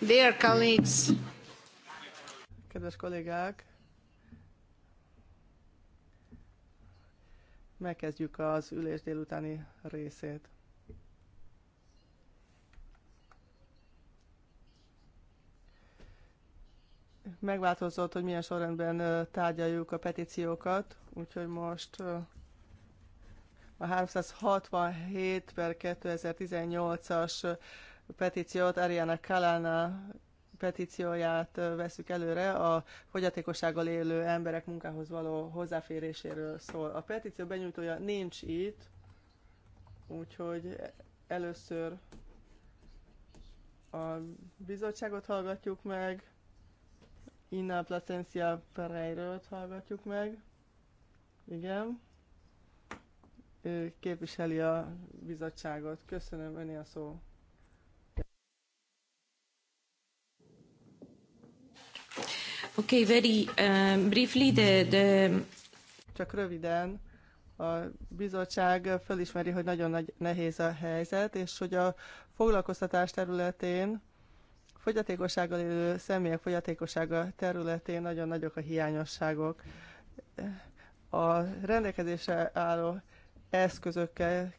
Dear colleagues. Kedves kollégák, megkezdjük az ülés délutáni részét. Megváltozott, hogy milyen sorrendben tárgyaljuk a petíciókat, úgyhogy most a 367 per 2018-as petíciót, Ariana Kalana petícióját veszük előre, a fogyatékossággal élő emberek munkához való hozzáféréséről szól. A petíció benyújtója nincs itt, úgyhogy először a bizottságot hallgatjuk meg, Inna Placencia Pereiről hallgatjuk meg. Igen képviseli a bizottságot. Köszönöm, öné a szó. Okay, very um, briefly the, the... Csak röviden, a bizottság felismeri, hogy nagyon nagy, nehéz a helyzet, és hogy a foglalkoztatás területén, fogyatékossággal élő személyek fogyatékossága területén nagyon nagyok a hiányosságok. A rendelkezésre álló eszközökkel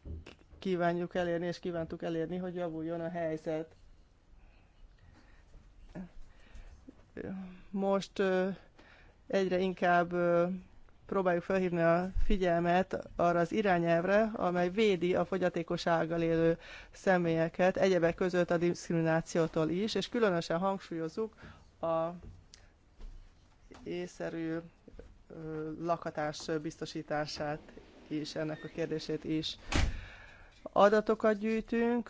kívánjuk elérni, és kívántuk elérni, hogy javuljon a helyzet. Most egyre inkább próbáljuk felhívni a figyelmet arra az irányelvre, amely védi a fogyatékossággal élő személyeket, egyebek között a diszkriminációtól is, és különösen hangsúlyozzuk a észszerű lakatás biztosítását is, ennek a kérdését is. Adatokat gyűjtünk,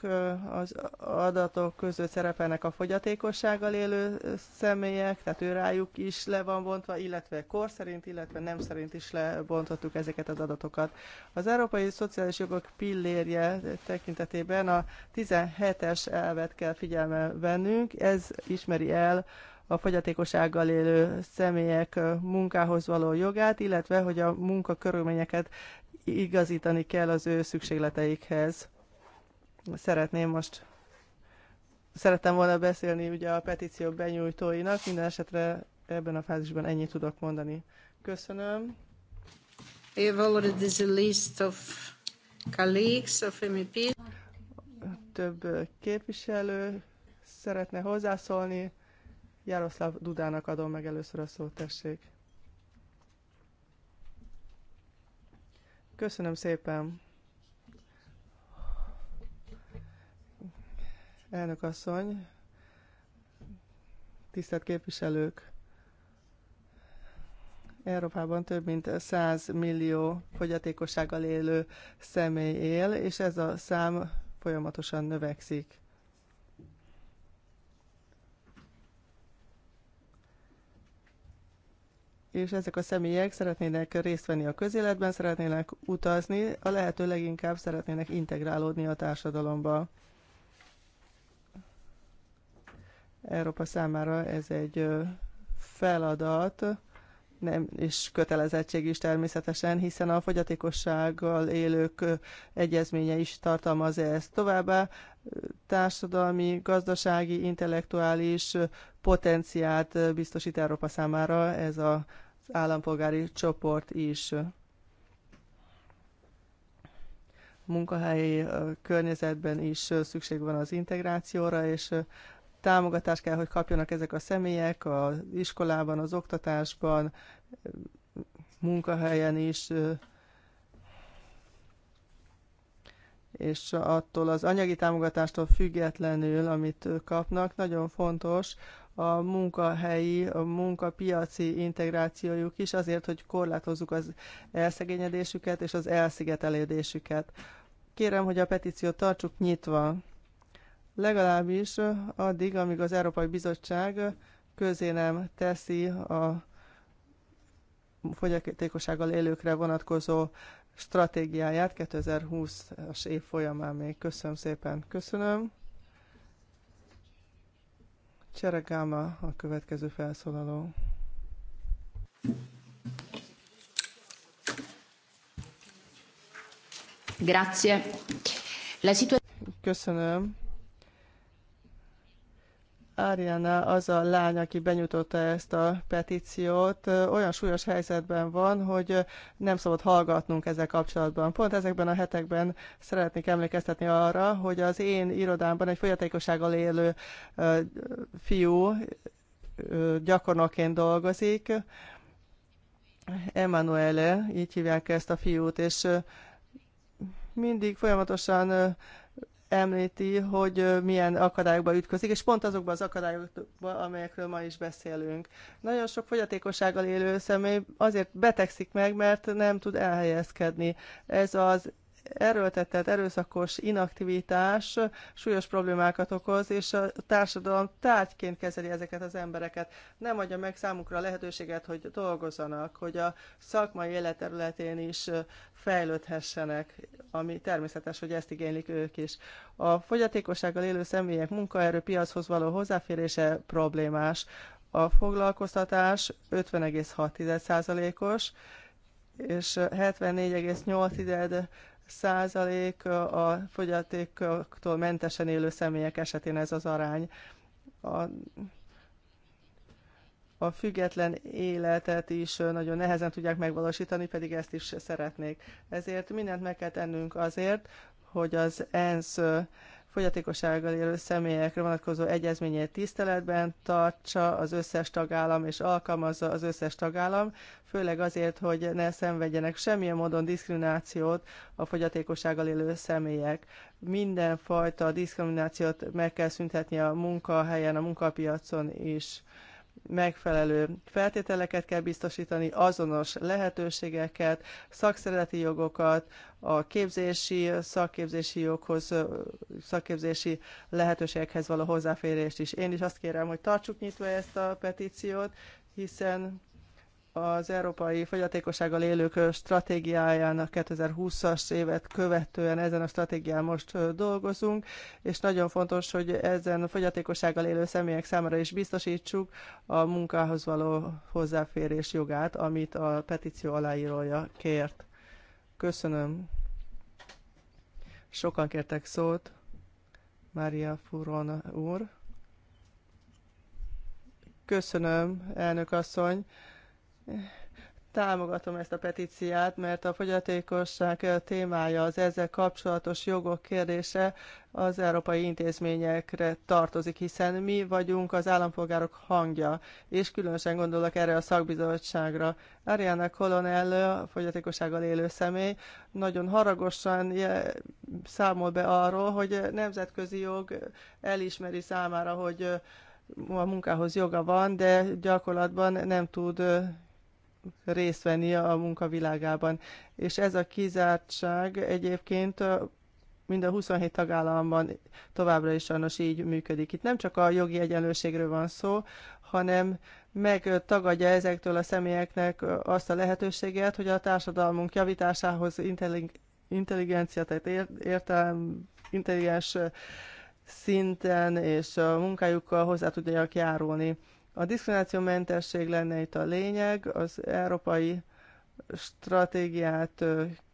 az adatok között szerepelnek a fogyatékossággal élő személyek, tehát ő rájuk is le van bontva, illetve kor szerint, illetve nem szerint is lebontottuk ezeket az adatokat. Az Európai Szociális Jogok pillérje tekintetében a 17-es elvet kell figyelme vennünk, ez ismeri el a fogyatékossággal élő személyek munkához való jogát, illetve hogy a munkakörülményeket igazítani kell az ő szükségleteikhez. Szeretném most szerettem volna beszélni ugye a petíció benyújtóinak, minden esetre ebben a fázisban ennyit tudok mondani. Köszönöm. list of colleagues of Több képviselő szeretne hozzászólni. Jaroszláv Dudának adom meg először a szót, tessék. Köszönöm szépen. Elnök asszony, tisztelt képviselők, Európában több mint 100 millió fogyatékossággal élő személy él, és ez a szám folyamatosan növekszik. és ezek a személyek szeretnének részt venni a közéletben, szeretnének utazni, a lehető leginkább szeretnének integrálódni a társadalomba. Európa számára ez egy feladat, nem, és kötelezettség is természetesen, hiszen a fogyatékossággal élők egyezménye is tartalmaz ezt. Továbbá társadalmi, gazdasági, intellektuális potenciát biztosít Európa számára ez a állampolgári csoport is. Munkahelyi környezetben is szükség van az integrációra, és támogatást kell, hogy kapjanak ezek a személyek az iskolában, az oktatásban, munkahelyen is, és attól az anyagi támogatástól függetlenül, amit kapnak, nagyon fontos a munkahelyi, a munkapiaci integrációjuk is, azért, hogy korlátozzuk az elszegényedésüket és az elszigetelődésüket. Kérem, hogy a petíciót tartsuk nyitva, legalábbis addig, amíg az Európai Bizottság közé nem teszi a fogyatékossággal élőkre vonatkozó stratégiáját 2020-as év folyamán még. Köszönöm szépen. Köszönöm. Cseregáma a következő felszólaló. Grazie. La Köszönöm. Ariana, az a lány, aki benyújtotta ezt a petíciót, olyan súlyos helyzetben van, hogy nem szabad hallgatnunk ezzel kapcsolatban. Pont ezekben a hetekben szeretnék emlékeztetni arra, hogy az én irodámban egy folyatékossággal élő fiú gyakornokként dolgozik, Emanuele, így hívják ezt a fiút, és mindig folyamatosan említi, hogy milyen akadályokba ütközik, és pont azokba az akadályokba, amelyekről ma is beszélünk. Nagyon sok fogyatékossággal élő személy azért betegszik meg, mert nem tud elhelyezkedni. Ez az erőltetett, erőszakos inaktivitás súlyos problémákat okoz, és a társadalom tárgyként kezeli ezeket az embereket. Nem adja meg számukra a lehetőséget, hogy dolgozzanak, hogy a szakmai életterületén is fejlődhessenek, ami természetes, hogy ezt igénylik ők is. A fogyatékossággal élő személyek munkaerőpiachoz való hozzáférése problémás. A foglalkoztatás 50,6%-os, és 74,8 százalék a fogyatéktól mentesen élő személyek esetén ez az arány. A, a független életet is nagyon nehezen tudják megvalósítani, pedig ezt is szeretnék. Ezért mindent meg kell tennünk azért, hogy az ENSZ fogyatékossággal élő személyekre vonatkozó egyezményét tiszteletben tartsa az összes tagállam és alkalmazza az összes tagállam, főleg azért, hogy ne szenvedjenek semmilyen módon diszkriminációt a fogyatékossággal élő személyek. Mindenfajta diszkriminációt meg kell szüntetni a munkahelyen, a munkapiacon is megfelelő feltételeket kell biztosítani, azonos lehetőségeket, szakszereti jogokat, a képzési, szakképzési joghoz, szakképzési lehetőségekhez való hozzáférést is. Én is azt kérem, hogy tartsuk nyitva ezt a petíciót, hiszen az európai fogyatékossággal élők stratégiájának 2020-as évet követően ezen a stratégián most dolgozunk, és nagyon fontos, hogy ezen a fogyatékossággal élő személyek számára is biztosítsuk a munkához való hozzáférés jogát, amit a petíció aláírója kért. Köszönöm. Sokan kértek szót. Mária Furon úr. Köszönöm, elnök asszony támogatom ezt a petíciát, mert a fogyatékosság témája, az ezzel kapcsolatos jogok kérdése az európai intézményekre tartozik, hiszen mi vagyunk az állampolgárok hangja, és különösen gondolok erre a szakbizottságra. Ariana Colonel, a fogyatékossággal élő személy, nagyon haragosan számol be arról, hogy nemzetközi jog elismeri számára, hogy a munkához joga van, de gyakorlatban nem tud részt venni a munkavilágában. És ez a kizártság egyébként mind a 27 tagállamban továbbra is sajnos így működik. Itt nem csak a jogi egyenlőségről van szó, hanem megtagadja ezektől a személyeknek azt a lehetőséget, hogy a társadalmunk javításához intelligencia, tehát értelem, intelligens szinten és a munkájukkal hozzá tudjanak járulni. A diszkriminációmentesség lenne itt a lényeg, az európai stratégiát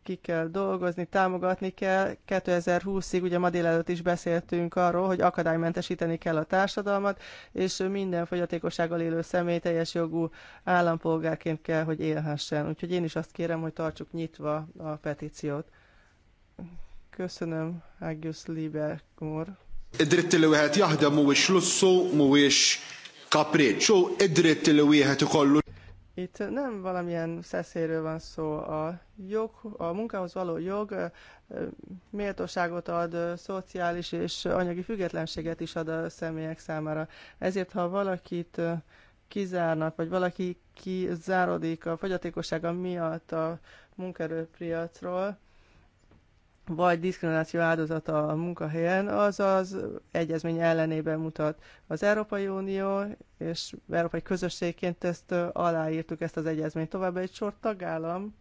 ki kell dolgozni, támogatni kell. 2020-ig, ugye ma délelőtt is beszéltünk arról, hogy akadálymentesíteni kell a társadalmat, és minden fogyatékossággal élő személy teljes jogú állampolgárként kell, hogy élhessen. Úgyhogy én is azt kérem, hogy tartsuk nyitva a petíciót. Köszönöm, Ágius Lieber úr. قدرت اللي وهات és وش لصو és kapriċ u id-dritt li Itt nem valamilyen szeszéről van szó, a jog, a munkához való jog méltóságot ad, szociális és anyagi függetlenséget is ad a személyek számára. Ezért, ha valakit kizárnak, vagy valaki kizárodik a fogyatékossága miatt a munkaerőpiacról, vagy diszkrimináció áldozata a munkahelyen, az az egyezmény ellenében mutat. Az Európai Unió és Európai Közösségként ezt aláírtuk, ezt az egyezményt. Továbbá egy sor tagállam,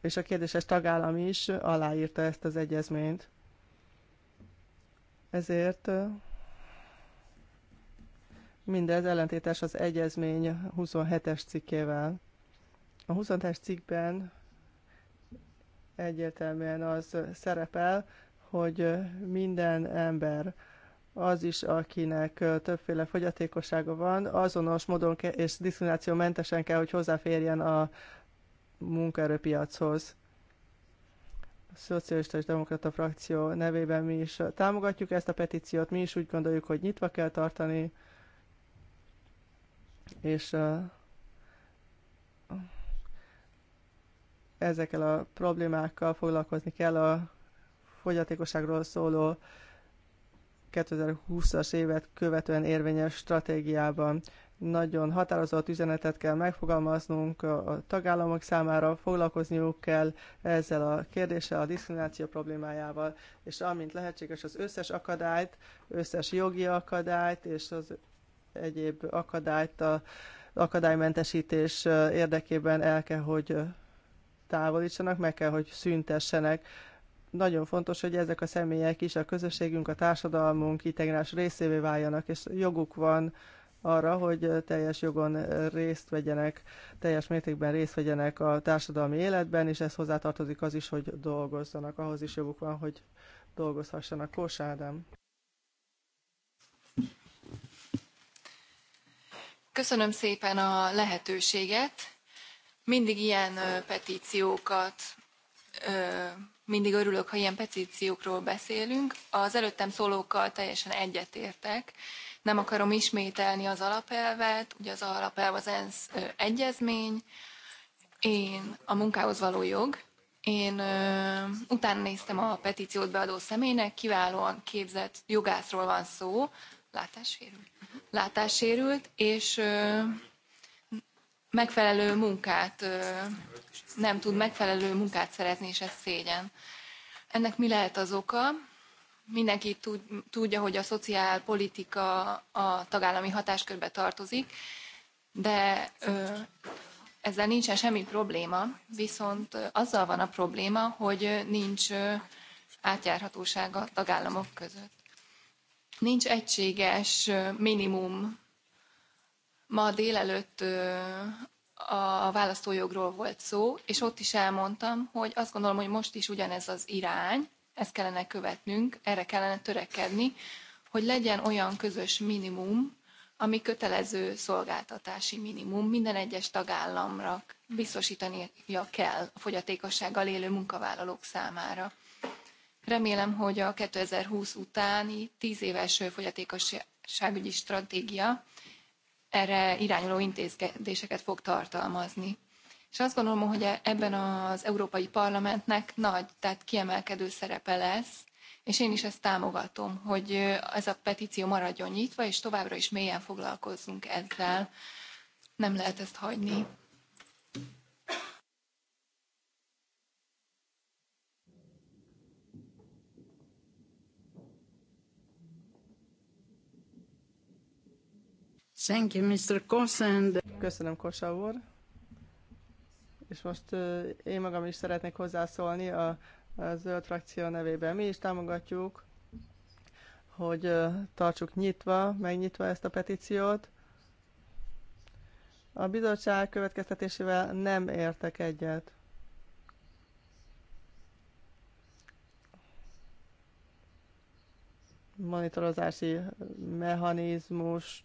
és a kérdéses tagállam is aláírta ezt az egyezményt. Ezért mindez ellentétes az egyezmény 27-es cikkével. A 20 cikkben egyértelműen az szerepel, hogy minden ember, az is, akinek többféle fogyatékossága van, azonos módon és diszkriminációmentesen kell, hogy hozzáférjen a munkaerőpiachoz. A Szocialista és Demokrata frakció nevében mi is támogatjuk ezt a petíciót, mi is úgy gondoljuk, hogy nyitva kell tartani, és ezekkel a problémákkal foglalkozni kell a fogyatékosságról szóló 2020-as évet követően érvényes stratégiában. Nagyon határozott üzenetet kell megfogalmaznunk a tagállamok számára, foglalkozniuk kell ezzel a kérdéssel, a diszkrimináció problémájával, és amint lehetséges az összes akadályt, összes jogi akadályt és az egyéb akadályt a akadálymentesítés érdekében el kell, hogy távolítsanak, meg kell, hogy szüntessenek. Nagyon fontos, hogy ezek a személyek is a közösségünk, a társadalmunk integrás részévé váljanak, és joguk van arra, hogy teljes jogon részt vegyenek, teljes mértékben részt vegyenek a társadalmi életben, és ez hozzátartozik az is, hogy dolgozzanak, ahhoz is joguk van, hogy dolgozhassanak. Kós Ádám. Köszönöm szépen a lehetőséget mindig ilyen petíciókat, mindig örülök, ha ilyen petíciókról beszélünk. Az előttem szólókkal teljesen egyetértek. Nem akarom ismételni az alapelvet, ugye az alapelv az ENSZ egyezmény, én a munkához való jog, én ö, utána néztem a petíciót beadó személynek, kiválóan képzett jogászról van szó, látássérült, látássérült és ö, megfelelő munkát nem tud megfelelő munkát szerezni, és ez szégyen. Ennek mi lehet az oka? Mindenki tudja, hogy a szociálpolitika a tagállami hatáskörbe tartozik, de ezzel nincsen semmi probléma, viszont azzal van a probléma, hogy nincs átjárhatóság a tagállamok között. Nincs egységes minimum Ma délelőtt a választójogról volt szó, és ott is elmondtam, hogy azt gondolom, hogy most is ugyanez az irány, ezt kellene követnünk, erre kellene törekedni, hogy legyen olyan közös minimum, ami kötelező szolgáltatási minimum minden egyes tagállamra biztosítania kell a fogyatékossággal élő munkavállalók számára. Remélem, hogy a 2020 utáni 10 éves fogyatékosságügyi stratégia erre irányuló intézkedéseket fog tartalmazni. És azt gondolom, hogy e- ebben az Európai Parlamentnek nagy, tehát kiemelkedő szerepe lesz, és én is ezt támogatom, hogy ez a petíció maradjon nyitva, és továbbra is mélyen foglalkozzunk ezzel. Nem lehet ezt hagyni. Thank you, Mr. Kossand. Köszönöm, Kossa úr. És most én magam is szeretnék hozzászólni a, a zöld frakció nevében. Mi is támogatjuk, hogy tartsuk nyitva, megnyitva ezt a petíciót. A bizottság következtetésével nem értek egyet. monitorozási mechanizmust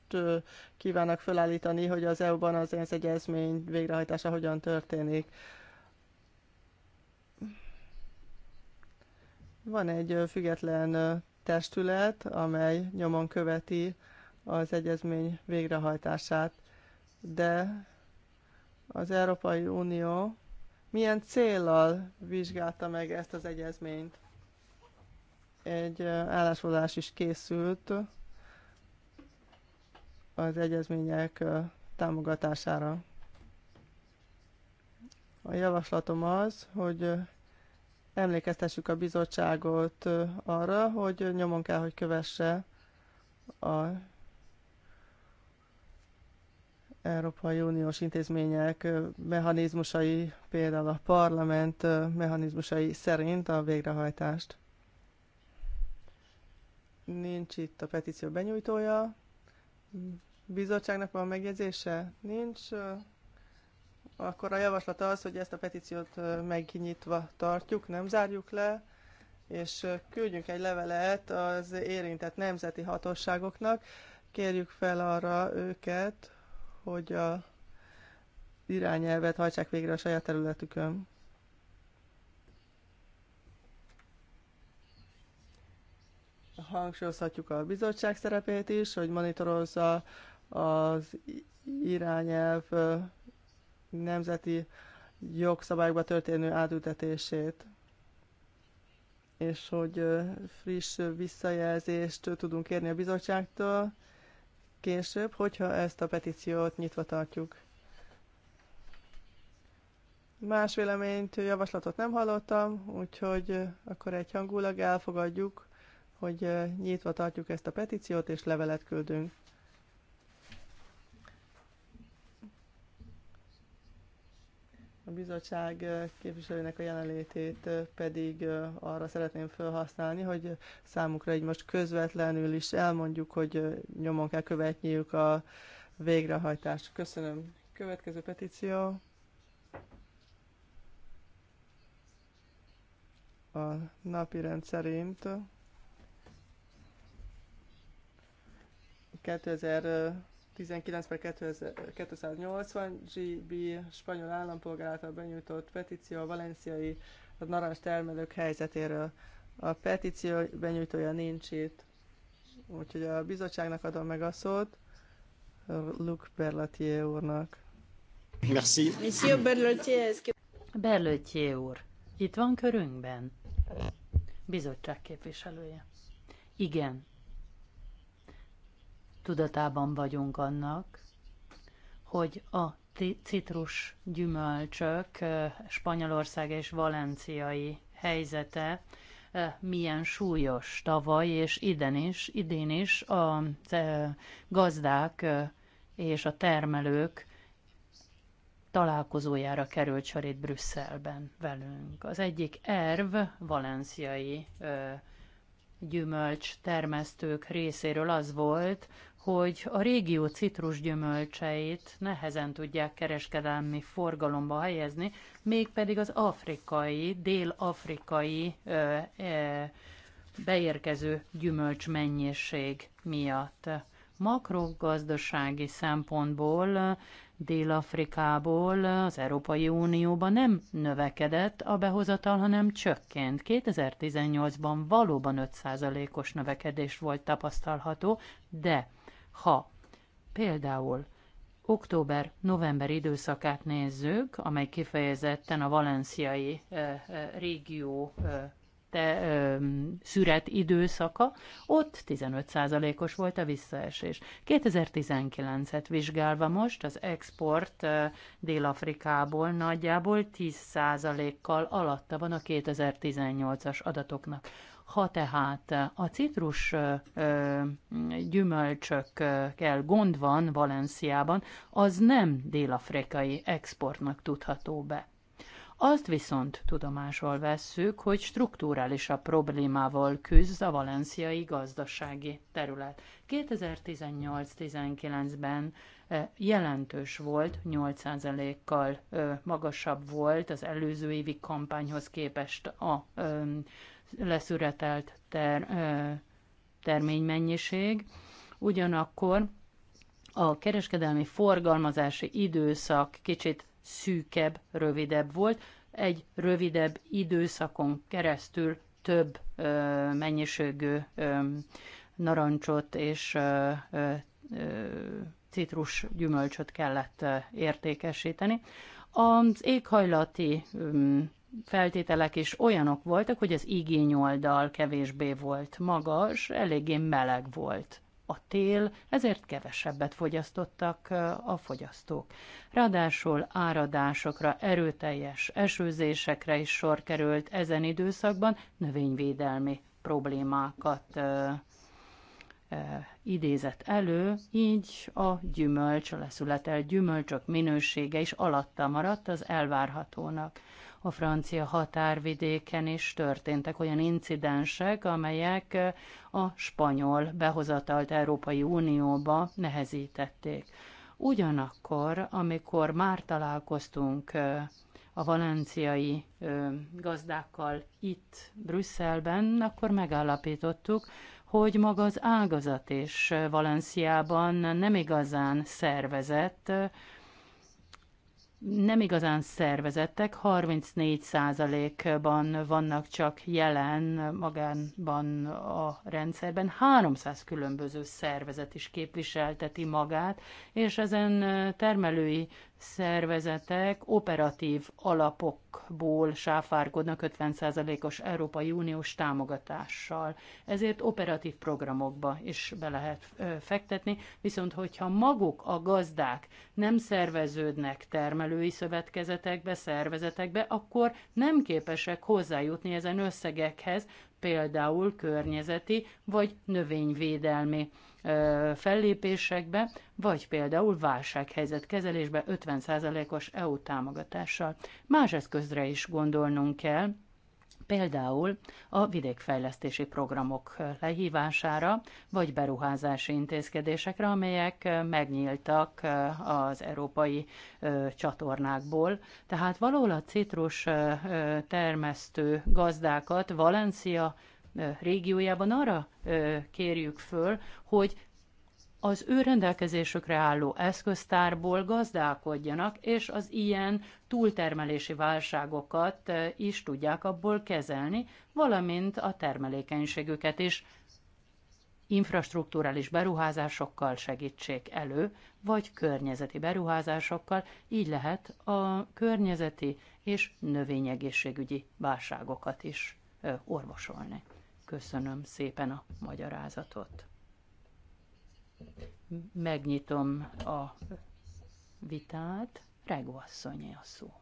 kívánnak felállítani, hogy az EU-ban az ENSZ egyezmény végrehajtása hogyan történik. Van egy független testület, amely nyomon követi az egyezmény végrehajtását, de az Európai Unió milyen céllal vizsgálta meg ezt az egyezményt? egy állásfoglalás is készült az egyezmények támogatására. A javaslatom az, hogy emlékeztessük a bizottságot arra, hogy nyomon kell, hogy kövesse a Európai Uniós intézmények mechanizmusai, például a parlament mechanizmusai szerint a végrehajtást. Nincs itt a petíció benyújtója. Bizottságnak van megjegyzése? Nincs. Akkor a javaslat az, hogy ezt a petíciót megnyitva tartjuk, nem zárjuk le, és küldjünk egy levelet az érintett nemzeti hatóságoknak. Kérjük fel arra őket, hogy a irányelvet hajtsák végre a saját területükön. hangsúlyozhatjuk a bizottság szerepét is, hogy monitorozza az irányelv nemzeti jogszabályokba történő átültetését, és hogy friss visszajelzést tudunk kérni a bizottságtól később, hogyha ezt a petíciót nyitva tartjuk. Más véleményt, javaslatot nem hallottam, úgyhogy akkor egyhangulag elfogadjuk hogy nyitva tartjuk ezt a petíciót, és levelet küldünk. A bizottság képviselőnek a jelenlétét pedig arra szeretném felhasználni, hogy számukra így most közvetlenül is elmondjuk, hogy nyomon kell követniük a végrehajtást. Köszönöm. Következő petíció. A napi rend szerint 2019 per 280 GB spanyol állampolgár által benyújtott petíció a valenciai a termelők helyzetéről. A petíció benyújtója nincs itt, úgyhogy a bizottságnak adom meg a szót, Luc Berlatier úrnak. Merci. Monsieur Berlatier, Berlötjé úr, itt van körünkben? Bizottság képviselője. Igen, Tudatában vagyunk annak, hogy a citrus gyümölcsök Spanyolország és valenciai helyzete milyen súlyos tavaly, és idén is, idén is a gazdák és a termelők találkozójára került sor itt Brüsszelben velünk. Az egyik erv valenciai gyümölcs termesztők részéről az volt, hogy a régió citrusgyümölcseit nehezen tudják kereskedelmi forgalomba helyezni, mégpedig az afrikai, dél-afrikai ö, ö, beérkező gyümölcs mennyiség miatt. Makrogazdasági szempontból Dél-Afrikából az Európai unióban nem növekedett a behozatal, hanem csökkent. 2018-ban valóban 5%-os növekedés volt tapasztalható, de ha például október-november időszakát nézzük, amely kifejezetten a valenciai eh, eh, régió eh, te, ö, szüret időszaka, ott 15%-os volt a visszaesés. 2019-et vizsgálva most az export Dél-Afrikából nagyjából 10%-kal alatta van a 2018-as adatoknak. Ha tehát a citrus ö, gyümölcsökkel gond van Valenciában, az nem dél-afrikai exportnak tudható be. Azt viszont tudomásul vesszük, hogy a problémával küzd a valenciai gazdasági terület. 2018-19-ben jelentős volt, 8%-kal magasabb volt az előző évi kampányhoz képest a leszüretelt ter, terménymennyiség. Ugyanakkor a kereskedelmi forgalmazási időszak kicsit szűkebb, rövidebb volt. Egy rövidebb időszakon keresztül több ö, mennyiségű ö, narancsot és ö, ö, citrus gyümölcsöt kellett értékesíteni. Az éghajlati feltételek is olyanok voltak, hogy az igényoldal kevésbé volt magas, eléggé meleg volt a tél, ezért kevesebbet fogyasztottak a fogyasztók. Ráadásul áradásokra, erőteljes esőzésekre is sor került ezen időszakban növényvédelmi problémákat idézett elő, így a gyümölcs, a leszületelt gyümölcsök minősége is alatta maradt az elvárhatónak a francia határvidéken is történtek olyan incidensek, amelyek a spanyol behozatalt Európai Unióba nehezítették. Ugyanakkor, amikor már találkoztunk a valenciai gazdákkal itt Brüsszelben, akkor megállapítottuk, hogy maga az ágazat is Valenciában nem igazán szervezett, nem igazán szervezettek, 34%-ban vannak csak jelen magánban a rendszerben. 300 különböző szervezet is képviselteti magát, és ezen termelői szervezetek operatív alapokból sáfárkodnak 50%-os Európai Uniós támogatással. Ezért operatív programokba is be lehet fektetni, viszont hogyha maguk a gazdák nem szerveződnek termelői szövetkezetekbe, szervezetekbe, akkor nem képesek hozzájutni ezen összegekhez, például környezeti vagy növényvédelmi fellépésekbe, vagy például válsághelyzet kezelésbe 50%-os EU támogatással. Más eszközre is gondolnunk kell, például a vidékfejlesztési programok lehívására, vagy beruházási intézkedésekre, amelyek megnyíltak az európai csatornákból. Tehát valahol a citrus termesztő gazdákat Valencia régiójában arra kérjük föl, hogy az ő rendelkezésükre álló eszköztárból gazdálkodjanak, és az ilyen túltermelési válságokat is tudják abból kezelni, valamint a termelékenységüket is infrastruktúrális beruházásokkal segítsék elő, vagy környezeti beruházásokkal, így lehet a környezeti és növényegészségügyi válságokat is orvosolni. Köszönöm szépen a magyarázatot. Megnyitom a vitát. Regó a szó.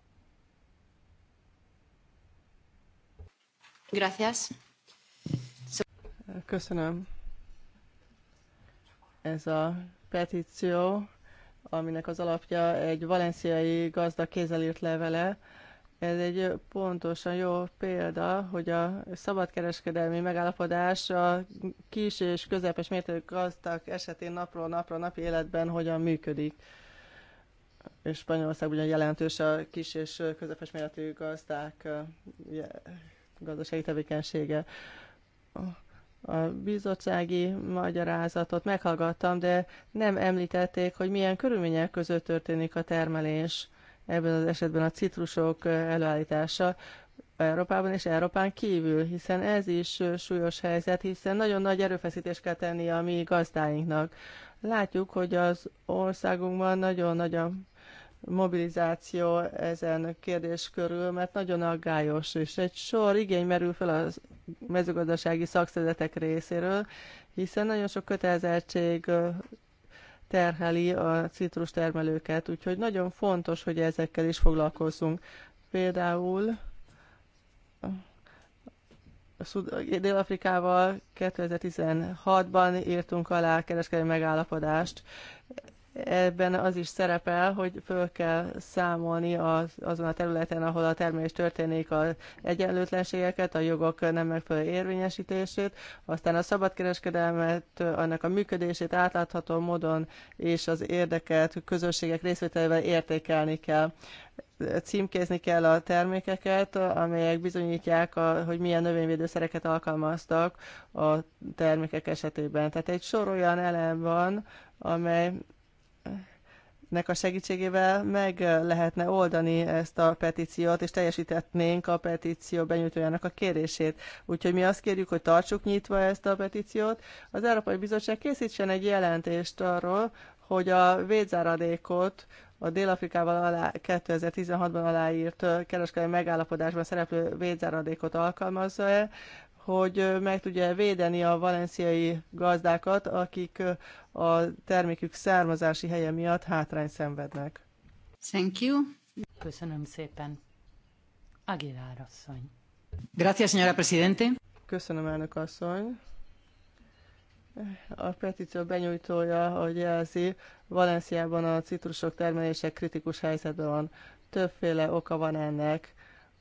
Gracias. Köszönöm. Ez a petíció, aminek az alapja egy valenciai gazda kézzel írt levele, ez egy pontosan jó példa, hogy a szabadkereskedelmi megállapodás a kis és közepes mértékű gazdák esetén napról napra napi életben hogyan működik. És Spanyolország ugyan jelentős a kis és közepes méretű gazdák gazdasági tevékenysége. A bizottsági magyarázatot meghallgattam, de nem említették, hogy milyen körülmények között történik a termelés ebben az esetben a citrusok előállítása Európában és Európán kívül, hiszen ez is súlyos helyzet, hiszen nagyon nagy erőfeszítést kell tenni a mi gazdáinknak. Látjuk, hogy az országunkban nagyon nagy a mobilizáció ezen kérdés körül, mert nagyon aggályos, és egy sor igény merül fel a mezőgazdasági szakszervezetek részéről, hiszen nagyon sok kötelezettség terheli a citrustermelőket, úgyhogy nagyon fontos, hogy ezekkel is foglalkozzunk. Például Dél-Afrikával 2016-ban írtunk alá kereskedelmi megállapodást. Ebben az is szerepel, hogy föl kell számolni az, azon a területen, ahol a termés történik az egyenlőtlenségeket, a jogok nem megfelelő érvényesítését, aztán a szabadkereskedelmet, annak a működését átlátható módon és az érdeket közösségek részvételével értékelni kell címkézni kell a termékeket, amelyek bizonyítják, a, hogy milyen növényvédőszereket alkalmaztak a termékek esetében. Tehát egy sor olyan elem van, amely nek a segítségével meg eh, lehetne oldani ezt a petíciót, és teljesítetnénk a petíció benyújtójának a kérését. Úgyhogy mi azt kérjük, hogy tartsuk nyitva ezt a petíciót. Az Európai Bizottság készítsen egy jelentést arról, hogy a védzáradékot a Dél-Afrikával alá, 2016-ban aláírt eh, kereskedelmi megállapodásban szereplő védzáradékot alkalmazza-e, hogy meg tudja védeni a valenciai gazdákat, akik a termékük származási helye miatt hátrány szenvednek. Thank you. Köszönöm szépen. Aguilar asszony. Gracias, señora presidente. Köszönöm, elnök asszony. A petíció benyújtója, hogy jelzi, Valenciában a citrusok termelése kritikus helyzetben van. Többféle oka van ennek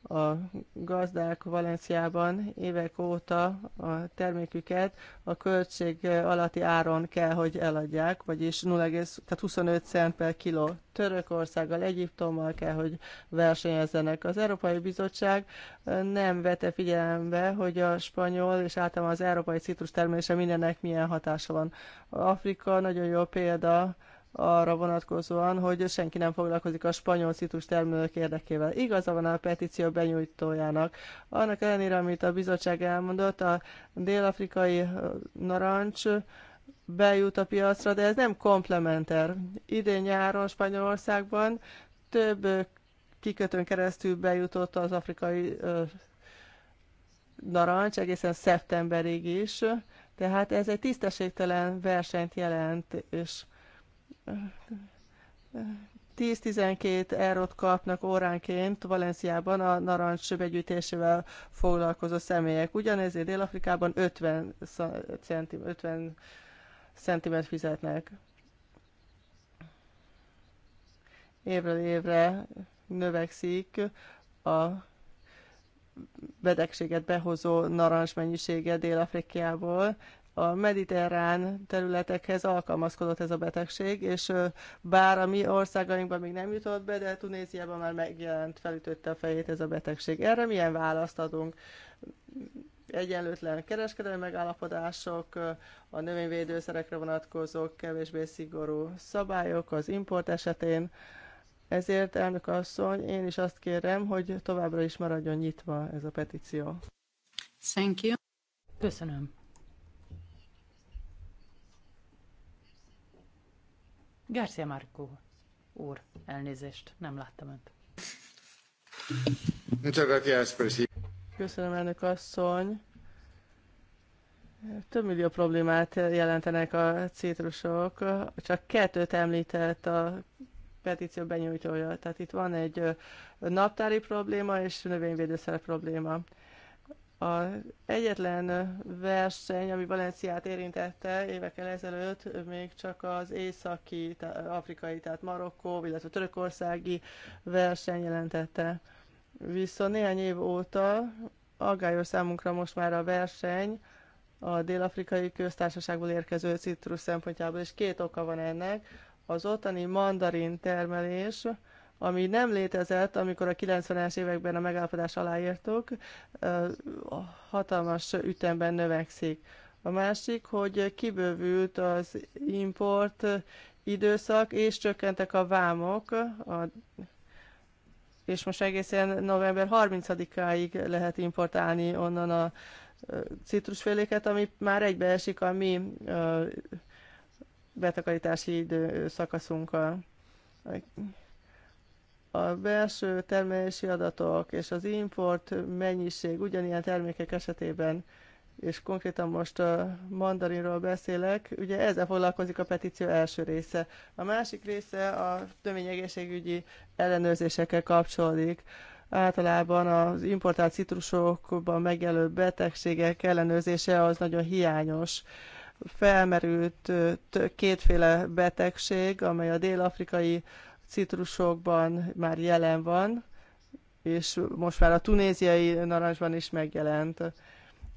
a gazdák Valenciában évek óta a terméküket a költség alatti áron kell, hogy eladják, vagyis 0, tehát 25 cent per kiló Törökországgal, Egyiptommal kell, hogy versenyezzenek. Az Európai Bizottság nem vette figyelembe, hogy a spanyol és általában az európai citrus termelése mindennek milyen hatása van. Afrika nagyon jó példa, arra vonatkozóan, hogy senki nem foglalkozik a spanyol citrus termelők érdekével. Igaza van a petíció benyújtójának. Annak ellenére, amit a bizottság elmondott, a dél-afrikai narancs bejut a piacra, de ez nem komplementer. Idén nyáron Spanyolországban több kikötőn keresztül bejutott az afrikai ö, narancs egészen szeptemberig is, tehát ez egy tisztességtelen versenyt jelent, és 10-12 eurót kapnak óránként Valenciában a narancs begyűjtésével foglalkozó személyek. Ugyanezért Dél-Afrikában 50, centim, 50 centimet fizetnek. Évről évre növekszik a betegséget behozó narancs mennyisége Dél-Afrikából, a mediterrán területekhez alkalmazkodott ez a betegség, és bár a mi országainkban még nem jutott be, de Tunéziában már megjelent, felütötte a fejét ez a betegség. Erre milyen választ adunk? Egyenlőtlen kereskedelmi megállapodások, a növényvédőszerekre vonatkozó kevésbé szigorú szabályok az import esetén, ezért, elnök asszony, én is azt kérem, hogy továbbra is maradjon nyitva ez a petíció. Thank you. Köszönöm. Garcia Marco úr, elnézést, nem láttam önt. Köszönöm, elnök asszony. Több millió problémát jelentenek a citrusok, csak kettőt említett a petíció benyújtója. Tehát itt van egy naptári probléma és növényvédőszer probléma. A egyetlen verseny, ami Valenciát érintette évekkel ezelőtt, még csak az északi, afrikai, tehát Marokkó, illetve törökországi verseny jelentette. Viszont néhány év óta aggályos számunkra most már a verseny a dél-afrikai köztársaságból érkező citrus szempontjából, és két oka van ennek. Az ottani mandarin termelés, ami nem létezett, amikor a 90-es években a megállapodás aláírtuk, hatalmas ütemben növekszik. A másik, hogy kibővült az import időszak, és csökkentek a vámok, a, és most egészen november 30-áig lehet importálni onnan a citrusféléket, ami már egybeesik a mi betakarítási időszakaszunkkal a belső termelési adatok és az import mennyiség ugyanilyen termékek esetében, és konkrétan most a mandarinról beszélek, ugye ezzel foglalkozik a petíció első része. A másik része a töményegészségügyi ellenőrzésekkel kapcsolódik. Általában az importált citrusokban megjelölő betegségek ellenőrzése az nagyon hiányos felmerült kétféle betegség, amely a dél-afrikai citrusokban már jelen van, és most már a tunéziai narancsban is megjelent.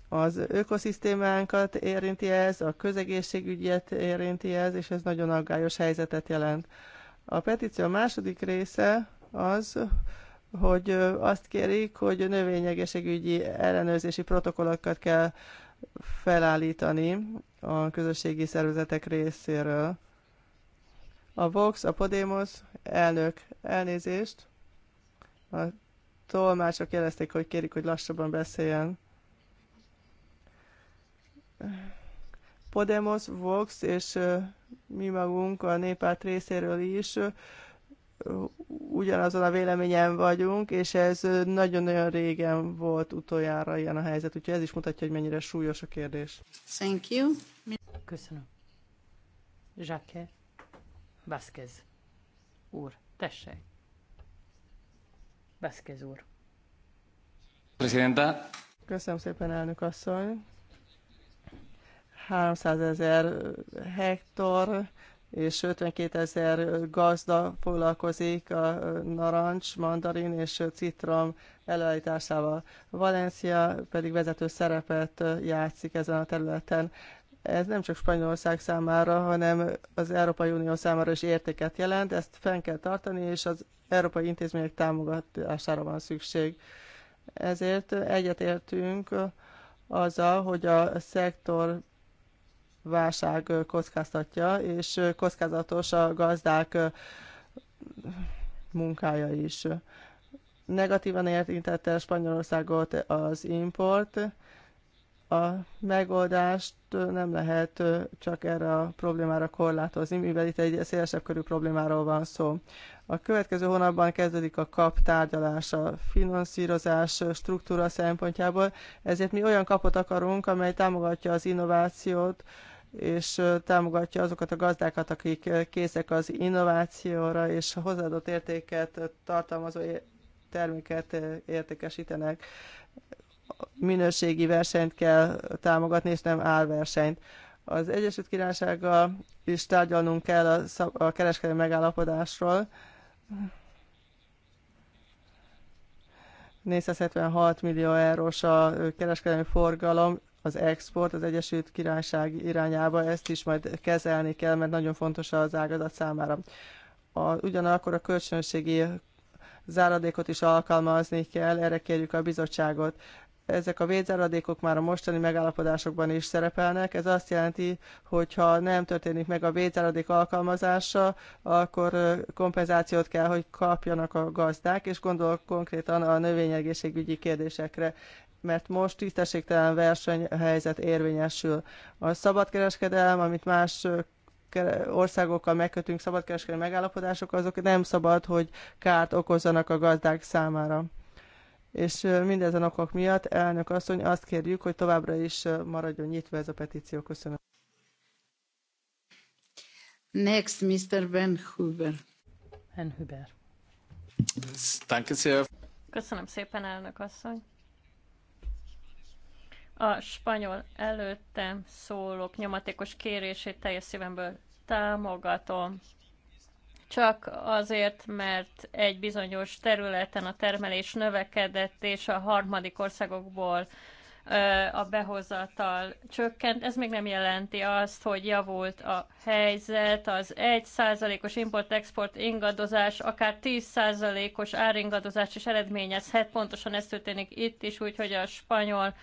Az ökoszisztémánkat érinti ez, a közegészségügyet érinti ez, és ez nagyon aggályos helyzetet jelent. A petíció második része az, hogy azt kérik, hogy növényegészségügyi ellenőrzési protokollokat kell felállítani a közösségi szervezetek részéről. A Vox, a Podemos, elnök, elnézést. A tolmácsok jelezték, hogy kérik, hogy lassabban beszéljen. Podemos, Vox és mi magunk a néppárt részéről is ugyanazon a véleményen vagyunk, és ez nagyon-nagyon régen volt utoljára ilyen a helyzet, úgyhogy ez is mutatja, hogy mennyire súlyos a kérdés. Thank you. Köszönöm. Jacques. Vázquez úr, tessék. Vázquez úr. Presidenta. Köszönöm szépen, elnök asszony. 300 ezer hektár és 52 ezer gazda foglalkozik a narancs, mandarin és citrom előállításával. Valencia pedig vezető szerepet játszik ezen a területen. Ez nem csak Spanyolország számára, hanem az Európai Unió számára is értéket jelent, ezt fenn kell tartani, és az európai intézmények támogatására van szükség. Ezért egyetértünk azzal, hogy a szektor válság kockáztatja, és kockázatos a gazdák munkája is. Negatívan érintette Spanyolországot az import, a megoldást nem lehet csak erre a problémára korlátozni, mivel itt egy szélesebb körű problémáról van szó. A következő hónapban kezdődik a kap tárgyalása, finanszírozás struktúra szempontjából, ezért mi olyan kapot akarunk, amely támogatja az innovációt, és támogatja azokat a gazdákat, akik készek az innovációra, és hozzáadott értéket tartalmazó terméket értékesítenek minőségi versenyt kell támogatni, és nem árversenyt. Az Egyesült Királysággal is tárgyalnunk kell a, szab- a kereskedelmi megállapodásról. 476 millió eurós a kereskedelmi forgalom, az export az Egyesült Királyság irányába, ezt is majd kezelni kell, mert nagyon fontos az ágazat számára. A, ugyanakkor a kölcsönségi záradékot is alkalmazni kell, erre kérjük a bizottságot. Ezek a védzáradékok már a mostani megállapodásokban is szerepelnek. Ez azt jelenti, hogy ha nem történik meg a védzáradék alkalmazása, akkor kompenzációt kell, hogy kapjanak a gazdák, és gondolok konkrétan a növényegészségügyi kérdésekre mert most tisztességtelen versenyhelyzet érvényesül. A szabadkereskedelem, amit más országokkal megkötünk szabadkereskedelmi megállapodások, azok nem szabad, hogy kárt okozzanak a gazdák számára és mindezen okok miatt elnök asszony azt kérjük, hogy továbbra is maradjon nyitva ez a petíció. Köszönöm. Next, Mr. Ben Huber. Ben Huber. Köszönöm szépen, elnök asszony. A spanyol előttem szólók nyomatékos kérését teljes szívemből támogatom csak azért, mert egy bizonyos területen a termelés növekedett, és a harmadik országokból a behozatal csökkent. Ez még nem jelenti azt, hogy javult a helyzet, az 1%-os import-export ingadozás, akár 10%-os áringadozás is eredményezhet. Pontosan ez történik itt is, úgyhogy a spanyol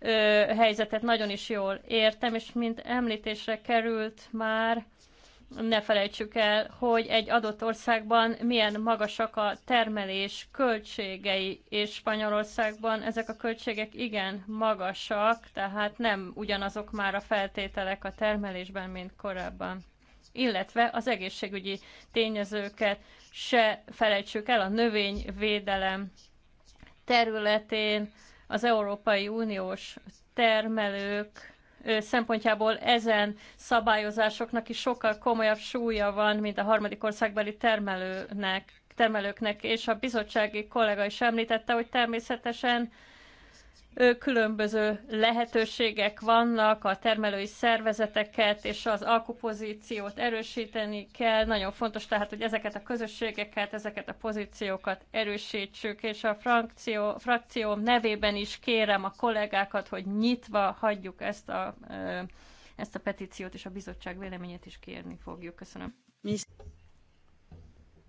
ö, helyzetet nagyon is jól értem, és mint említésre került már, ne felejtsük el, hogy egy adott országban milyen magasak a termelés költségei, és Spanyolországban ezek a költségek igen magasak, tehát nem ugyanazok már a feltételek a termelésben, mint korábban. Illetve az egészségügyi tényezőket se felejtsük el a növényvédelem területén, az Európai Uniós termelők szempontjából ezen szabályozásoknak is sokkal komolyabb súlya van, mint a harmadik országbeli termelőnek, termelőknek, és a bizottsági kollega is említette, hogy természetesen különböző lehetőségek vannak, a termelői szervezeteket és az alkupozíciót erősíteni kell. Nagyon fontos tehát, hogy ezeket a közösségeket, ezeket a pozíciókat erősítsük, és a frakció, frakcióm nevében is kérem a kollégákat, hogy nyitva hagyjuk ezt a, ezt a petíciót, és a bizottság véleményét is kérni fogjuk. Köszönöm.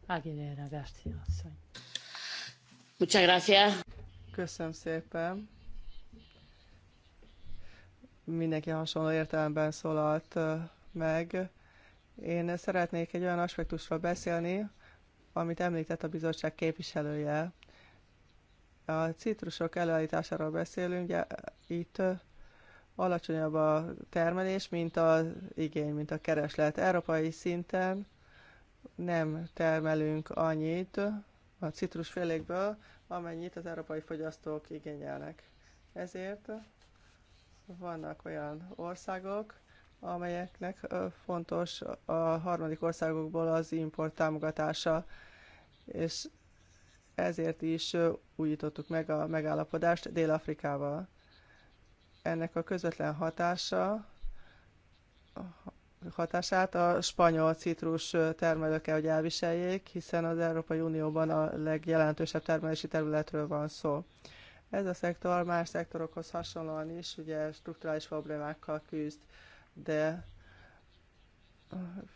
Aguilera García Muchas gracias. Köszönöm szépen mindenki hasonló értelemben szólalt meg. Én szeretnék egy olyan aspektusról beszélni, amit említett a bizottság képviselője. A citrusok előállításáról beszélünk, ugye itt alacsonyabb a termelés, mint az igény, mint a kereslet. Európai szinten nem termelünk annyit a citrusfélékből, amennyit az európai fogyasztók igényelnek. Ezért vannak olyan országok, amelyeknek fontos a harmadik országokból az import támogatása, és ezért is újítottuk meg a megállapodást Dél-Afrikával. Ennek a közvetlen hatása hatását a spanyol citrus termelők kell, hogy elviseljék, hiszen az Európai Unióban a legjelentősebb termelési területről van szó. Ez a szektor más szektorokhoz hasonlóan is ugye strukturális problémákkal küzd, de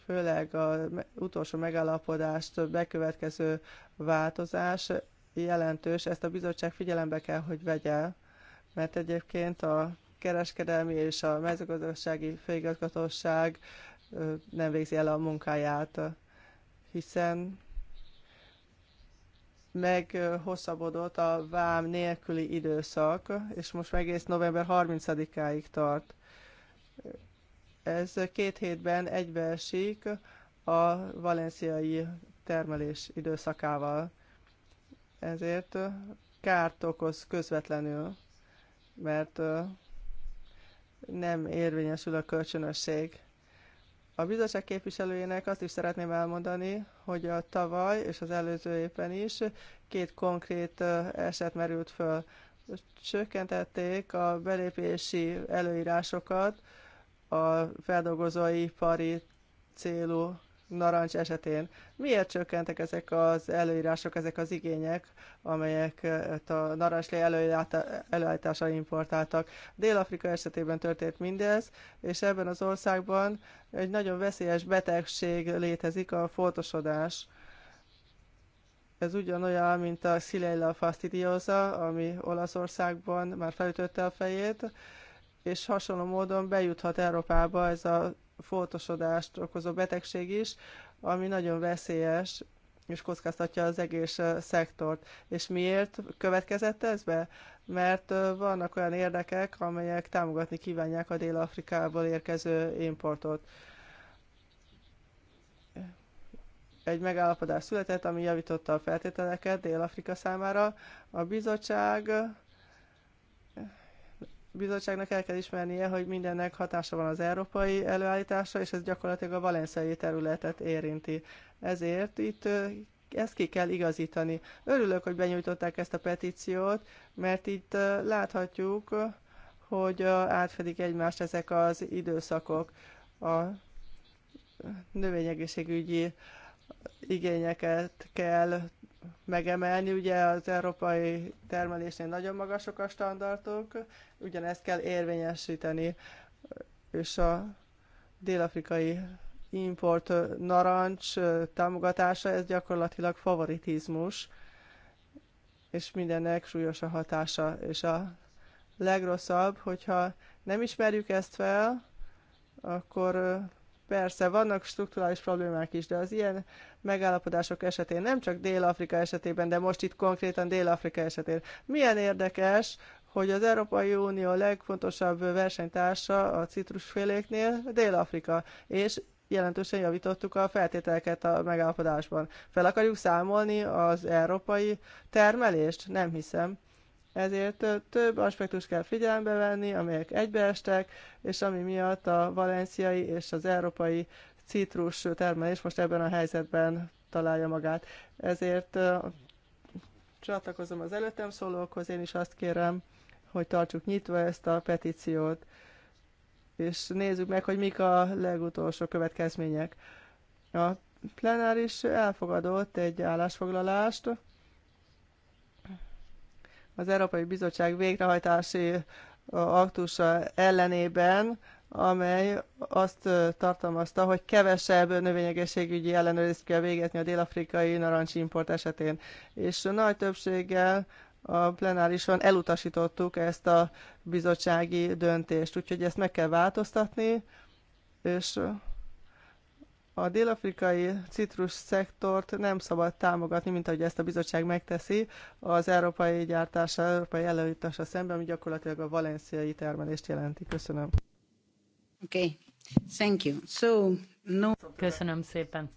főleg az utolsó megállapodást bekövetkező változás jelentős, ezt a bizottság figyelembe kell, hogy vegye, mert egyébként a kereskedelmi és a mezőgazdasági főigazgatóság nem végzi el a munkáját, hiszen meghosszabbodott a vám nélküli időszak, és most meg egész november 30-áig tart. Ez két hétben egybeesik a valenciai termelés időszakával. Ezért kárt okoz közvetlenül, mert nem érvényesül a kölcsönösség. A bizottság képviselőjének azt is szeretném elmondani, hogy a tavaly és az előző évben is két konkrét eset merült föl. Csökkentették a belépési előírásokat a feldolgozóipari célú narancs esetén. Miért csökkentek ezek az előírások, ezek az igények, amelyek eh, a narancslé előállítása importáltak? Dél-Afrika esetében történt mindez, és ebben az országban egy nagyon veszélyes betegség létezik, a foltosodás. Ez ugyanolyan, mint a Xylella fastidiosa, ami Olaszországban már felütötte a fejét, és hasonló módon bejuthat Európába ez a foltosodást okozó betegség is, ami nagyon veszélyes, és kockáztatja az egész szektort. És miért következett ez be? Mert vannak olyan érdekek, amelyek támogatni kívánják a Dél-Afrikából érkező importot. Egy megállapodás született, ami javította a feltételeket Dél-Afrika számára. A bizottság bizottságnak el kell ismernie, hogy mindennek hatása van az európai előállításra, és ez gyakorlatilag a valenciai területet érinti. Ezért itt ezt ki kell igazítani. Örülök, hogy benyújtották ezt a petíciót, mert itt láthatjuk, hogy átfedik egymást ezek az időszakok. A növényegészségügyi igényeket kell megemelni. Ugye az európai termelésnél nagyon magasok a standardok, ugyanezt kell érvényesíteni. És a dél-afrikai import narancs támogatása, ez gyakorlatilag favoritizmus, és mindennek súlyos a hatása. És a legrosszabb, hogyha nem ismerjük ezt fel, akkor Persze, vannak strukturális problémák is, de az ilyen megállapodások esetén, nem csak Dél-Afrika esetében, de most itt konkrétan Dél-Afrika esetén. Milyen érdekes, hogy az Európai Unió legfontosabb versenytársa a citrusféléknél Dél-Afrika, és jelentősen javítottuk a feltételeket a megállapodásban. Fel akarjuk számolni az európai termelést? Nem hiszem. Ezért több aspektust kell figyelembe venni, amelyek egybeestek, és ami miatt a valenciai és az európai citrus termelés most ebben a helyzetben találja magát. Ezért csatlakozom az előttem szólókhoz, én is azt kérem, hogy tartsuk nyitva ezt a petíciót, és nézzük meg, hogy mik a legutolsó következmények. A plenáris elfogadott egy állásfoglalást, az Európai Bizottság végrehajtási aktusa ellenében, amely azt tartalmazta, hogy kevesebb növényegészségügyi ellenőrzést kell végezni a dél-afrikai narancsimport esetén. És nagy többséggel a plenárison elutasítottuk ezt a bizottsági döntést, úgyhogy ezt meg kell változtatni, és a dél-afrikai citrus szektort nem szabad támogatni, mint ahogy ezt a bizottság megteszi az európai gyártása, európai előítása szemben, ami gyakorlatilag a valenciai termelést jelenti. Köszönöm. Oké, okay. thank you. So, no... Köszönöm szépen.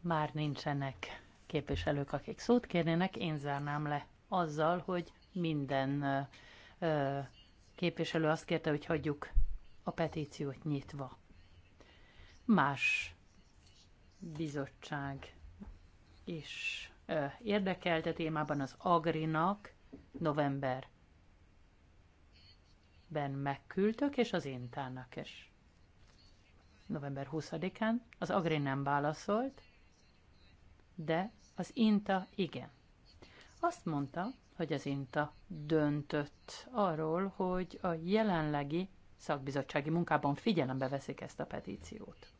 Már nincsenek képviselők, akik szót kérnének, én zárnám le azzal, hogy minden ö, képviselő azt kérte, hogy hagyjuk a petíciót nyitva más bizottság is érdekelte témában az Agrinak novemberben megküldtök, és az Intának is. November 20-án az Agri nem válaszolt, de az Inta igen. Azt mondta, hogy az INTA döntött arról, hogy a jelenlegi szakbizottsági munkában figyelembe veszik ezt a petíciót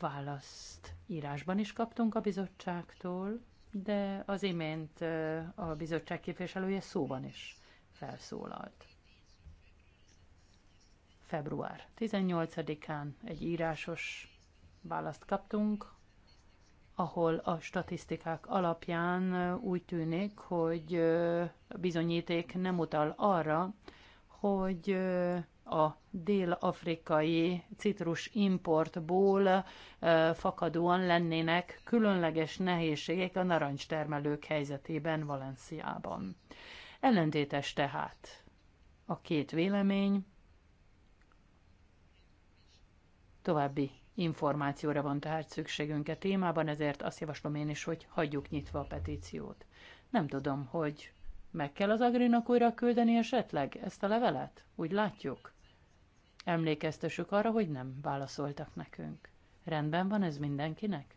választ írásban is kaptunk a bizottságtól, de az imént a bizottság képviselője szóban is felszólalt. Február 18-án egy írásos választ kaptunk, ahol a statisztikák alapján úgy tűnik, hogy bizonyíték nem utal arra, hogy a dél-afrikai citrus importból eh, fakadóan lennének különleges nehézségek a narancstermelők helyzetében Valenciában. Ellentétes tehát a két vélemény, további információra van tehát szükségünk a e témában, ezért azt javaslom én is, hogy hagyjuk nyitva a petíciót. Nem tudom, hogy meg kell az Agrinak újra küldeni esetleg ezt a levelet? Úgy látjuk. Emlékeztessük arra, hogy nem válaszoltak nekünk. Rendben van ez mindenkinek?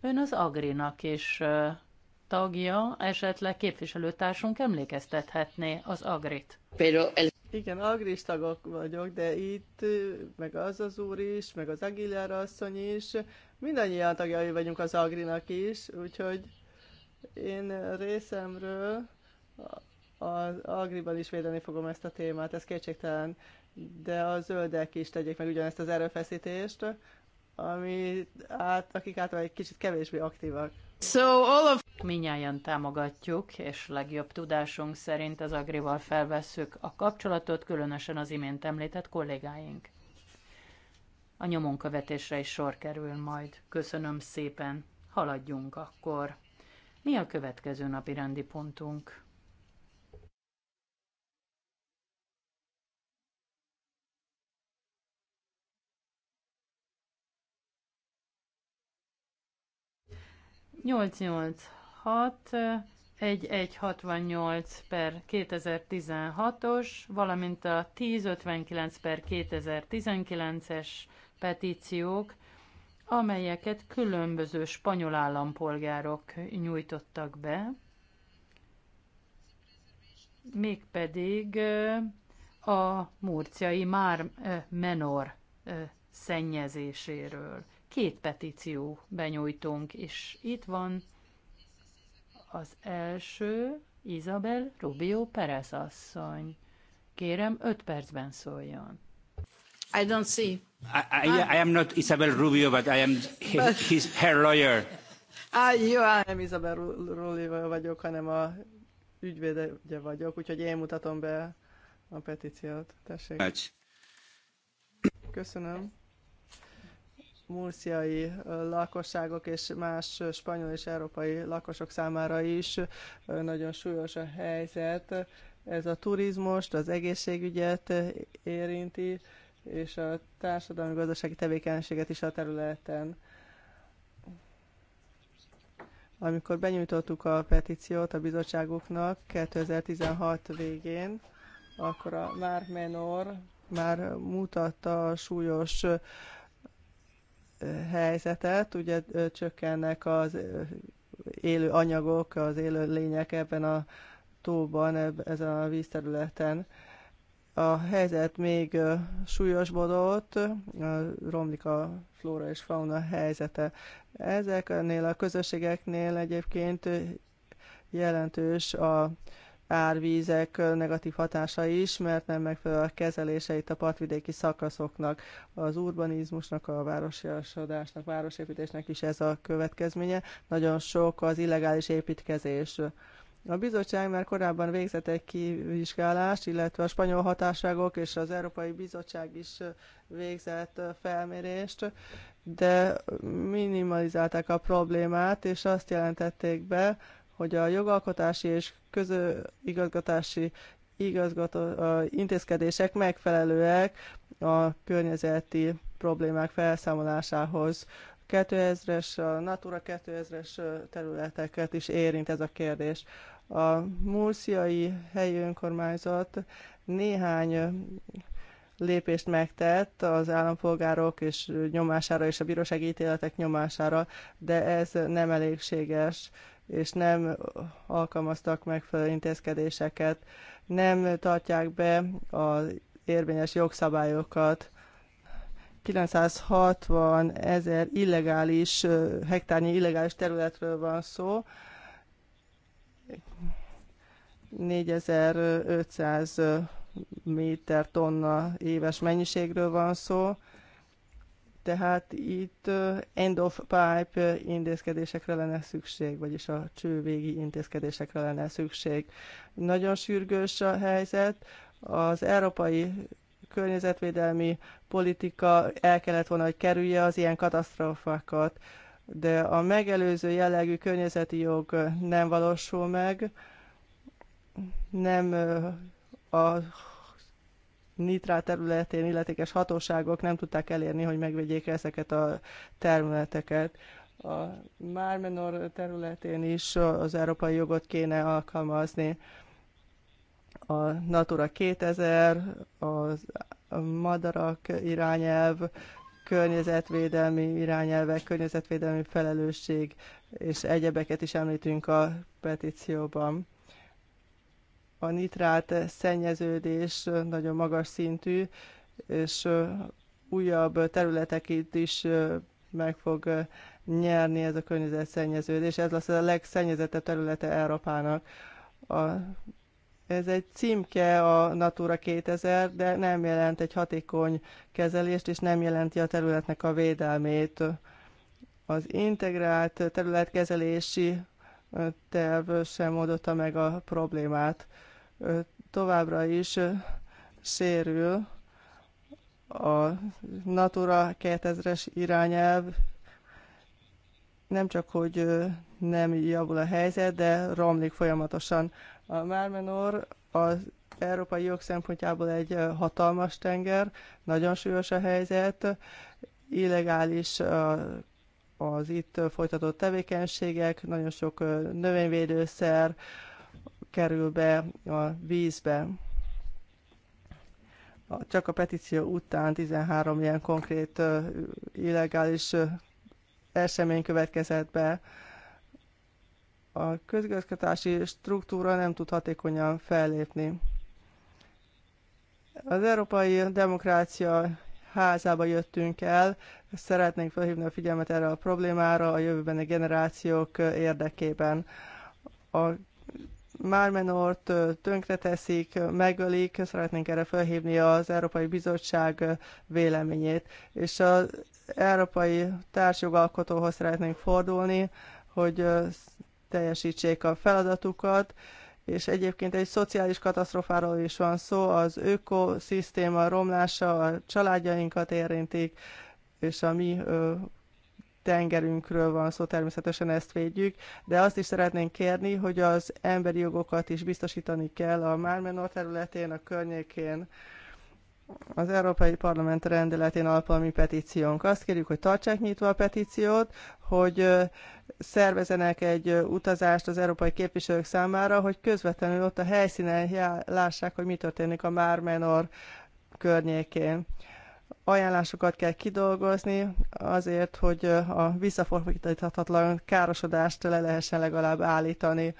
Ön az Agrinak is tagja, esetleg képviselőtársunk emlékeztethetné az Agrit. Pero el igen, agris tagok vagyok, de itt, meg az az úr is, meg az Aguilar asszony is, mindannyian tagjai vagyunk az agrinak is, úgyhogy én részemről az agriban is védeni fogom ezt a témát, ez kétségtelen, de a zöldek is tegyék meg ugyanezt az erőfeszítést, ami át, akik általában egy kicsit kevésbé aktívak. So all of... Minnyáján támogatjuk, és legjobb tudásunk szerint az Agrival felvesszük a kapcsolatot, különösen az imént említett kollégáink. A nyomonkövetésre is sor kerül majd. Köszönöm szépen. Haladjunk akkor. Mi a következő napi rendi pontunk? 886 1168 per 2016-os, valamint a 1059 per 2019-es petíciók, amelyeket különböző spanyol állampolgárok nyújtottak be, mégpedig a murciai már menor szennyezéséről. Két petíció benyújtunk, és itt van az első, Isabel Rubio Perez asszony. Kérem, öt percben szóljon. I don't see. I, I, I am not Isabel Rubio, but I am his, his her lawyer. Ah, jó, nem Isabel Rubio vagyok, hanem a ügyvédje vagyok, úgyhogy én mutatom be a petíciót. Tessék. Köszönöm murciai lakosságok és más spanyol és európai lakosok számára is nagyon súlyos a helyzet. Ez a turizmust, az egészségügyet érinti, és a társadalmi gazdasági tevékenységet is a területen. Amikor benyújtottuk a petíciót a bizottságuknak 2016 végén, akkor a Már Menor már mutatta a súlyos helyzetet, ugye csökkennek az élő anyagok, az élő lények ebben a tóban, ezen a vízterületen. A helyzet még súlyosbodott, romlik a flóra és fauna helyzete. Ezeknél a közösségeknél egyébként jelentős a árvízek negatív hatása is, mert nem megfelelő a kezelése itt a partvidéki szakaszoknak, az urbanizmusnak, a városiasodásnak, városépítésnek is ez a következménye. Nagyon sok az illegális építkezés. A bizottság már korábban végzett egy kivizsgálást, illetve a spanyol hatáságok és az Európai Bizottság is végzett felmérést, de minimalizálták a problémát, és azt jelentették be, hogy a jogalkotási és közigazgatási igazgató, intézkedések megfelelőek a környezeti problémák felszámolásához. 2000-es, Natura 2000-es területeket is érint ez a kérdés. A murciai helyi önkormányzat néhány lépést megtett az állampolgárok és nyomására és a bírósági ítéletek nyomására, de ez nem elégséges és nem alkalmaztak megfelelő intézkedéseket, nem tartják be az érvényes jogszabályokat. 960 ezer illegális, hektárnyi illegális területről van szó, 4500 méter tonna éves mennyiségről van szó, tehát itt end of pipe intézkedésekre lenne szükség, vagyis a csővégi intézkedésekre lenne szükség. Nagyon sürgős a helyzet. Az európai környezetvédelmi politika el kellett volna, hogy kerülje az ilyen katasztrófákat, de a megelőző jellegű környezeti jog nem valósul meg, nem a nitrát területén illetékes hatóságok nem tudták elérni, hogy megvegyék ezeket a területeket. A Mármenor területén is az európai jogot kéne alkalmazni. A Natura 2000, a madarak irányelv, környezetvédelmi irányelvek, környezetvédelmi felelősség és egyebeket is említünk a petícióban a nitrát szennyeződés nagyon magas szintű, és újabb területeket is meg fog nyerni ez a környezetszennyeződés. Ez lesz a legszennyezettebb területe Európának. A, ez egy címke a Natura 2000, de nem jelent egy hatékony kezelést, és nem jelenti a területnek a védelmét. Az integrált területkezelési terv sem oldotta meg a problémát továbbra is sérül a Natura 2000-es irányelv, nem csak, hogy nem javul a helyzet, de romlik folyamatosan. A Mármenor az európai jog szempontjából egy hatalmas tenger, nagyon súlyos a helyzet, illegális az itt folytatott tevékenységek, nagyon sok növényvédőszer, kerül be a vízbe. Csak a petíció után 13 ilyen konkrét illegális esemény következett be. A közigazgatási struktúra nem tud hatékonyan fellépni. Az Európai Demokrácia házába jöttünk el. Szeretnénk felhívni a figyelmet erre a problémára a jövőbeni generációk érdekében. A Mármenort tönkreteszik, megölik, szeretnénk erre felhívni az Európai Bizottság véleményét. És az európai társjogalkotóhoz szeretnénk fordulni, hogy teljesítsék a feladatukat, és egyébként egy szociális katasztrofáról is van szó, az ökoszisztéma romlása a családjainkat érintik, és a mi tengerünkről van szó, természetesen ezt védjük, de azt is szeretnénk kérni, hogy az emberi jogokat is biztosítani kell a Mármenor területén, a környékén, az Európai Parlament rendeletén alapulmi petíciónk. Azt kérjük, hogy tartsák nyitva a petíciót, hogy szervezenek egy utazást az európai képviselők számára, hogy közvetlenül ott a helyszínen lássák, hogy mi történik a Mármenor környékén ajánlásokat kell kidolgozni azért, hogy a visszafordíthatatlan károsodást le lehessen legalább állítani.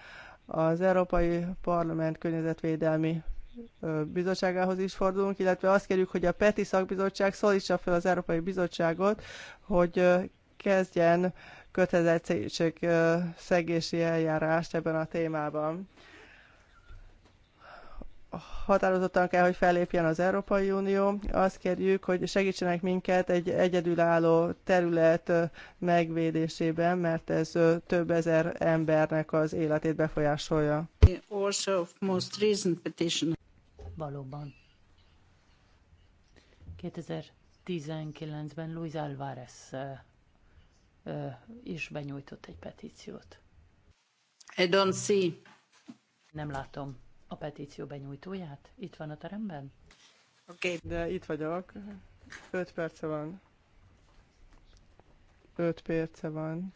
Az Európai Parlament Környezetvédelmi Bizottságához is fordulunk, illetve azt kérjük, hogy a PETI szakbizottság szólítsa fel az Európai Bizottságot, hogy kezdjen kötelezettség szegési eljárást ebben a témában határozottan kell, hogy fellépjen az Európai Unió. Azt kérjük, hogy segítsenek minket egy egyedülálló terület megvédésében, mert ez több ezer embernek az életét befolyásolja. Also most recent petition. Valóban. 2019-ben Luis Alvarez is benyújtott egy petíciót. I don't see. Nem látom a petíció benyújtóját? Itt van a teremben? Oké. Okay. De itt vagyok. 5 perce van. 5 perce van.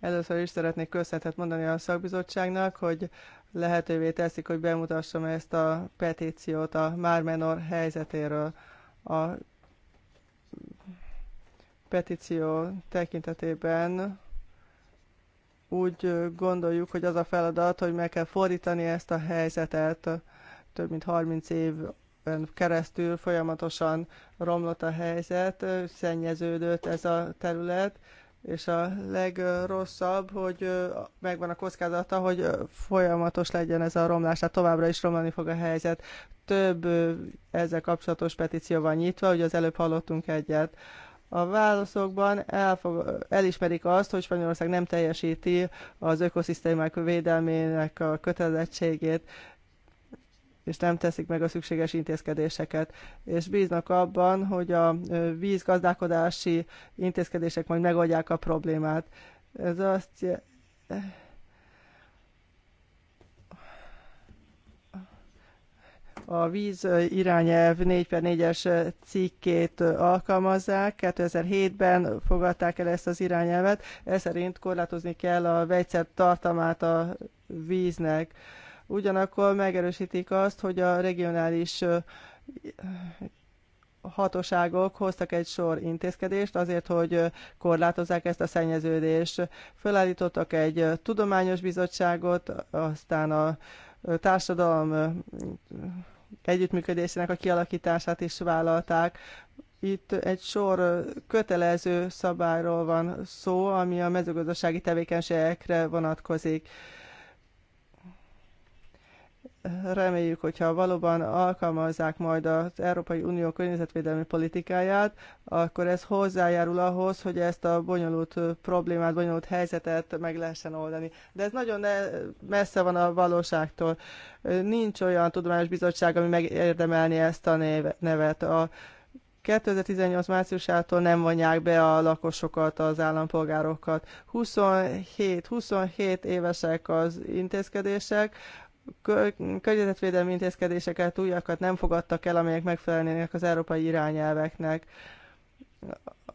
Először is szeretnék köszönetet mondani a szakbizottságnak, hogy lehetővé teszik, hogy bemutassam ezt a petíciót a Mármenor helyzetéről. A petíció tekintetében úgy gondoljuk, hogy az a feladat, hogy meg kell fordítani ezt a helyzetet. Több mint 30 év keresztül folyamatosan romlott a helyzet, szennyeződött ez a terület, és a legrosszabb, hogy megvan a kockázata, hogy folyamatos legyen ez a romlás, tehát továbbra is romlani fog a helyzet. Több ezzel kapcsolatos petíció van nyitva, ugye az előbb hallottunk egyet a válaszokban elfog, elismerik azt, hogy Spanyolország nem teljesíti az ökoszisztémák védelmének a kötelezettségét, és nem teszik meg a szükséges intézkedéseket. És bíznak abban, hogy a vízgazdálkodási intézkedések majd megoldják a problémát. Ez azt A víz irányelv 4 per 4-es cikkét alkalmazzák. 2007-ben fogadták el ezt az irányelvet. Ez szerint korlátozni kell a vegyszer tartalmát a víznek. Ugyanakkor megerősítik azt, hogy a regionális hatóságok hoztak egy sor intézkedést azért, hogy korlátozzák ezt a szennyeződést. Felállítottak egy tudományos bizottságot, aztán a társadalom együttműködésének a kialakítását is vállalták. Itt egy sor kötelező szabályról van szó, ami a mezőgazdasági tevékenységekre vonatkozik reméljük, hogyha valóban alkalmazzák majd az Európai Unió környezetvédelmi politikáját, akkor ez hozzájárul ahhoz, hogy ezt a bonyolult problémát, bonyolult helyzetet meg lehessen oldani. De ez nagyon messze van a valóságtól. Nincs olyan tudományos bizottság, ami megérdemelni ezt a nevet. A 2018 márciusától nem vonják be a lakosokat, az állampolgárokat. 27, 27 évesek az intézkedések, környezetvédelmi intézkedéseket, újakat nem fogadtak el, amelyek megfelelnének az európai irányelveknek.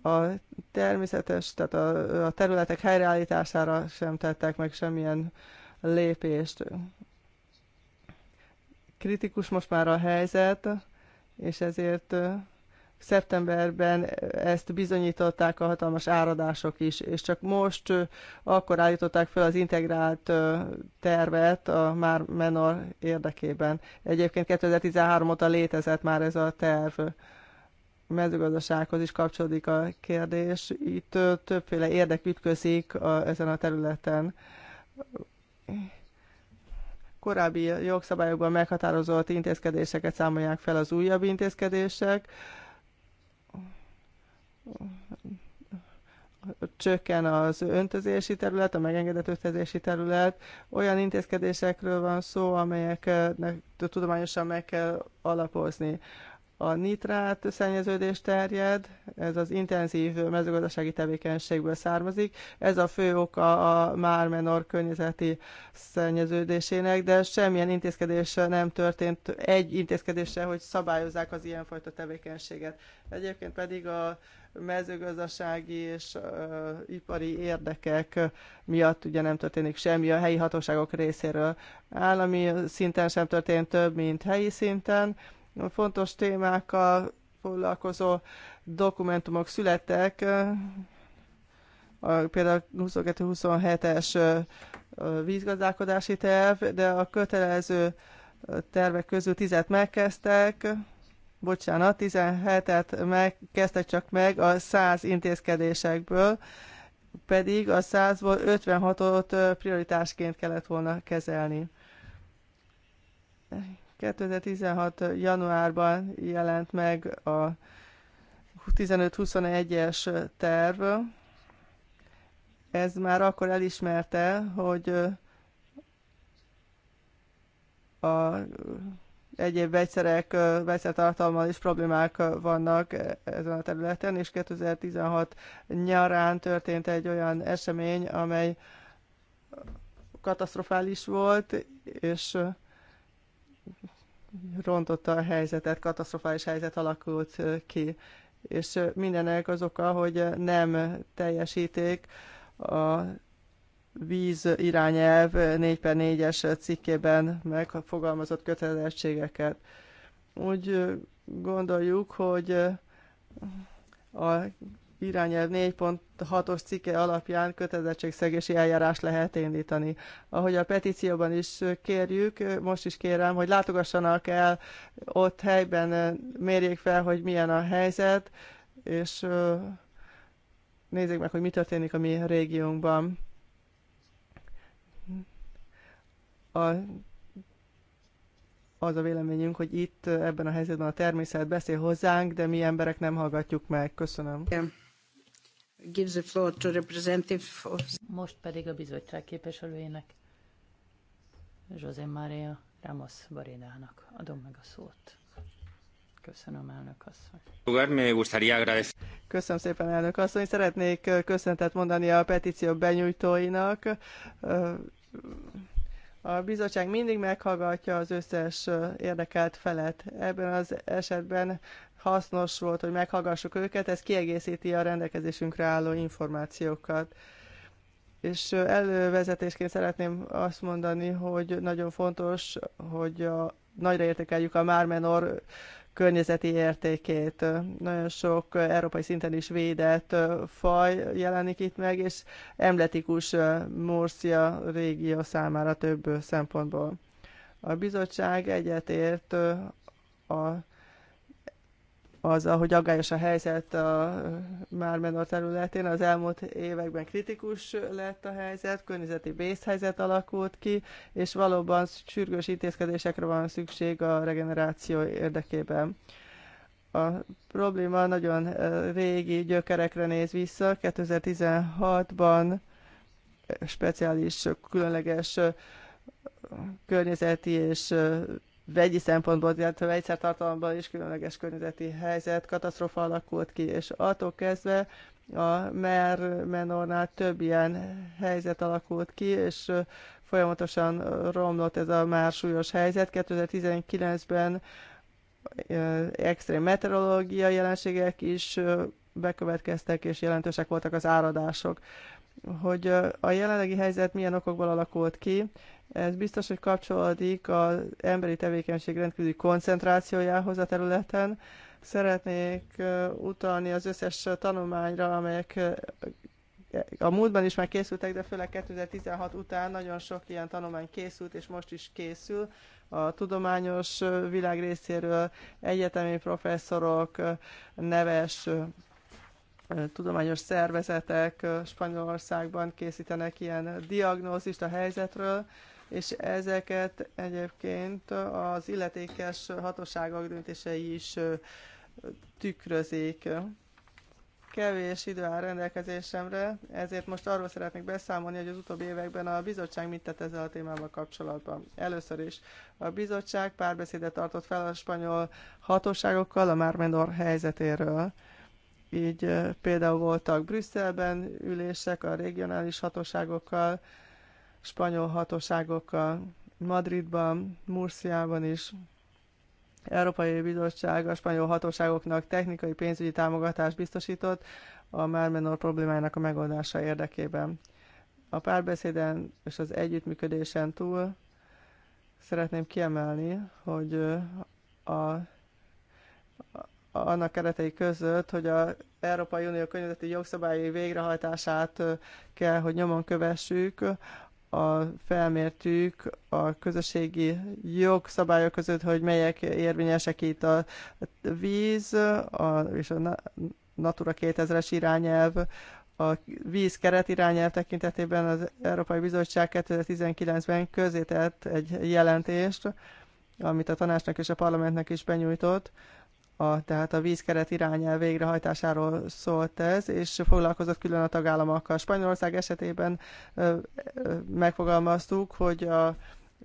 A természetes, tehát a, a területek helyreállítására sem tettek meg semmilyen lépést. Kritikus most már a helyzet, és ezért Szeptemberben ezt bizonyították a hatalmas áradások is, és csak most akkor állították fel az integrált tervet a már menor érdekében. Egyébként 2013 óta létezett már ez a terv mezőgazdasághoz is kapcsolódik a kérdés. Itt többféle érdek ütközik a, ezen a területen. Korábbi jogszabályokban meghatározott intézkedéseket számolják fel az újabb intézkedések csökken az öntözési terület, a megengedett öntözési terület. Olyan intézkedésekről van szó, amelyeknek tudományosan meg kell alapozni. A nitrát szennyeződés terjed, ez az intenzív mezőgazdasági tevékenységből származik. Ez a fő oka a Mármenor környezeti szennyeződésének, de semmilyen intézkedés nem történt egy intézkedéssel, hogy szabályozzák az ilyenfajta tevékenységet. Egyébként pedig a mezőgazdasági és uh, ipari érdekek miatt ugye nem történik semmi a helyi hatóságok részéről. Állami szinten sem történt több, mint helyi szinten. Fontos témákkal foglalkozó dokumentumok születtek, a, például 22-27-es vízgazdálkodási terv, de a kötelező tervek közül tizet megkezdtek, bocsánat, 17-et meg, kezdtek csak meg a 100 intézkedésekből, pedig a 100-ból 56-ot prioritásként kellett volna kezelni. 2016. januárban jelent meg a 15-21-es terv. Ez már akkor elismerte, hogy a egyéb vegyszerek, vegyszertartalmal is problémák vannak e, ezen a területen, és 2016 nyarán történt egy olyan esemény, amely katasztrofális volt, és rontotta a helyzetet, katasztrofális helyzet alakult ki. És mindenek az oka, hogy nem teljesíték a víz irányelv 4 per 4-es cikkében megfogalmazott kötelezettségeket. Úgy gondoljuk, hogy a irányelv 4.6-os cikke alapján kötelezettségszegési eljárás lehet indítani. Ahogy a petícióban is kérjük, most is kérem, hogy látogassanak el ott helyben, mérjék fel, hogy milyen a helyzet, és nézzék meg, hogy mi történik a mi régiónkban. A, az a véleményünk, hogy itt ebben a helyzetben a természet beszél hozzánk, de mi emberek nem hallgatjuk meg. Köszönöm. Gives the floor to representative Most pedig a bizottság képviselőjének, José Maria Ramos Barinának adom meg a szót. Köszönöm, elnök asszony. Köszönöm szépen, elnök asszony. Szeretnék köszöntet mondani a petíció benyújtóinak. A bizottság mindig meghallgatja az összes érdekelt felet. Ebben az esetben hasznos volt, hogy meghallgassuk őket, ez kiegészíti a rendelkezésünkre álló információkat. És elővezetésként szeretném azt mondani, hogy nagyon fontos, hogy a, nagyra értékeljük a Mármenor környezeti értékét. Nagyon sok európai szinten is védett faj jelenik itt meg, és emletikus Murcia régió számára több szempontból. A bizottság egyetért a az, hogy aggályos a helyzet a Mármenor területén. Az elmúlt években kritikus lett a helyzet, környezeti vészhelyzet alakult ki, és valóban sürgős intézkedésekre van szükség a regeneráció érdekében. A probléma nagyon régi gyökerekre néz vissza. 2016-ban speciális, különleges környezeti és vegyi szempontból, illetve vegyszertartalomban is különleges környezeti helyzet, katasztrofa alakult ki, és attól kezdve a MER menornál több ilyen helyzet alakult ki, és folyamatosan romlott ez a már súlyos helyzet. 2019-ben extrém meteorológia jelenségek is bekövetkeztek, és jelentősek voltak az áradások hogy a jelenlegi helyzet milyen okokból alakult ki. Ez biztos, hogy kapcsolódik az emberi tevékenység rendkívüli koncentrációjához a területen. Szeretnék utalni az összes tanulmányra, amelyek a múltban is már készültek, de főleg 2016 után nagyon sok ilyen tanulmány készült, és most is készül a tudományos világ részéről, egyetemi professzorok, neves tudományos szervezetek Spanyolországban készítenek ilyen diagnózist a helyzetről, és ezeket egyébként az illetékes hatóságok döntései is tükrözik. Kevés idő áll rendelkezésemre, ezért most arról szeretnék beszámolni, hogy az utóbbi években a bizottság mit tett ezzel a témával kapcsolatban. Először is a bizottság párbeszédet tartott fel a spanyol hatóságokkal a Mármendor helyzetéről így például voltak Brüsszelben ülések a regionális hatóságokkal, spanyol hatóságokkal, Madridban, Murciában is. Európai Bizottság a spanyol hatóságoknak technikai pénzügyi támogatást biztosított a Mármenor problémájának a megoldása érdekében. A párbeszéden és az együttműködésen túl szeretném kiemelni, hogy a annak keretei között, hogy a Európai Unió környezeti jogszabályi végrehajtását kell, hogy nyomon kövessük, a, felmértük a közösségi jogszabályok között, hogy melyek érvényesek itt a víz a, és a Natura 2000-es irányelv, a víz irányelv tekintetében az Európai Bizottság 2019-ben tett egy jelentést, amit a tanácsnak és a parlamentnek is benyújtott, a, tehát a vízkeret irányel végrehajtásáról szólt ez, és foglalkozott külön a tagállamokkal. Spanyolország esetében ö, ö, megfogalmaztuk, hogy a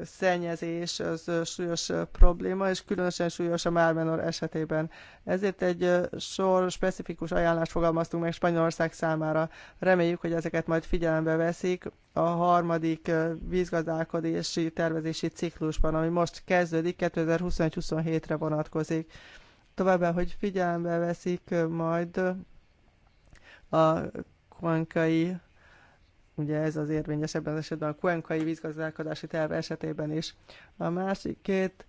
szennyezés az súlyos probléma, és különösen súlyos a Mármenor esetében. Ezért egy sor specifikus ajánlást fogalmaztunk meg Spanyolország számára. Reméljük, hogy ezeket majd figyelembe veszik a harmadik vízgazdálkodási tervezési ciklusban, ami most kezdődik, 2021-27-re vonatkozik. Továbbá, hogy figyelembe veszik majd a kuenkai, ugye ez az érvényes ebben az esetben a kuenkai vízgazdálkodási terv esetében is. A másik két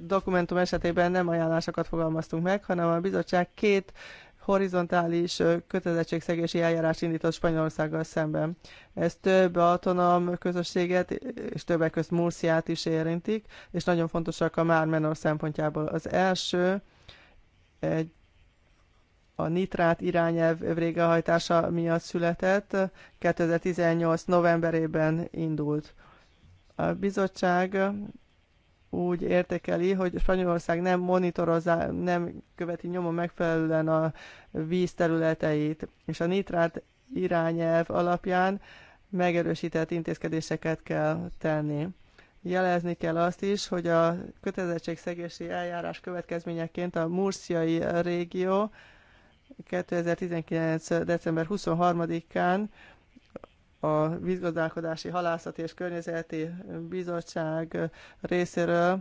dokumentum esetében nem ajánlásokat fogalmaztunk meg, hanem a bizottság két horizontális kötelezettségszegési eljárást indított Spanyolországgal szemben. Ez több autonóm közösséget, és többek közt Murciát is érintik, és nagyon fontosak a menor szempontjából. Az első egy a nitrát irányelv végrehajtása miatt született, 2018. novemberében indult. A bizottság úgy értékeli, hogy Spanyolország nem monitorozza, nem követi nyomon megfelelően a vízterületeit, és a nitrát irányelv alapján megerősített intézkedéseket kell tenni. Jelezni kell azt is, hogy a kötelezettségszegési eljárás következményeként a murciai régió 2019. december 23-án a vízgazdálkodási, halászati és környezeti bizottság részéről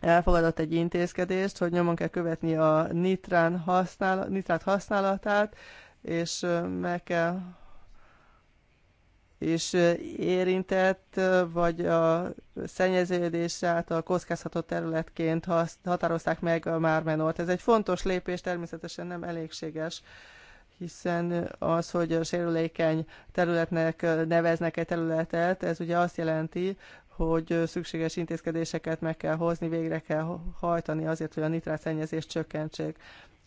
elfogadott egy intézkedést, hogy nyomon kell követni a nitrán használ, nitrát használatát, és meg kell és érintett, vagy a szennyeződés által kockázható területként határozták meg a Mármenort. Ez egy fontos lépés, természetesen nem elégséges hiszen az, hogy a sérülékeny területnek neveznek egy területet, ez ugye azt jelenti, hogy szükséges intézkedéseket meg kell hozni, végre kell hajtani azért, hogy a nitrátszennyezést csökkentsék.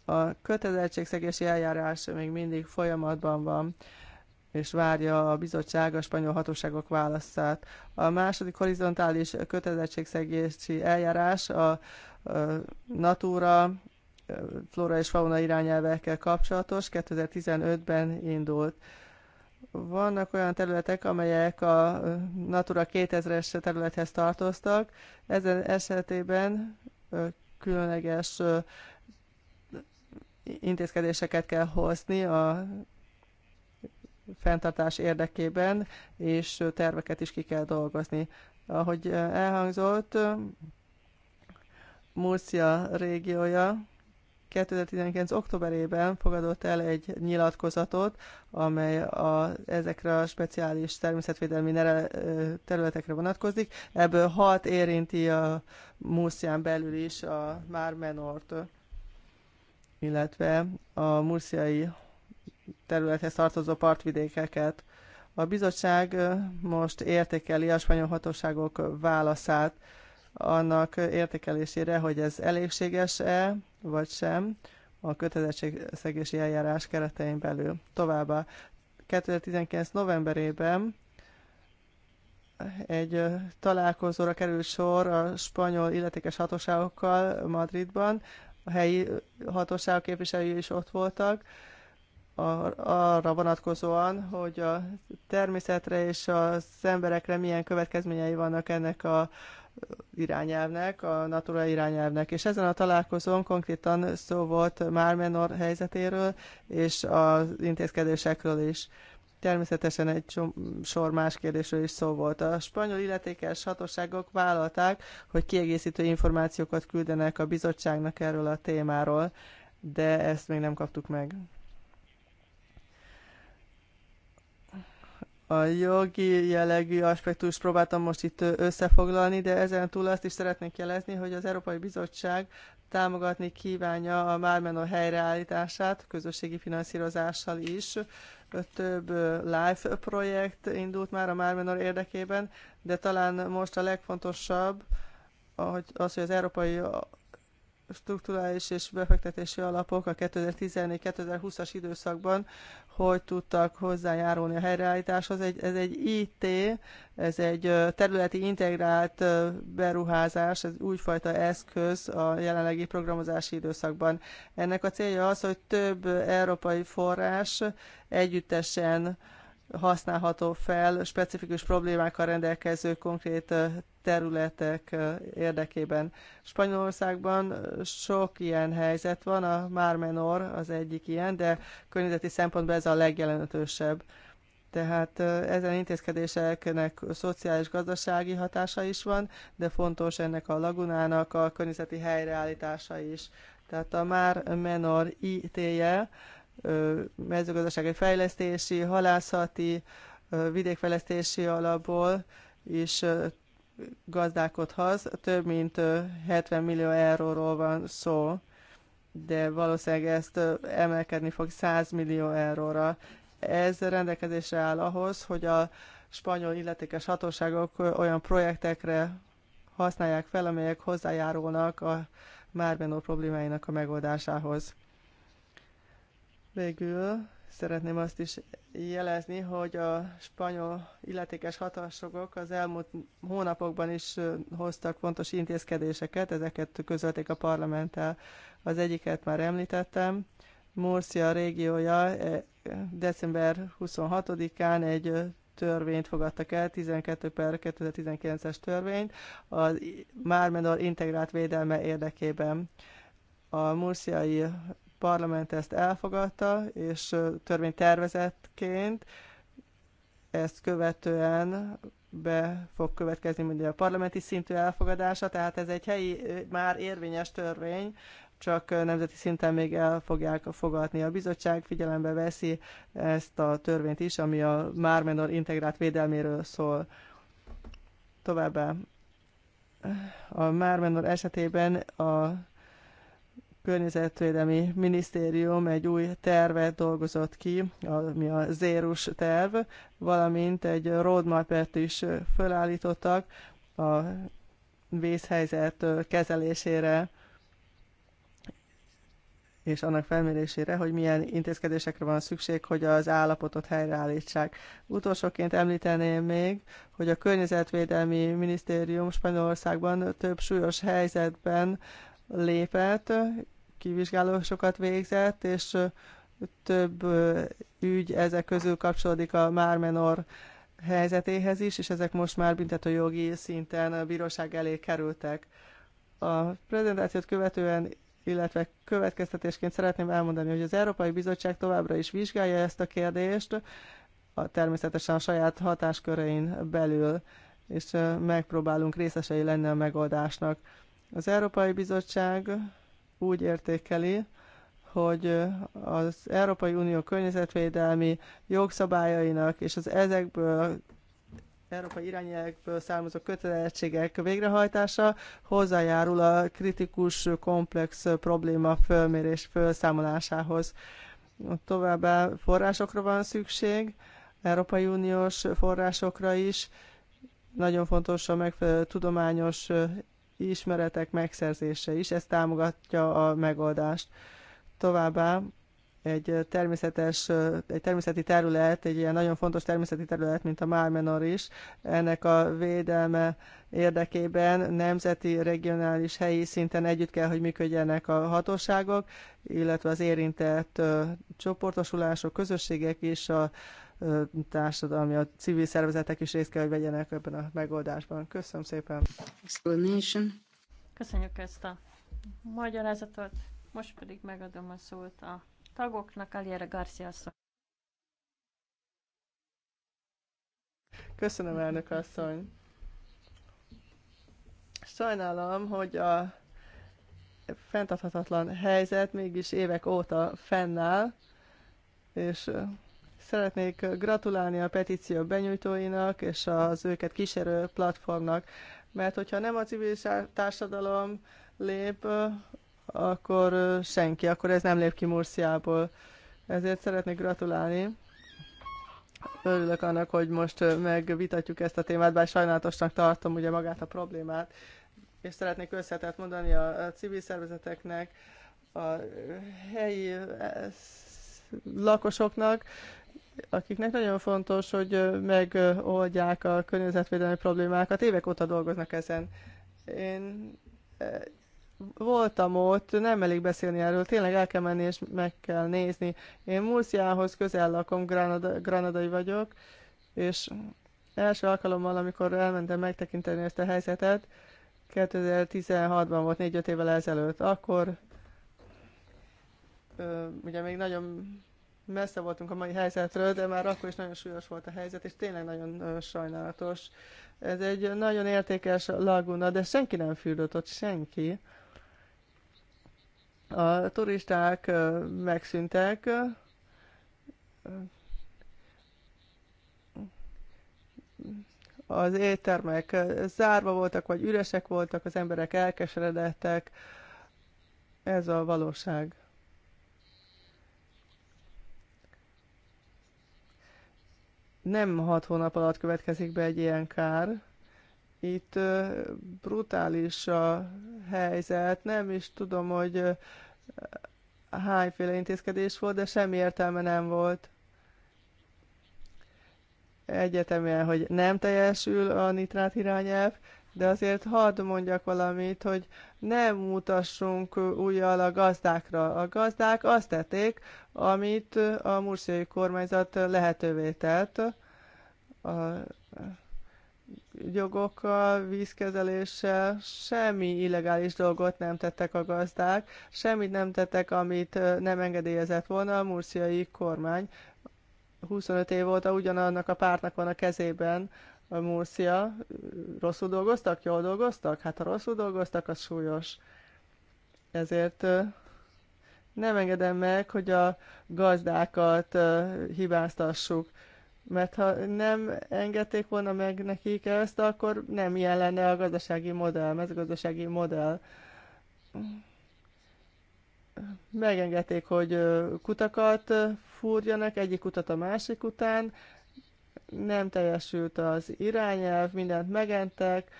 A kötelezettségszegési eljárás még mindig folyamatban van, és várja a bizottság a spanyol hatóságok válaszát. A második horizontális kötelezettségszegési eljárás a Natura flora és fauna irányelvekkel kapcsolatos, 2015-ben indult. Vannak olyan területek, amelyek a Natura 2000-es területhez tartoztak. Ezen esetében különleges intézkedéseket kell hozni a fenntartás érdekében, és terveket is ki kell dolgozni. Ahogy elhangzott, Murcia régiója 2019. októberében fogadott el egy nyilatkozatot, amely a, ezekre a speciális természetvédelmi nere, területekre vonatkozik. Ebből hat érinti a Murcián belül is a már menort, illetve a murciai területhez tartozó partvidékeket. A bizottság most értékeli a spanyol hatóságok válaszát annak értékelésére, hogy ez elégséges-e, vagy sem a kötelezettségszegési eljárás keretein belül. Továbbá 2019. novemberében egy találkozóra került sor a spanyol illetékes hatóságokkal Madridban. A helyi hatóságok képviselői is ott voltak, arra vonatkozóan, hogy a természetre és az emberekre milyen következményei vannak ennek a irányelvnek, a Natura irányelvnek. És ezen a találkozón konkrétan szó volt Mármenor helyzetéről és az intézkedésekről is. Természetesen egy sor más kérdésről is szó volt. A spanyol illetékes hatóságok vállalták, hogy kiegészítő információkat küldenek a bizottságnak erről a témáról, de ezt még nem kaptuk meg. A jogi jellegű aspektust próbáltam most itt összefoglalni, de ezen túl azt is szeretnék jelezni, hogy az Európai Bizottság támogatni kívánja a Mármenó helyreállítását, közösségi finanszírozással is. Több live projekt indult már a Mármenor érdekében, de talán most a legfontosabb, az, hogy az Európai strukturális és befektetési alapok a 2014-2020-as időszakban hogy tudtak hozzájárulni a helyreállításhoz. Ez egy, ez egy IT, ez egy területi integrált beruházás, ez újfajta eszköz a jelenlegi programozási időszakban. Ennek a célja az, hogy több európai forrás együttesen használható fel specifikus problémákkal rendelkező konkrét területek érdekében. Spanyolországban sok ilyen helyzet van, a Mármenor az egyik ilyen, de környezeti szempontból ez a legjelentősebb. Tehát ezen intézkedéseknek szociális-gazdasági hatása is van, de fontos ennek a lagunának a környezeti helyreállítása is. Tehát a már menor IT-je mezőgazdasági fejlesztési, halászati, vidékfejlesztési alapból is gazdálkodhat. Több mint 70 millió euróról van szó, de valószínűleg ezt emelkedni fog 100 millió euróra. Ez rendelkezésre áll ahhoz, hogy a spanyol illetékes hatóságok olyan projektekre használják fel, amelyek hozzájárulnak a márbenó problémáinak a megoldásához. Végül szeretném azt is jelezni, hogy a spanyol illetékes hatásokok az elmúlt hónapokban is hoztak fontos intézkedéseket, ezeket közölték a parlamenttel. Az egyiket már említettem, Murcia régiója e, december 26-án egy törvényt fogadtak el, 12 per 2019-es törvényt, a Mármenor integrált védelme érdekében. A murciai parlament ezt elfogadta, és törvénytervezetként ezt követően be fog következni mondja, a parlamenti szintű elfogadása, tehát ez egy helyi, már érvényes törvény, csak nemzeti szinten még el fogják fogadni. A bizottság figyelembe veszi ezt a törvényt is, ami a Mármenor integrált védelméről szól. Továbbá a Mármenor esetében a környezetvédelmi minisztérium egy új tervet dolgozott ki, ami a zérus terv, valamint egy roadmap-et is felállítottak a vészhelyzet kezelésére és annak felmérésére, hogy milyen intézkedésekre van szükség, hogy az állapotot helyreállítsák. Utolsóként említeném még, hogy a Környezetvédelmi Minisztérium Spanyolországban több súlyos helyzetben lépett, kivizsgálósokat végzett, és több ügy ezek közül kapcsolódik a Mármenor helyzetéhez is, és ezek most már jogi szinten a bíróság elé kerültek. A prezentációt követően illetve következtetésként szeretném elmondani, hogy az Európai Bizottság továbbra is vizsgálja ezt a kérdést, a, természetesen a saját hatáskörein belül, és megpróbálunk részesei lenni a megoldásnak. Az Európai Bizottság úgy értékeli, hogy az Európai Unió környezetvédelmi jogszabályainak és az ezekből európai irányelvekből származó kötelezettségek végrehajtása hozzájárul a kritikus, komplex probléma fölmérés felszámolásához. Továbbá forrásokra van szükség, Európai Uniós forrásokra is. Nagyon fontos a megfelelő tudományos ismeretek megszerzése is, ez támogatja a megoldást. Továbbá egy természetes, egy természeti terület, egy ilyen nagyon fontos természeti terület, mint a Mármenor is, ennek a védelme érdekében nemzeti, regionális, helyi szinten együtt kell, hogy működjenek a hatóságok, illetve az érintett csoportosulások, közösségek is, a társadalmi, a civil szervezetek is részt kell, hogy vegyenek ebben a megoldásban. Köszönöm szépen. Explanation. Köszönjük ezt a magyarázatot. Most pedig megadom a szót a tagoknak, Aliera Garcia szó. Köszönöm, elnök asszony. Sajnálom, hogy a fenntarthatatlan helyzet mégis évek óta fennáll, és Szeretnék gratulálni a petíció benyújtóinak és az őket kísérő platformnak, mert hogyha nem a civil társadalom lép, akkor senki, akkor ez nem lép ki Murciából. Ezért szeretnék gratulálni. Örülök annak, hogy most megvitatjuk ezt a témát, bár sajnálatosnak tartom ugye magát a problémát, és szeretnék összetett mondani a, civil szervezeteknek, a helyi eh, lakosoknak, akiknek nagyon fontos, hogy megoldják a környezetvédelmi problémákat. Évek óta dolgoznak ezen. Én voltam ott, nem elég beszélni erről, tényleg el kell menni és meg kell nézni. Én Murciához közel lakom, Granada, granadai vagyok, és első alkalommal, amikor elmentem megtekinteni ezt a helyzetet, 2016-ban volt, 4-5 évvel ezelőtt, akkor ugye még nagyon messze voltunk a mai helyzetről, de már akkor is nagyon súlyos volt a helyzet, és tényleg nagyon sajnálatos. Ez egy nagyon értékes laguna, de senki nem fürdött ott, senki. A turisták megszűntek, az éttermek zárva voltak, vagy üresek voltak, az emberek elkeseredettek. Ez a valóság. nem hat hónap alatt következik be egy ilyen kár. Itt brutális a helyzet, nem is tudom, hogy hányféle intézkedés volt, de semmi értelme nem volt. Egyetemben, hogy nem teljesül a nitrát irányelv, de azért hadd mondjak valamit, hogy nem mutassunk újjal a gazdákra. A gazdák azt tették, amit a murszai kormányzat lehetővé tett, a jogokkal, vízkezeléssel, semmi illegális dolgot nem tettek a gazdák, semmit nem tettek, amit nem engedélyezett volna a murciai kormány. 25 év óta ugyanannak a pártnak van a kezében, a Murcia, rosszul dolgoztak, jól dolgoztak? Hát ha rosszul dolgoztak, az súlyos. Ezért nem engedem meg, hogy a gazdákat hibáztassuk. Mert ha nem engedték volna meg nekik ezt, akkor nem ilyen lenne a gazdasági modell, mezőgazdasági modell. Megengedték, hogy kutakat fúrjanak egyik kutat a másik után, nem teljesült az irányelv, mindent megentek,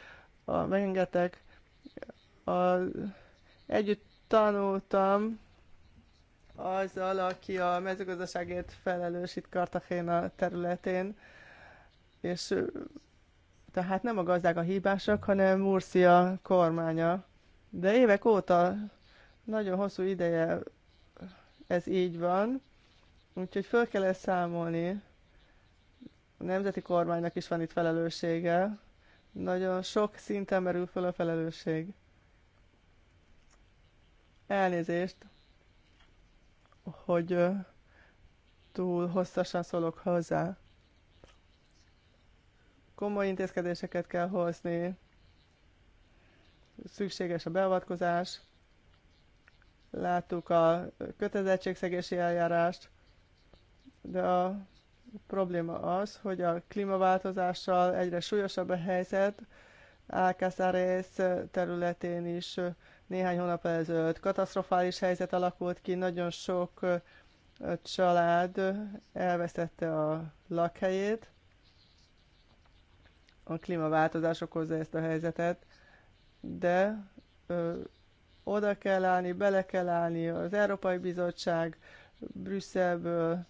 a, megengetek. A, együtt tanultam azzal, aki a mezőgazdaságért felelős itt Kartagéna területén, és tehát nem a gazdák a hibásak, hanem Murcia kormánya. De évek óta, nagyon hosszú ideje ez így van, úgyhogy föl kell ezt számolni. A nemzeti kormánynak is van itt felelőssége. Nagyon sok szinten merül föl a felelősség. Elnézést, hogy túl hosszasan szólok hozzá. Komoly intézkedéseket kell hozni, szükséges a beavatkozás, láttuk a kötelezettségszegési eljárást, de a probléma az, hogy a klímaváltozással egyre súlyosabb a helyzet, Alcázares területén is néhány hónap ezelőtt katasztrofális helyzet alakult ki, nagyon sok család elvesztette a lakhelyét, a klímaváltozás okozza ezt a helyzetet, de ö, oda kell állni, bele kell állni, az Európai Bizottság Brüsszelből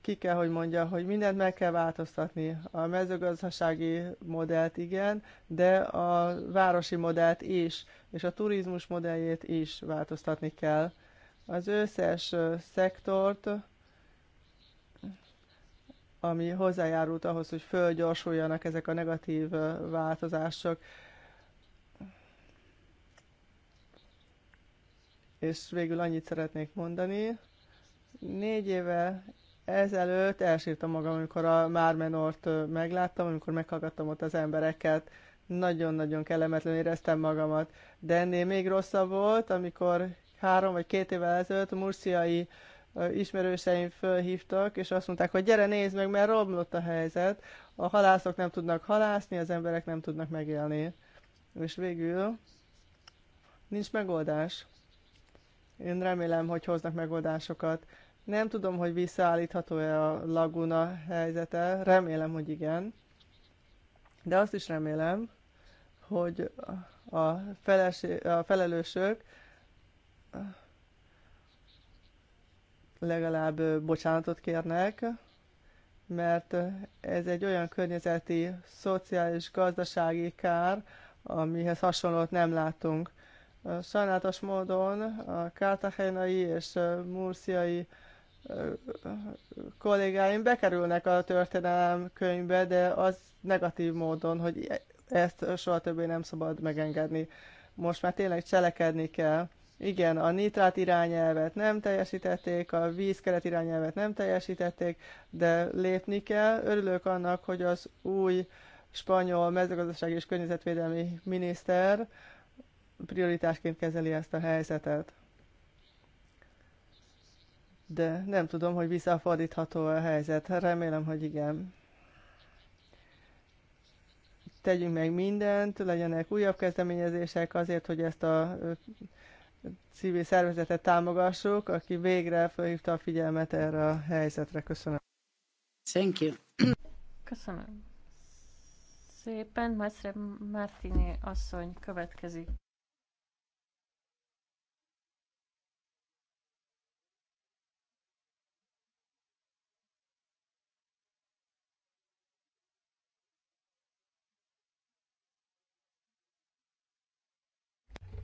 ki kell, hogy mondja, hogy mindent meg kell változtatni. A mezőgazdasági modellt igen, de a városi modellt is, és a turizmus modelljét is változtatni kell. Az összes szektort, ami hozzájárult ahhoz, hogy fölgyorsuljanak ezek a negatív változások, és végül annyit szeretnék mondani, négy éve Ezelőtt elsírtam magam, amikor a Mármenort megláttam, amikor meghallgattam ott az embereket. Nagyon-nagyon kellemetlen éreztem magamat. De ennél még rosszabb volt, amikor három vagy két évvel ezelőtt murciai ismerőseim fölhívtak, és azt mondták, hogy gyere nézd meg, mert romlott a helyzet, a halászok nem tudnak halászni, az emberek nem tudnak megélni. És végül nincs megoldás. Én remélem, hogy hoznak megoldásokat. Nem tudom, hogy visszaállítható-e a laguna helyzete, remélem, hogy igen. De azt is remélem, hogy a, feles, a felelősök legalább bocsánatot kérnek, mert ez egy olyan környezeti, szociális, gazdasági kár, amihez hasonlót nem látunk. Sajnálatos módon a kártahelynai és murciai kollégáim bekerülnek a történelem könyvbe, de az negatív módon, hogy ezt soha többé nem szabad megengedni. Most már tényleg cselekedni kell. Igen, a nitrát irányelvet nem teljesítették, a vízkeret irányelvet nem teljesítették, de lépni kell. Örülök annak, hogy az új spanyol mezőgazdasági és környezetvédelmi miniszter prioritásként kezeli ezt a helyzetet de nem tudom, hogy visszafordítható a helyzet. Remélem, hogy igen. Tegyünk meg mindent, legyenek újabb kezdeményezések azért, hogy ezt a civil szervezetet támogassuk, aki végre felhívta a figyelmet erre a helyzetre. Köszönöm. Thank you. Köszönöm. Szépen, Mászre Mártini asszony következik.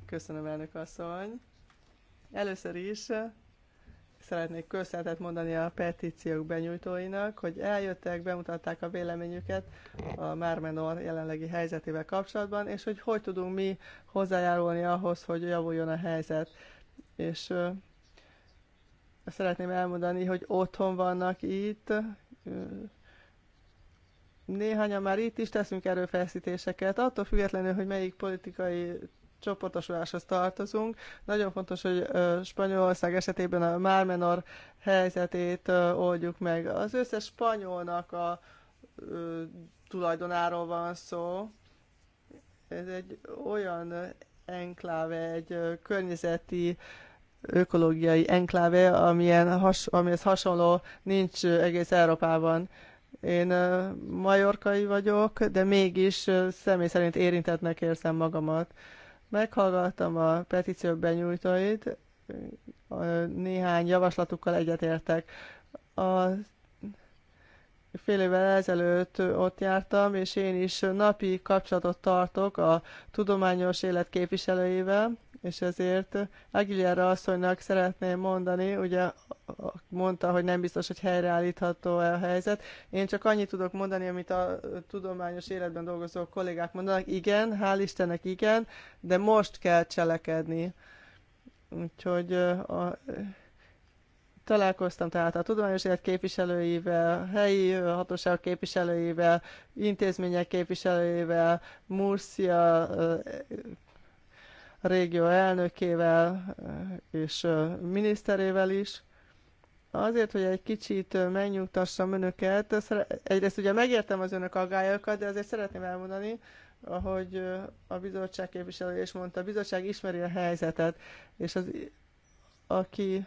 Köszönöm, elnök asszony. Először is eh, szeretnék köszönetet mondani a petíciók benyújtóinak, hogy eljöttek, bemutatták a véleményüket a Mármenor jelenlegi helyzetével kapcsolatban, és hogy hogy tudunk mi hozzájárulni ahhoz, hogy javuljon a helyzet. És ö, eh, szeretném elmondani, hogy otthon vannak itt, eh, néhányan már itt is teszünk erőfeszítéseket, attól függetlenül, hogy melyik politikai csoportosuláshoz tartozunk. Nagyon fontos, hogy Spanyolország esetében a Mármenor helyzetét oldjuk meg. Az összes spanyolnak a tulajdonáról van szó. Ez egy olyan enkláve, egy környezeti ökológiai enkláve, amilyen has, amihez hasonló nincs egész Európában. Én majorkai vagyok, de mégis személy szerint érintetnek érzem magamat. Meghallgattam a petíció benyújtóit, néhány javaslatukkal egyetértek. A Fél évvel ezelőtt ott jártam, és én is napi kapcsolatot tartok a tudományos élet képviselőivel, és ezért Aguilera asszonynak szeretném mondani, ugye mondta, hogy nem biztos, hogy helyreállítható-e a helyzet. Én csak annyit tudok mondani, amit a tudományos életben dolgozó kollégák mondanak. Igen, hál' Istennek igen, de most kell cselekedni. Úgyhogy a, Találkoztam tehát a tudományos élet képviselőivel, helyi hatóságok képviselőivel, intézmények képviselőivel, Murcia eh, régió elnökével eh, és eh, miniszterével is. Azért, hogy egy kicsit megnyugtassam önöket, egyrészt ugye megértem az önök aggályokat, de azért szeretném elmondani, ahogy a bizottság képviselő is mondta, a bizottság ismeri a helyzetet, és az, aki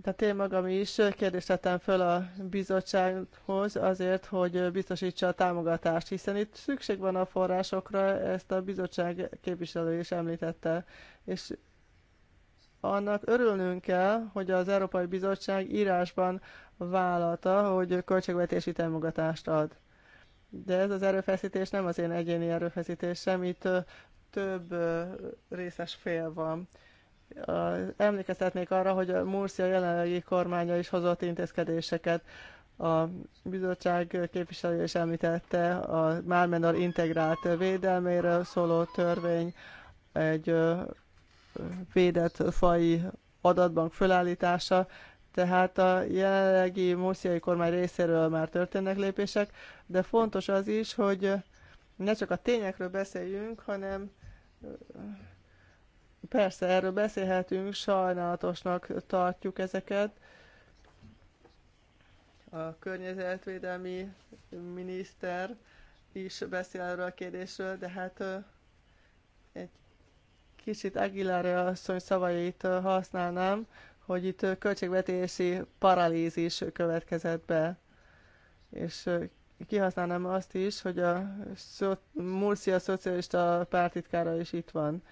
tehát én magam is kérdést tettem föl a bizottsághoz azért, hogy biztosítsa a támogatást, hiszen itt szükség van a forrásokra, ezt a bizottság képviselő is említette. És annak örülnünk kell, hogy az Európai Bizottság írásban vállalta, hogy költségvetési támogatást ad. De ez az erőfeszítés nem az én egyéni erőfeszítésem, itt több részes fél van. Emlékeztetnék arra, hogy a Murcia jelenlegi kormánya is hozott intézkedéseket. A bizottság képviselő is említette a Mármenor integrált védelméről szóló törvény, egy védett fai adatbank fölállítása, tehát a jelenlegi murciai kormány részéről már történnek lépések, de fontos az is, hogy ne csak a tényekről beszéljünk, hanem Persze, erről beszélhetünk, sajnálatosnak tartjuk ezeket. A környezetvédelmi miniszter is beszél erről a kérdésről, de hát egy kicsit Aguilera asszony szavait használnám, hogy itt költségvetési paralízis következett be. És kihasználnám azt is, hogy a Murcia Szocialista Pártitkára is itt van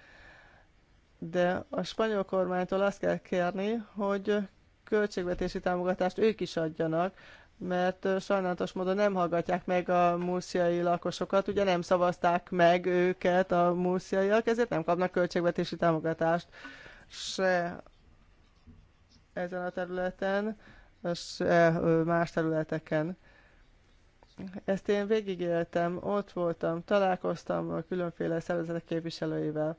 de a spanyol kormánytól azt kell kérni, hogy költségvetési támogatást ők is adjanak, mert sajnálatos módon nem hallgatják meg a múrciai lakosokat, ugye nem szavazták meg őket a múrciaiak, ezért nem kapnak költségvetési támogatást se ezen a területen, se más területeken. Ezt én végigéltem, ott voltam, találkoztam a különféle szervezetek képviselőivel.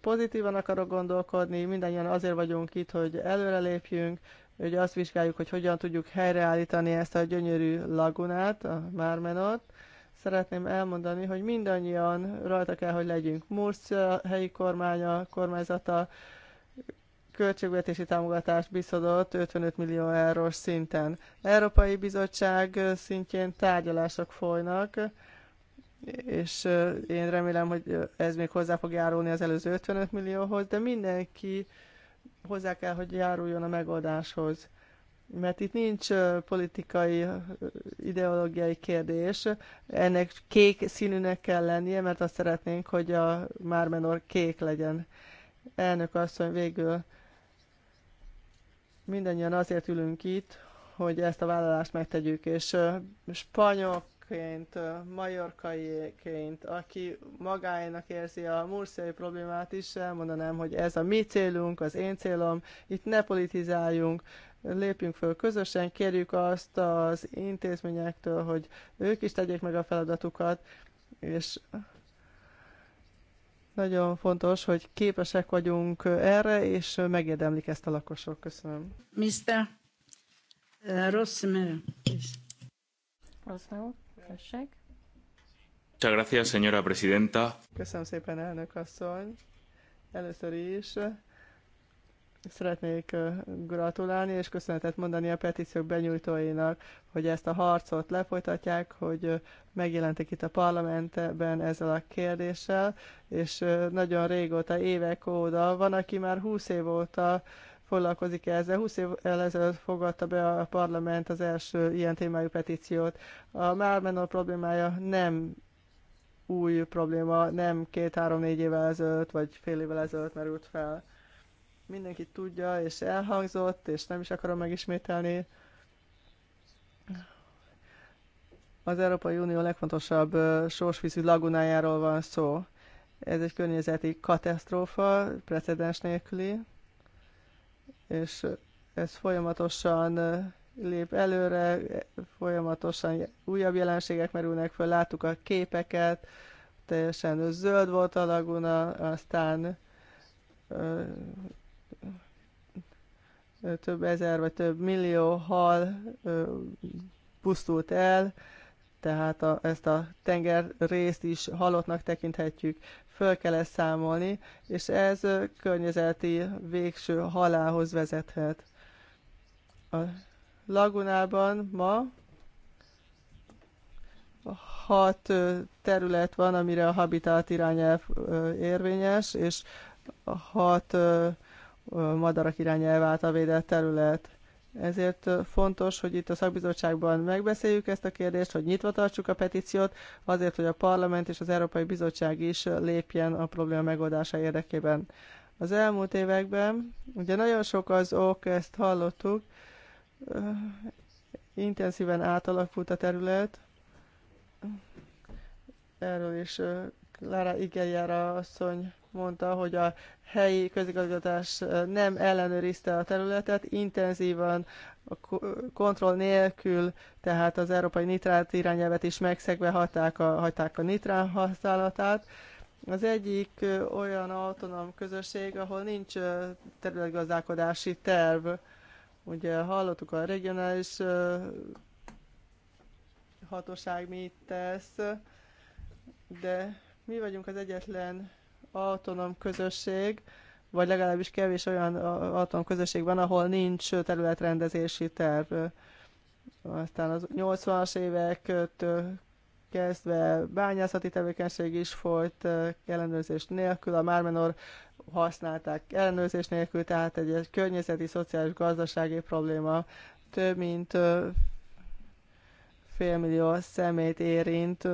Pozitívan akarok gondolkodni, mindannyian azért vagyunk itt, hogy előrelépjünk, hogy azt vizsgáljuk, hogy hogyan tudjuk helyreállítani ezt a gyönyörű lagunát, a Mármenot. Szeretném elmondani, hogy mindannyian rajta kell, hogy legyünk. Murcia helyi kormánya, kormányzata, költségvetési támogatást biztosított 55 millió eurós szinten. Európai Bizottság szintjén tárgyalások folynak, és én remélem, hogy ez még hozzá fog járulni az előző 55 millióhoz, de mindenki hozzá kell, hogy járuljon a megoldáshoz. Mert itt nincs politikai, ideológiai kérdés. Ennek kék színűnek kell lennie, mert azt szeretnénk, hogy a Mármenor kék legyen. Elnök asszony végül mindannyian azért ülünk itt, hogy ezt a vállalást megtegyük, és spanyolként, majorkaiként, aki magáénak érzi a murciai problémát is, elmondanám, hogy ez a mi célunk, az én célom, itt ne politizáljunk, lépjünk föl közösen, kérjük azt az intézményektől, hogy ők is tegyék meg a feladatukat, és nagyon fontos, hogy képesek vagyunk erre, és megérdemlik ezt a lakosok. Köszönöm. Mr. Uh, Rossmer, gracias, señora presidenta. Köszönöm szépen, elnök asszony. Először is Szeretnék gratulálni és köszönetet mondani a petíciók benyújtóinak, hogy ezt a harcot lefolytatják, hogy megjelentek itt a parlamentben ezzel a kérdéssel, és nagyon régóta, évek óta, van, aki már 20 év óta foglalkozik ezzel. 20 év ezelőtt fogadta be a parlament az első ilyen témájú petíciót. A Málmenor problémája nem új probléma, nem két-három-négy évvel ezelőtt, vagy fél évvel ezelőtt merült fel mindenki tudja, és elhangzott, és nem is akarom megismételni. Az Európai Unió legfontosabb sorsvízű lagunájáról van szó. Ez egy környezeti katasztrófa, precedens nélküli, és ez folyamatosan lép előre, folyamatosan újabb jelenségek merülnek föl, láttuk a képeket, teljesen zöld volt a laguna, aztán több ezer vagy több millió hal pusztult el, tehát a, ezt a tenger részt is halottnak tekinthetjük, föl kell ezt számolni, és ez környezeti végső halálhoz vezethet. A lagunában ma hat terület van, amire a habitat irányelv érvényes, és hat madarak irányelv által védett terület. Ezért fontos, hogy itt a szakbizottságban megbeszéljük ezt a kérdést, hogy nyitva tartsuk a petíciót, azért, hogy a parlament és az Európai Bizottság is lépjen a probléma megoldása érdekében. Az elmúlt években, ugye nagyon sok az ok, ezt hallottuk, intenzíven átalakult a terület, erről is Lára Igeljára asszony mondta, hogy a helyi közigazgatás nem ellenőrizte a területet, intenzívan a kontroll nélkül, tehát az európai nitrát irányelvet is megszegve hagyták a, hagyták a nitrán használatát. Az egyik olyan autonóm közösség, ahol nincs területgazdálkodási terv. Ugye hallottuk a regionális hatóság mit tesz, de mi vagyunk az egyetlen autonóm közösség, vagy legalábbis kevés olyan autonóm közösség van, ahol nincs területrendezési terv. Aztán az 80-as évektől kezdve bányászati tevékenység is folyt ellenőrzés nélkül, a Mármenor használták ellenőrzés nélkül, tehát egy, egy környezeti, szociális, gazdasági probléma több mint félmillió személyt érint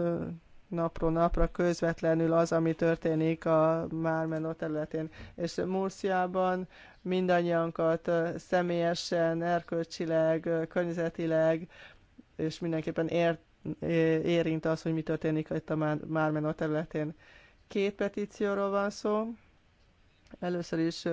napról napra közvetlenül az, ami történik a Mármenó területén. És Murciában mindannyiankat személyesen, erkölcsileg, környezetileg, és mindenképpen ér, érint az, hogy mi történik itt a Mármenó területén. Két petícióról van szó. Először is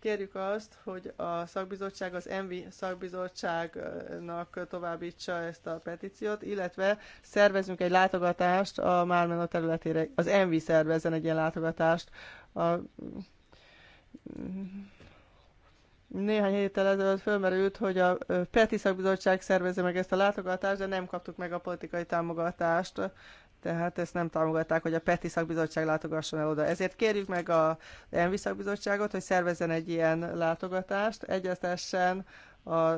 Kérjük azt, hogy a szakbizottság, az ENVI szakbizottságnak továbbítsa ezt a petíciót, illetve szervezünk egy látogatást a Mármena területére. Az ENVI szervezzen egy ilyen látogatást. A... Néhány héttel ezelőtt fölmerült, hogy a Peti Szakbizottság szervezze meg ezt a látogatást, de nem kaptuk meg a politikai támogatást. Tehát ezt nem támogatták, hogy a PETI szakbizottság látogasson el oda. Ezért kérjük meg a ENVI szakbizottságot, hogy szervezzen egy ilyen látogatást, egyeztessen a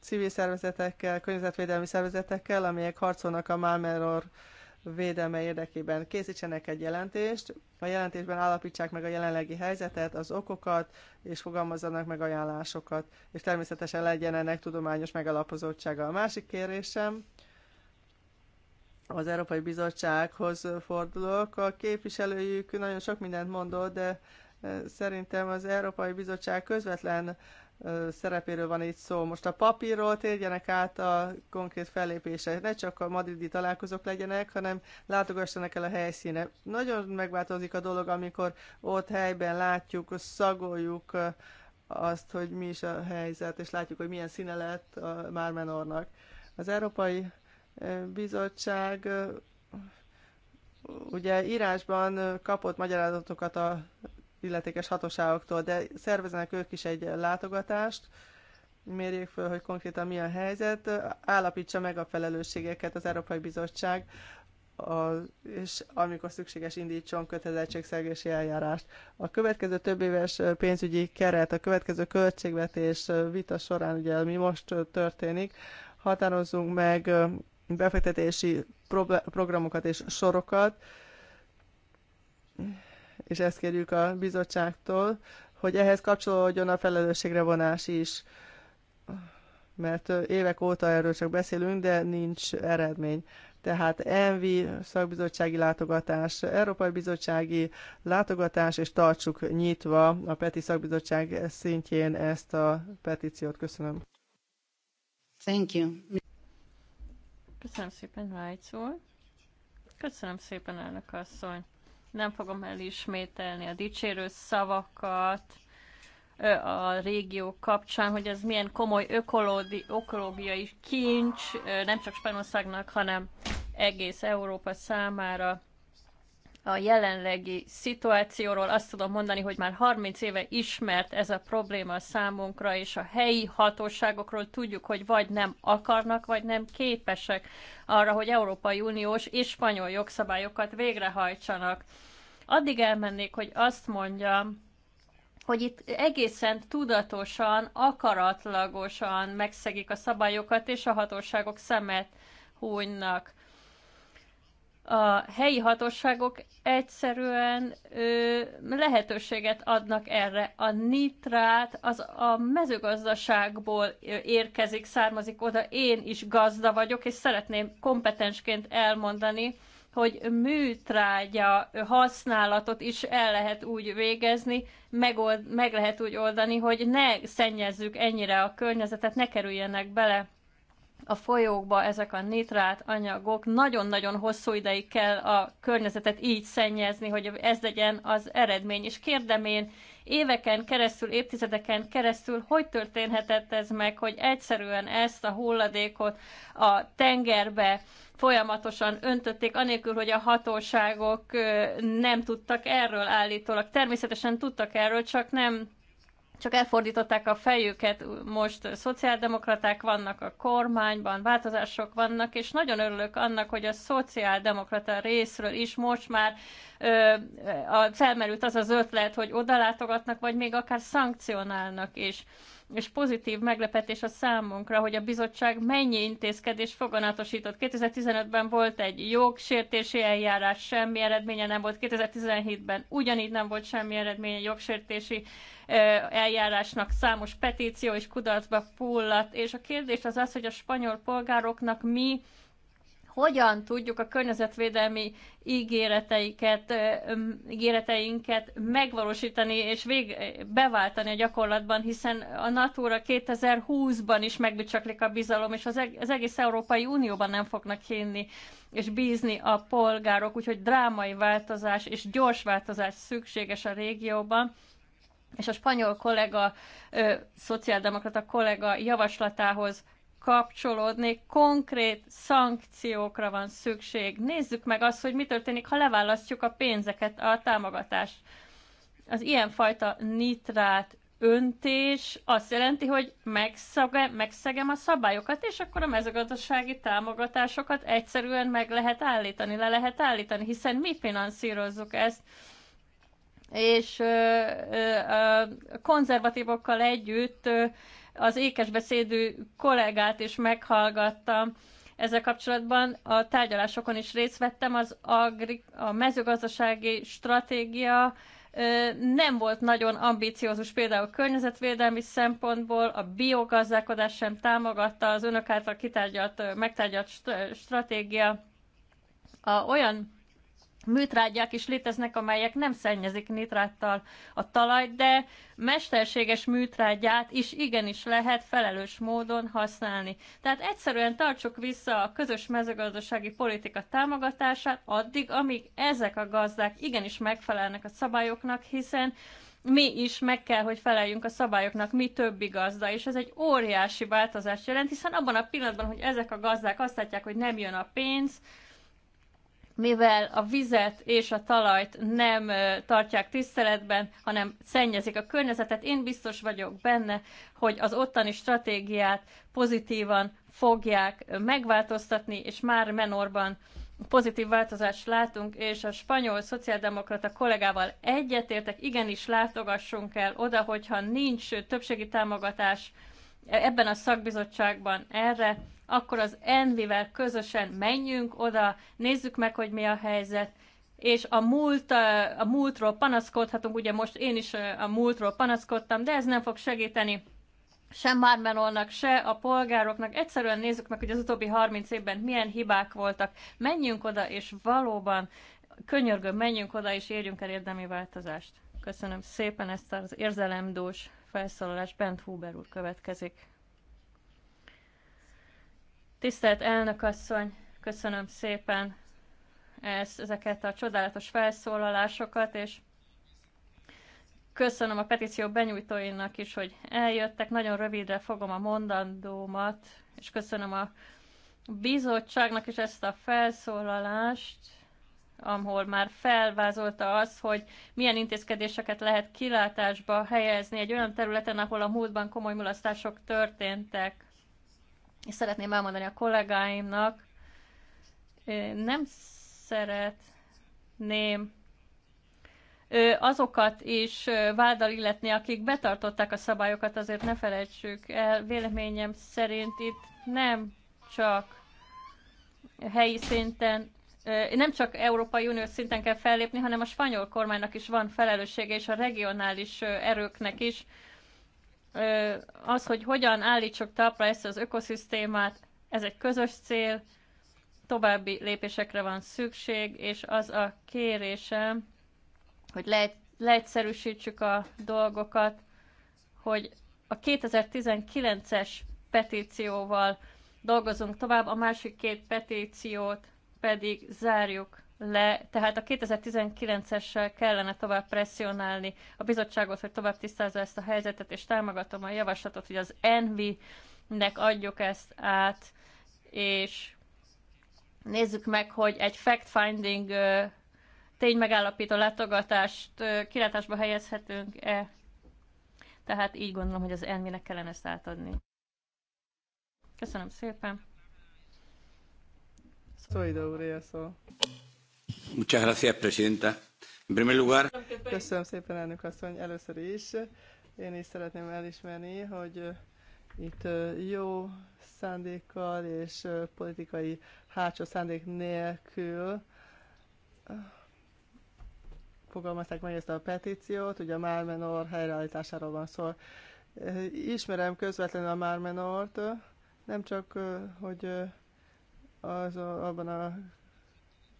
civil szervezetekkel, környezetvédelmi szervezetekkel, amelyek harcolnak a Malmeror védelme érdekében készítsenek egy jelentést, a jelentésben állapítsák meg a jelenlegi helyzetet, az okokat, és fogalmazzanak meg ajánlásokat, és természetesen legyen ennek tudományos megalapozottsága. A másik kérésem, az Európai Bizottsághoz fordulok. A képviselőjük nagyon sok mindent mondott, de e, szerintem az Európai Bizottság közvetlen e, szerepéről van itt szó. Most a papírról térjenek át a konkrét fellépések. Ne csak a madridi találkozók legyenek, hanem látogassanak el a helyszíne. Nagyon megváltozik a dolog, amikor ott helyben látjuk, szagoljuk e, azt, hogy mi is a helyzet, és látjuk, hogy milyen színe lett a Mármenornak. Az Európai bizottság ugye írásban kapott magyarázatokat a illetékes hatóságoktól, de szerveznek ők is egy látogatást, mérjék föl, hogy konkrétan mi a helyzet, állapítsa meg a felelősségeket az Európai Bizottság, a, és amikor szükséges indítson kötelezettségszegési eljárást. A következő több éves pénzügyi keret, a következő költségvetés vita során, ugye mi most történik, határozzunk meg befektetési programokat és sorokat, és ezt kérjük a bizottságtól, hogy ehhez kapcsolódjon a felelősségre vonás is, mert évek óta erről csak beszélünk, de nincs eredmény. Tehát ENVI szakbizottsági látogatás, Európai Bizottsági látogatás, és tartsuk nyitva a PETI szakbizottság szintjén ezt a petíciót. Köszönöm. Thank you. Köszönöm szépen, Vájc úr. Köszönöm szépen, elnök asszony. Nem fogom elismételni a dicsérő szavakat a régió kapcsán, hogy ez milyen komoly ökolódi, ökológiai kincs, nem csak Spanyolországnak, hanem egész Európa számára a jelenlegi szituációról. Azt tudom mondani, hogy már 30 éve ismert ez a probléma számunkra, és a helyi hatóságokról tudjuk, hogy vagy nem akarnak, vagy nem képesek arra, hogy Európai Uniós és spanyol jogszabályokat végrehajtsanak. Addig elmennék, hogy azt mondjam, hogy itt egészen tudatosan, akaratlagosan megszegik a szabályokat, és a hatóságok szemet hunynak a helyi hatóságok egyszerűen ö, lehetőséget adnak erre. A nitrát az a mezőgazdaságból érkezik, származik oda. Én is gazda vagyok, és szeretném kompetensként elmondani, hogy műtrágya használatot is el lehet úgy végezni, megold, meg lehet úgy oldani, hogy ne szennyezzük ennyire a környezetet, ne kerüljenek bele a folyókba ezek a nitrát anyagok. Nagyon-nagyon hosszú ideig kell a környezetet így szennyezni, hogy ez legyen az eredmény. És kérdem én, éveken keresztül, évtizedeken keresztül, hogy történhetett ez meg, hogy egyszerűen ezt a hulladékot a tengerbe folyamatosan öntötték, anélkül, hogy a hatóságok nem tudtak erről állítólag. Természetesen tudtak erről, csak nem csak elfordították a fejüket, most szociáldemokraták vannak a kormányban, változások vannak, és nagyon örülök annak, hogy a szociáldemokrata részről is most már ö, a, felmerült az az ötlet, hogy odalátogatnak, vagy még akár szankcionálnak is és pozitív meglepetés a számunkra, hogy a bizottság mennyi intézkedés foganatosított. 2015-ben volt egy jogsértési eljárás, semmi eredménye nem volt. 2017-ben ugyanígy nem volt semmi eredménye jogsértési eljárásnak számos petíció és kudarcba fulladt. És a kérdés az az, hogy a spanyol polgároknak mi hogyan tudjuk a környezetvédelmi ígéreteiket, ígéreteinket megvalósítani és vég, beváltani a gyakorlatban, hiszen a Natura 2020-ban is megbicsaklik a bizalom, és az, egész Európai Unióban nem fognak hinni és bízni a polgárok, úgyhogy drámai változás és gyors változás szükséges a régióban és a spanyol kollega, szociáldemokrata kollega javaslatához kapcsolódni, konkrét szankciókra van szükség. Nézzük meg azt, hogy mi történik, ha leválasztjuk a pénzeket, a támogatást. Az ilyenfajta nitrát öntés azt jelenti, hogy megszage, megszegem a szabályokat, és akkor a mezőgazdasági támogatásokat egyszerűen meg lehet állítani, le lehet állítani, hiszen mi finanszírozzuk ezt és a konzervatívokkal együtt az ékesbeszédű kollégát is meghallgattam ezzel kapcsolatban. A tárgyalásokon is részt vettem, az agri- a mezőgazdasági stratégia nem volt nagyon ambiciózus például környezetvédelmi szempontból, a biogazdálkodás sem támogatta az önök által kitárgyalt, megtárgyalt stratégia a olyan műtrágyák is léteznek, amelyek nem szennyezik nitráttal a talajt, de mesterséges műtrágyát is igenis lehet felelős módon használni. Tehát egyszerűen tartsuk vissza a közös mezőgazdasági politika támogatását addig, amíg ezek a gazdák igenis megfelelnek a szabályoknak, hiszen mi is meg kell, hogy feleljünk a szabályoknak, mi többi gazda, és ez egy óriási változást jelent, hiszen abban a pillanatban, hogy ezek a gazdák azt látják, hogy nem jön a pénz, mivel a vizet és a talajt nem tartják tiszteletben, hanem szennyezik a környezetet. Én biztos vagyok benne, hogy az ottani stratégiát pozitívan fogják megváltoztatni, és már menorban pozitív változást látunk, és a spanyol szociáldemokrata kollégával egyetértek, igenis látogassunk el oda, hogyha nincs többségi támogatás ebben a szakbizottságban erre, akkor az Envivel közösen menjünk oda, nézzük meg, hogy mi a helyzet, és a, múlt, a múltról panaszkodhatunk, ugye most én is a múltról panaszkodtam, de ez nem fog segíteni sem Marmelonnak, se a polgároknak. Egyszerűen nézzük meg, hogy az utóbbi 30 évben milyen hibák voltak. Menjünk oda, és valóban könyörgöm, menjünk oda, és érjünk el érdemi változást. Köszönöm szépen ezt az érzelemdós felszólalást. Bent Huber úr következik. Tisztelt elnök asszony, köszönöm szépen ezt, ezeket a csodálatos felszólalásokat, és köszönöm a petíció benyújtóinak is, hogy eljöttek. Nagyon rövidre fogom a mondandómat, és köszönöm a bizottságnak is ezt a felszólalást, ahol már felvázolta az, hogy milyen intézkedéseket lehet kilátásba helyezni egy olyan területen, ahol a múltban komoly mulasztások történtek és szeretném elmondani a kollégáimnak, nem szeretném azokat is váddal illetni, akik betartották a szabályokat, azért ne felejtsük el. Véleményem szerint itt nem csak helyi szinten, nem csak Európai Unió szinten kell fellépni, hanem a spanyol kormánynak is van felelőssége, és a regionális erőknek is, az, hogy hogyan állítsuk talpra ezt az ökoszisztémát, ez egy közös cél, további lépésekre van szükség, és az a kérésem, hogy leegyszerűsítsük a dolgokat, hogy a 2019-es petícióval dolgozunk tovább, a másik két petíciót pedig zárjuk le, tehát a 2019-essel kellene tovább presszionálni a bizottságot, hogy tovább tisztázza ezt a helyzetet, és támogatom a javaslatot, hogy az Envi-nek adjuk ezt át, és nézzük meg, hogy egy fact-finding ténymegállapító látogatást kilátásba helyezhetünk-e. Tehát így gondolom, hogy az ENV-nek kellene ezt átadni. Köszönöm szépen! Szóval ide, úr, Muchas gracias, presidenta. En primer lugar... Köszönöm szépen, elnök asszony, először is. Én is szeretném elismerni, hogy itt jó szándékkal és politikai hátsó szándék nélkül fogalmazták meg ezt a petíciót, ugye a Mármenor helyreállításáról van szó. Ismerem közvetlenül a Mármenort, nem csak, hogy az, abban a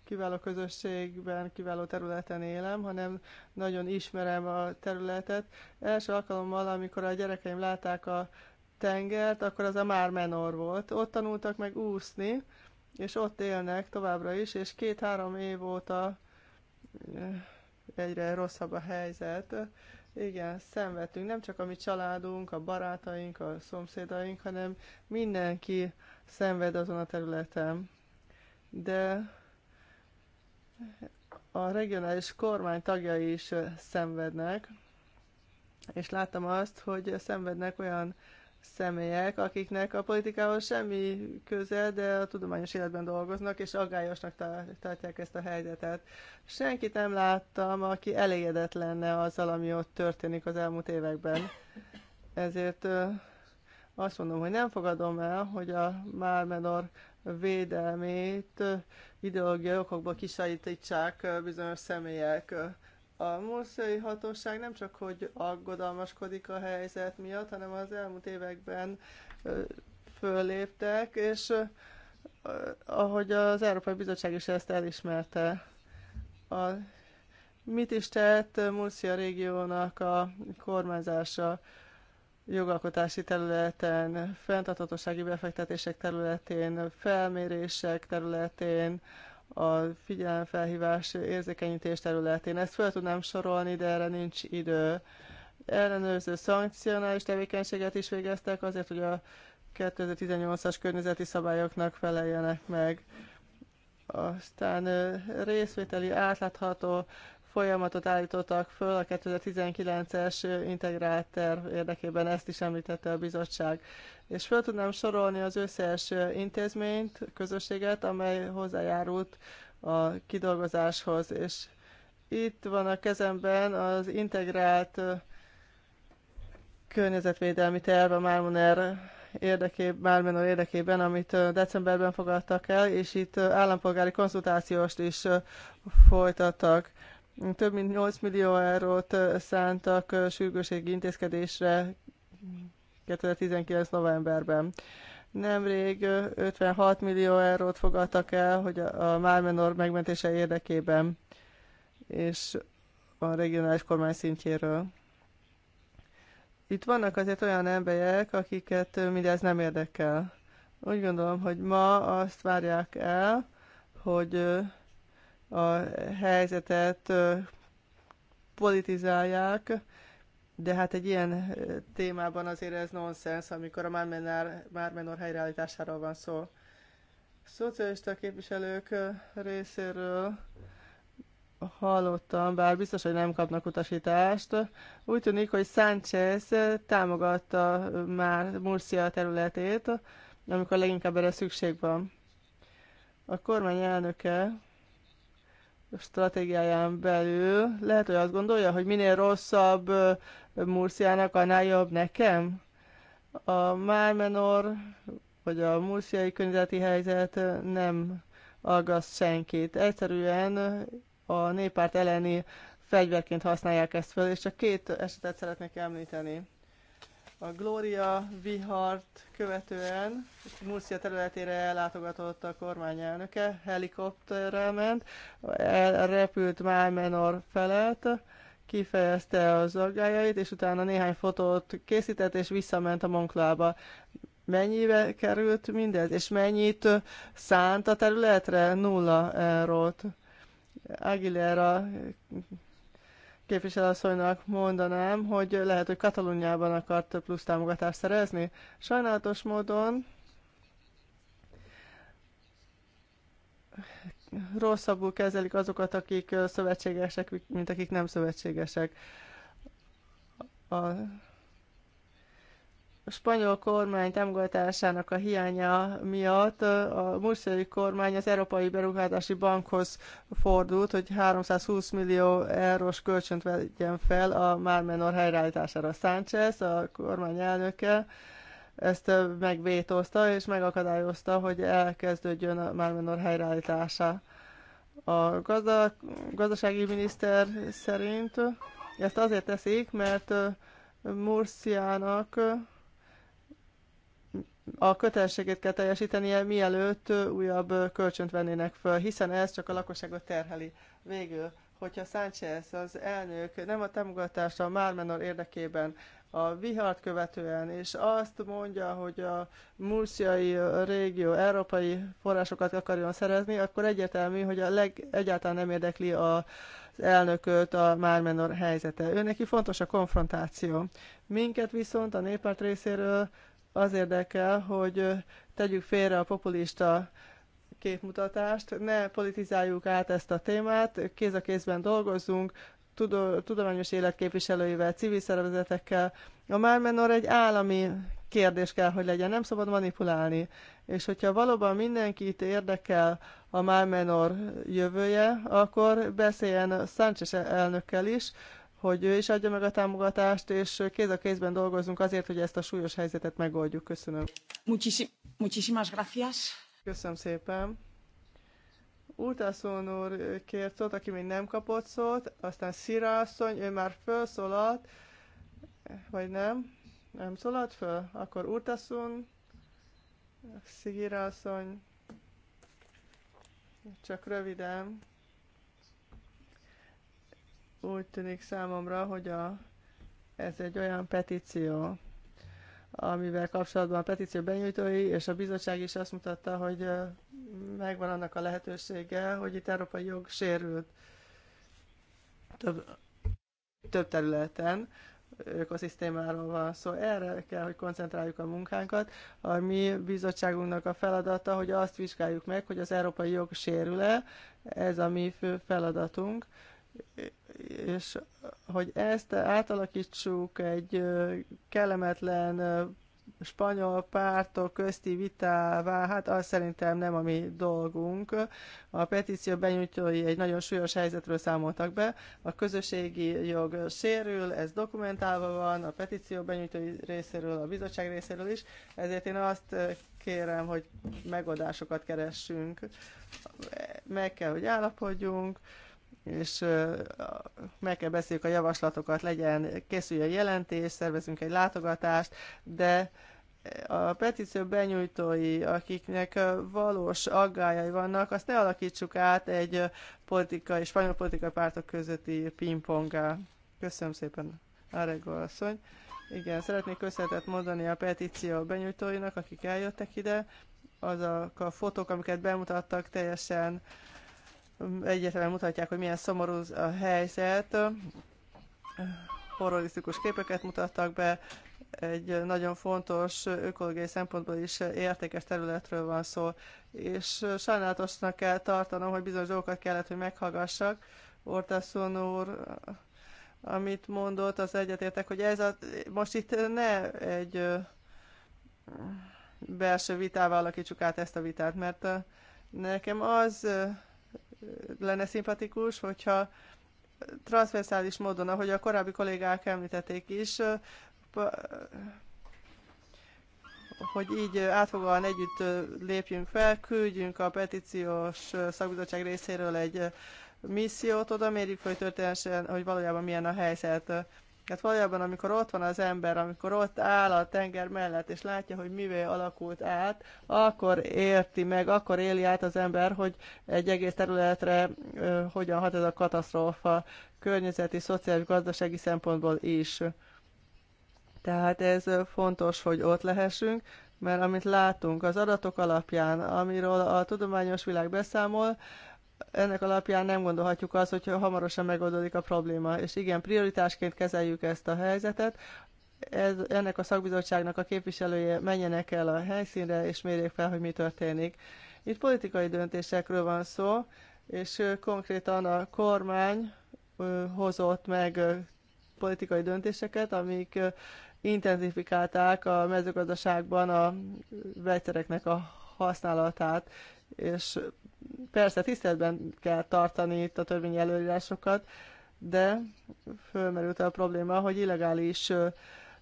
kiváló közösségben, kiváló területen élem, hanem nagyon ismerem a területet. Első alkalommal, amikor a gyerekeim látták a tengert, akkor az a már menor volt. Ott tanultak meg úszni, és ott élnek továbbra is, és két-három év óta eh, egyre rosszabb a helyzet. Igen, szenvedtünk, nem csak a mi családunk, a barátaink, a szomszédaink, hanem mindenki szenved azon a területen. De a regionális kormány tagjai is szenvednek, és láttam azt, hogy szenvednek olyan személyek, akiknek a politikához semmi köze, de a tudományos életben dolgoznak, és aggályosnak tartják ezt a helyzetet. Senkit nem láttam, aki elégedett lenne azzal, ami ott történik az elmúlt években. Ezért azt mondom, hogy nem fogadom el, hogy a Mármenor védelmét ideológiai okokból kisállítítsák bizonyos személyek. A murszai hatóság nem csak, hogy aggodalmaskodik a helyzet miatt, hanem az elmúlt években fölléptek, és ahogy az Európai Bizottság is ezt elismerte, a, mit is tett Murcia régiónak a kormányzása? jogalkotási területen, fenntarthatósági befektetések területén, felmérések területén, a figyelemfelhívás érzékenyítés területén. Ezt fel tudnám sorolni, de erre nincs idő. Ellenőrző szankcionális tevékenységet is végeztek azért, hogy a 2018-as környezeti szabályoknak feleljenek meg. Aztán részvételi átlátható folyamatot állítottak föl a 2019-es integrált terv érdekében, ezt is említette a bizottság. És föl tudnám sorolni az összes intézményt, közösséget, amely hozzájárult a kidolgozáshoz. És itt van a kezemben az integrált környezetvédelmi terv a Mármoner érdekében, Mármenor érdekében, amit decemberben fogadtak el, és itt állampolgári konzultációst is folytattak. Több mint 8 millió eurót szántak sürgőségi intézkedésre 2019. novemberben. Nemrég 56 millió eurót fogadtak el, hogy a Mármenor megmentése érdekében, és a regionális kormány szintjéről. Itt vannak azért olyan emberek, akiket mindez nem érdekel. Úgy gondolom, hogy ma azt várják el, hogy a helyzetet politizálják, de hát egy ilyen témában azért ez nonsens, amikor a Mármenor, Mármenor helyreállításáról van szó. Szocialista képviselők részéről hallottam, bár biztos, hogy nem kapnak utasítást. Úgy tűnik, hogy Sánchez támogatta már Murcia területét, amikor leginkább erre szükség van. A kormány elnöke stratégiáján belül lehet, hogy azt gondolja, hogy minél rosszabb Murciának, annál jobb nekem. A Mármenor vagy a murciai környezeti helyzet nem aggaszt senkit. Egyszerűen a néppárt elleni fegyverként használják ezt fel, és csak két esetet szeretnék említeni. A Glória vihart követően Murcia területére ellátogatott a kormány elnöke, helikopterrel ment, elrepült Májmenor felett, kifejezte az aggájait, és utána néhány fotót készített, és visszament a Monklába. Mennyibe került mindez, és mennyit szánt a területre? Nulla eurót. Aguilera képviselőasszonynak mondanám, hogy lehet, hogy Katalóniában akart plusz támogatást szerezni. Sajnálatos módon rosszabbul kezelik azokat, akik szövetségesek, mint akik nem szövetségesek. A a spanyol kormány támogatásának a hiánya miatt a murciai kormány az Európai Beruházási Bankhoz fordult, hogy 320 millió eurós kölcsönt vegyen fel a Mármenor helyreállítására. Sánchez, a kormány elnöke, ezt megvétózta és megakadályozta, hogy elkezdődjön a Mármenor helyreállítása. A gazdasági miniszter szerint ezt azért teszik, mert Murciának a kötelességét kell teljesítenie, mielőtt újabb kölcsönt vennének föl, hiszen ez csak a lakosságot terheli. Végül, hogyha Sánchez, az elnök nem a támogatása a Mármenor érdekében, a vihart követően, és azt mondja, hogy a murciai régió európai forrásokat akarjon szerezni, akkor egyértelmű, hogy a leg, egyáltalán nem érdekli a elnököt a Mármenor helyzete. Ő neki fontos a konfrontáció. Minket viszont a néppárt részéről az érdekel, hogy tegyük félre a populista képmutatást, ne politizáljuk át ezt a témát, kéz a kézben dolgozzunk, tudományos életképviselőivel, civil szervezetekkel. A Mármenor egy állami kérdés kell, hogy legyen, nem szabad manipulálni. És hogyha valóban mindenkit érdekel a Mármenor jövője, akkor beszéljen Sánchez elnökkel is, hogy ő is adja meg a támogatást, és kéz a kézben dolgozunk azért, hogy ezt a súlyos helyzetet megoldjuk. Köszönöm. Muchísimas gracias. Köszönöm szépen. Ultraszón úr kért szót, aki még nem kapott szót, aztán Szira asszony, ő már felszólalt, vagy nem? Nem szólalt föl? Akkor Urtaszun, Szigira asszony, csak röviden úgy tűnik számomra, hogy a, ez egy olyan petíció, amivel kapcsolatban a petíció benyújtói és a bizottság is azt mutatta, hogy megvan annak a lehetősége, hogy itt európai jog sérült több, több területen, ökoszisztémáról van szó. Szóval erre kell, hogy koncentráljuk a munkánkat. A mi bizottságunknak a feladata, hogy azt vizsgáljuk meg, hogy az európai jog sérül-e, ez a mi fő feladatunk és hogy ezt átalakítsuk egy kellemetlen spanyol pártok közti vitává, hát az szerintem nem a mi dolgunk. A petíció benyújtói egy nagyon súlyos helyzetről számoltak be, a közösségi jog sérül, ez dokumentálva van, a petíció benyújtói részéről, a bizottság részéről is, ezért én azt kérem, hogy megoldásokat keressünk, meg kell, hogy állapodjunk, és meg kell beszéljük a javaslatokat, legyen, a jelentés, szervezünk egy látogatást, de a petíció benyújtói, akiknek valós aggájai vannak, azt ne alakítsuk át egy politikai, spanyol politikai pártok közötti pingponggá. Köszönöm szépen, Arego asszony. Igen, szeretnék köszönetet mondani a petíció benyújtóinak, akik eljöttek ide. Azok a fotók, amiket bemutattak, teljesen uh, egyértelműen mutatják, hogy milyen szomorú a helyzet. Horrorisztikus képeket mutattak be, egy nagyon fontos ökológiai szempontból is értékes területről van szó, és sajnálatosnak kell tartanom, hogy bizonyos dolgokat kellett, hogy meghallgassak. Ortaszon úr, amit mondott, az egyetértek, hogy ez a, most itt ne egy belső vitával alakítsuk át ezt a vitát, mert nekem az lenne szimpatikus, hogyha transzverszális módon, ahogy a korábbi kollégák említették is, hogy így átfogóan együtt lépjünk fel, küldjünk a petíciós szakbizottság részéről egy missziót, oda mérjük, hogy történetesen, hogy valójában milyen a helyzet. Hát valójában, amikor ott van az ember, amikor ott áll a tenger mellett, és látja, hogy mivel alakult át, akkor érti meg, akkor éli át az ember, hogy egy egész területre ö, hogyan hat ez a katasztrófa környezeti, szociális, gazdasági szempontból is. Tehát ez fontos, hogy ott lehessünk, mert amit látunk az adatok alapján, amiről a tudományos világ beszámol, ennek alapján nem gondolhatjuk azt, hogy hamarosan megoldódik a probléma. És igen, prioritásként kezeljük ezt a helyzetet. Ez, ennek a szakbizottságnak a képviselője menjenek el a helyszínre, és mérjék fel, hogy mi történik. Itt politikai döntésekről van szó, és konkrétan a kormány hozott meg politikai döntéseket, amik intenzifikálták a mezőgazdaságban a vegyszereknek a használatát, és Persze tiszteletben kell tartani itt a törvényi előírásokat, de fölmerült a probléma, hogy illegális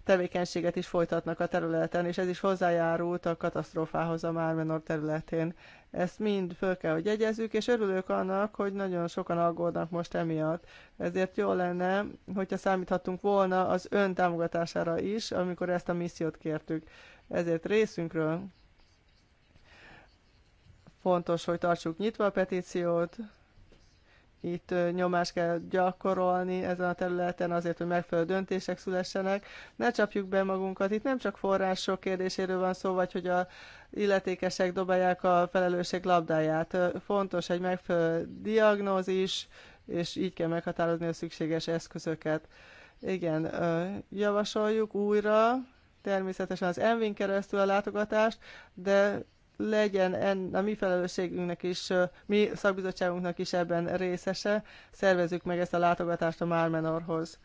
tevékenységet is folytatnak a területen, és ez is hozzájárult a katasztrófához a Mármenor területén. Ezt mind föl kell, hogy jegyezzük, és örülök annak, hogy nagyon sokan aggódnak most emiatt. Ezért jó lenne, hogyha számíthatunk volna az ön támogatására is, amikor ezt a missziót kértük. Ezért részünkről Fontos, hogy tartsuk nyitva a petíciót, itt nyomást kell gyakorolni ezen a területen azért, hogy megfelelő döntések szülessenek. Ne csapjuk be magunkat, itt nem csak források kérdéséről van szó, vagy hogy a illetékesek dobálják a felelősség labdáját. Fontos egy megfelelő diagnózis, és így kell meghatározni a szükséges eszközöket. Igen, javasoljuk újra, természetesen az Envin keresztül a látogatást, de legyen en, a mi felelősségünknek is, mi szakbizottságunknak is ebben részese, szervezzük meg ezt a látogatást a Mármenorhoz.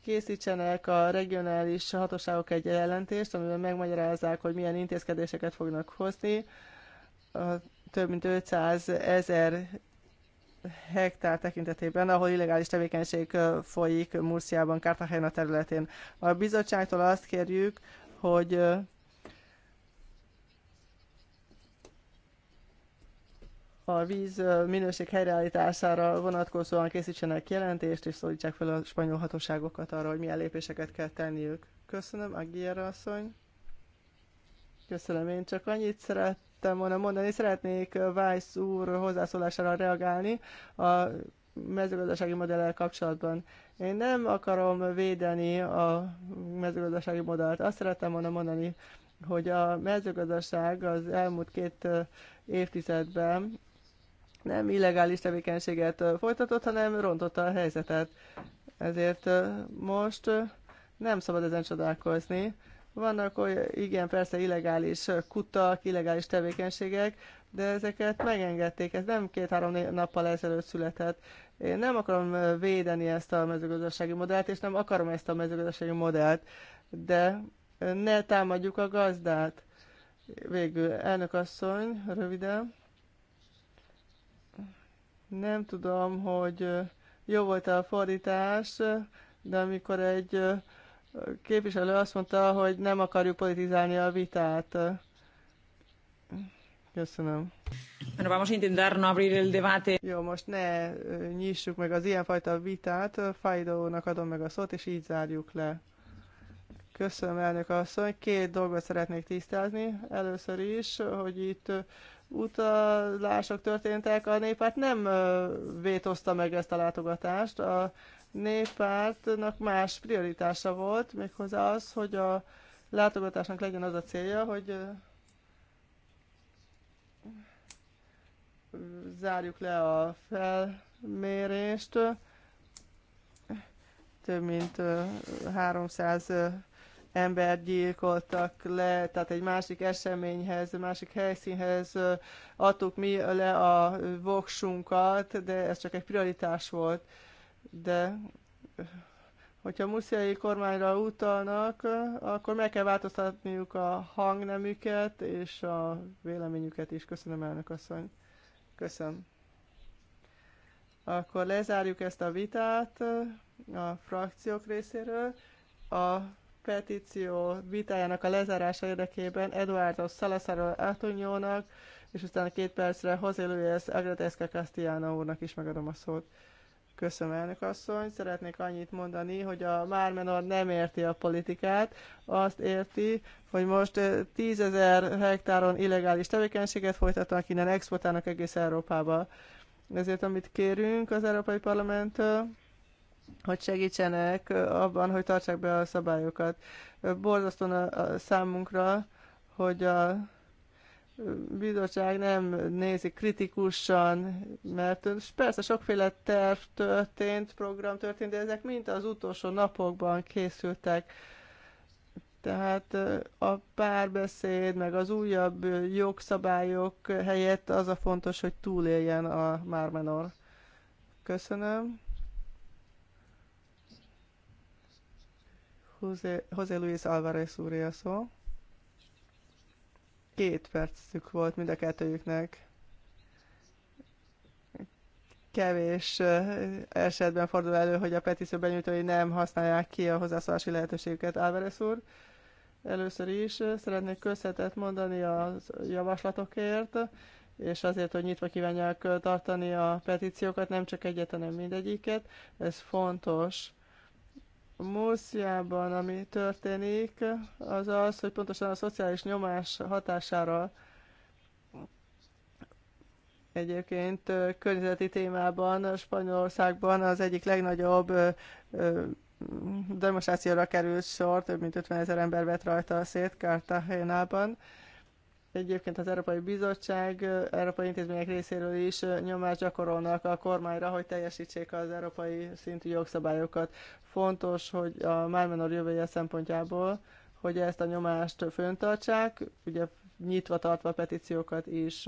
Készítsenek a regionális hatóságok egy jelentést, amiben megmagyarázzák, hogy milyen intézkedéseket fognak hozni. A több mint 500 ezer hektár tekintetében, ahol illegális tevékenység folyik Murciában, Cartagena területén. A bizottságtól azt kérjük, hogy a víz minőség helyreállítására vonatkozóan készítsenek jelentést, és szólítsák fel a spanyol hatóságokat arra, hogy milyen lépéseket kell tenniük. Köszönöm, Aguirre asszony. Köszönöm, én csak annyit szerettem volna mondani, szeretnék Weiss úr hozzászólására reagálni a mezőgazdasági modellel kapcsolatban. Én nem akarom védeni a mezőgazdasági modellt. Azt szerettem volna mondani, hogy a mezőgazdaság az elmúlt két évtizedben nem illegális tevékenységet folytatott, hanem rontotta a helyzetet. Ezért most nem szabad ezen csodálkozni. Vannak olyan, igen, persze illegális kutak, illegális tevékenységek, de ezeket megengedték, ez nem két-három nappal ezelőtt született. Én nem akarom védeni ezt a mezőgazdasági modellt, és nem akarom ezt a mezőgazdasági modellt, de ne támadjuk a gazdát. Végül, elnök asszony, röviden. Nem tudom, hogy jó volt a fordítás, de amikor egy képviselő azt mondta, hogy nem akarjuk politizálni a vitát. Köszönöm. Bueno, vamos a intentar no abrir el debate. Jó, most ne nyissuk meg az ilyenfajta vitát. Fajdónak adom meg a szót, és így zárjuk le. Köszönöm, elnök asszony. Két dolgot szeretnék tisztázni. Először is, hogy itt utalások történtek. A néppárt nem vétozta meg ezt a látogatást. A néppártnak más prioritása volt, méghozzá az, hogy a látogatásnak legyen az a célja, hogy zárjuk le a felmérést. Több mint 300 embert gyilkoltak le, tehát egy másik eseményhez, másik helyszínhez adtuk mi le a voksunkat, de ez csak egy prioritás volt. De hogyha a muszjai kormányra utalnak, akkor meg kell változtatniuk a hangnemüket és a véleményüket is. Köszönöm, elnök asszony. Köszönöm. Akkor lezárjuk ezt a vitát a frakciók részéről. A petíció vitájának a lezárása érdekében Eduardo Salazar Atoñónak, és utána két percre José Luis Agradezca Castellano úrnak is megadom a szót. Köszönöm, elnök asszony. Szeretnék annyit mondani, hogy a Mármenor nem érti a politikát. Azt érti, hogy most tízezer hektáron illegális tevékenységet folytatnak, innen exportálnak egész Európába. Ezért amit kérünk az Európai Parlamenttől, hogy segítsenek abban, hogy tartsák be a szabályokat. Borzasztóan a számunkra, hogy a bizottság nem nézi kritikusan, mert persze sokféle terv történt, program történt, de ezek mind az utolsó napokban készültek. Tehát a párbeszéd, meg az újabb jogszabályok helyett az a fontos, hogy túléljen a Mármenor. Köszönöm. José Luis Alvarez úrja szó. Két percük volt mind a kettőjüknek. Kevés esetben fordul elő, hogy a petisző benyújtói nem használják ki a hozzászólási lehetőségüket. Álvarez úr, először is szeretnék köszönetet mondani a javaslatokért, és azért, hogy nyitva kívánják tartani a petíciókat, nem csak egyet, hanem mindegyiket. Ez fontos Murciában, ami történik, az az, hogy pontosan a szociális nyomás hatására egyébként környezeti témában Spanyolországban az egyik legnagyobb demonstrációra került sor, több mint 50 ezer ember vett rajta a szét Cartagenában, Egyébként az Európai Bizottság, Európai Intézmények részéről is nyomást gyakorolnak a kormányra, hogy teljesítsék az európai szintű jogszabályokat. Fontos, hogy a Mármenor jövője szempontjából, hogy ezt a nyomást föntartsák, ugye nyitva tartva a petíciókat is.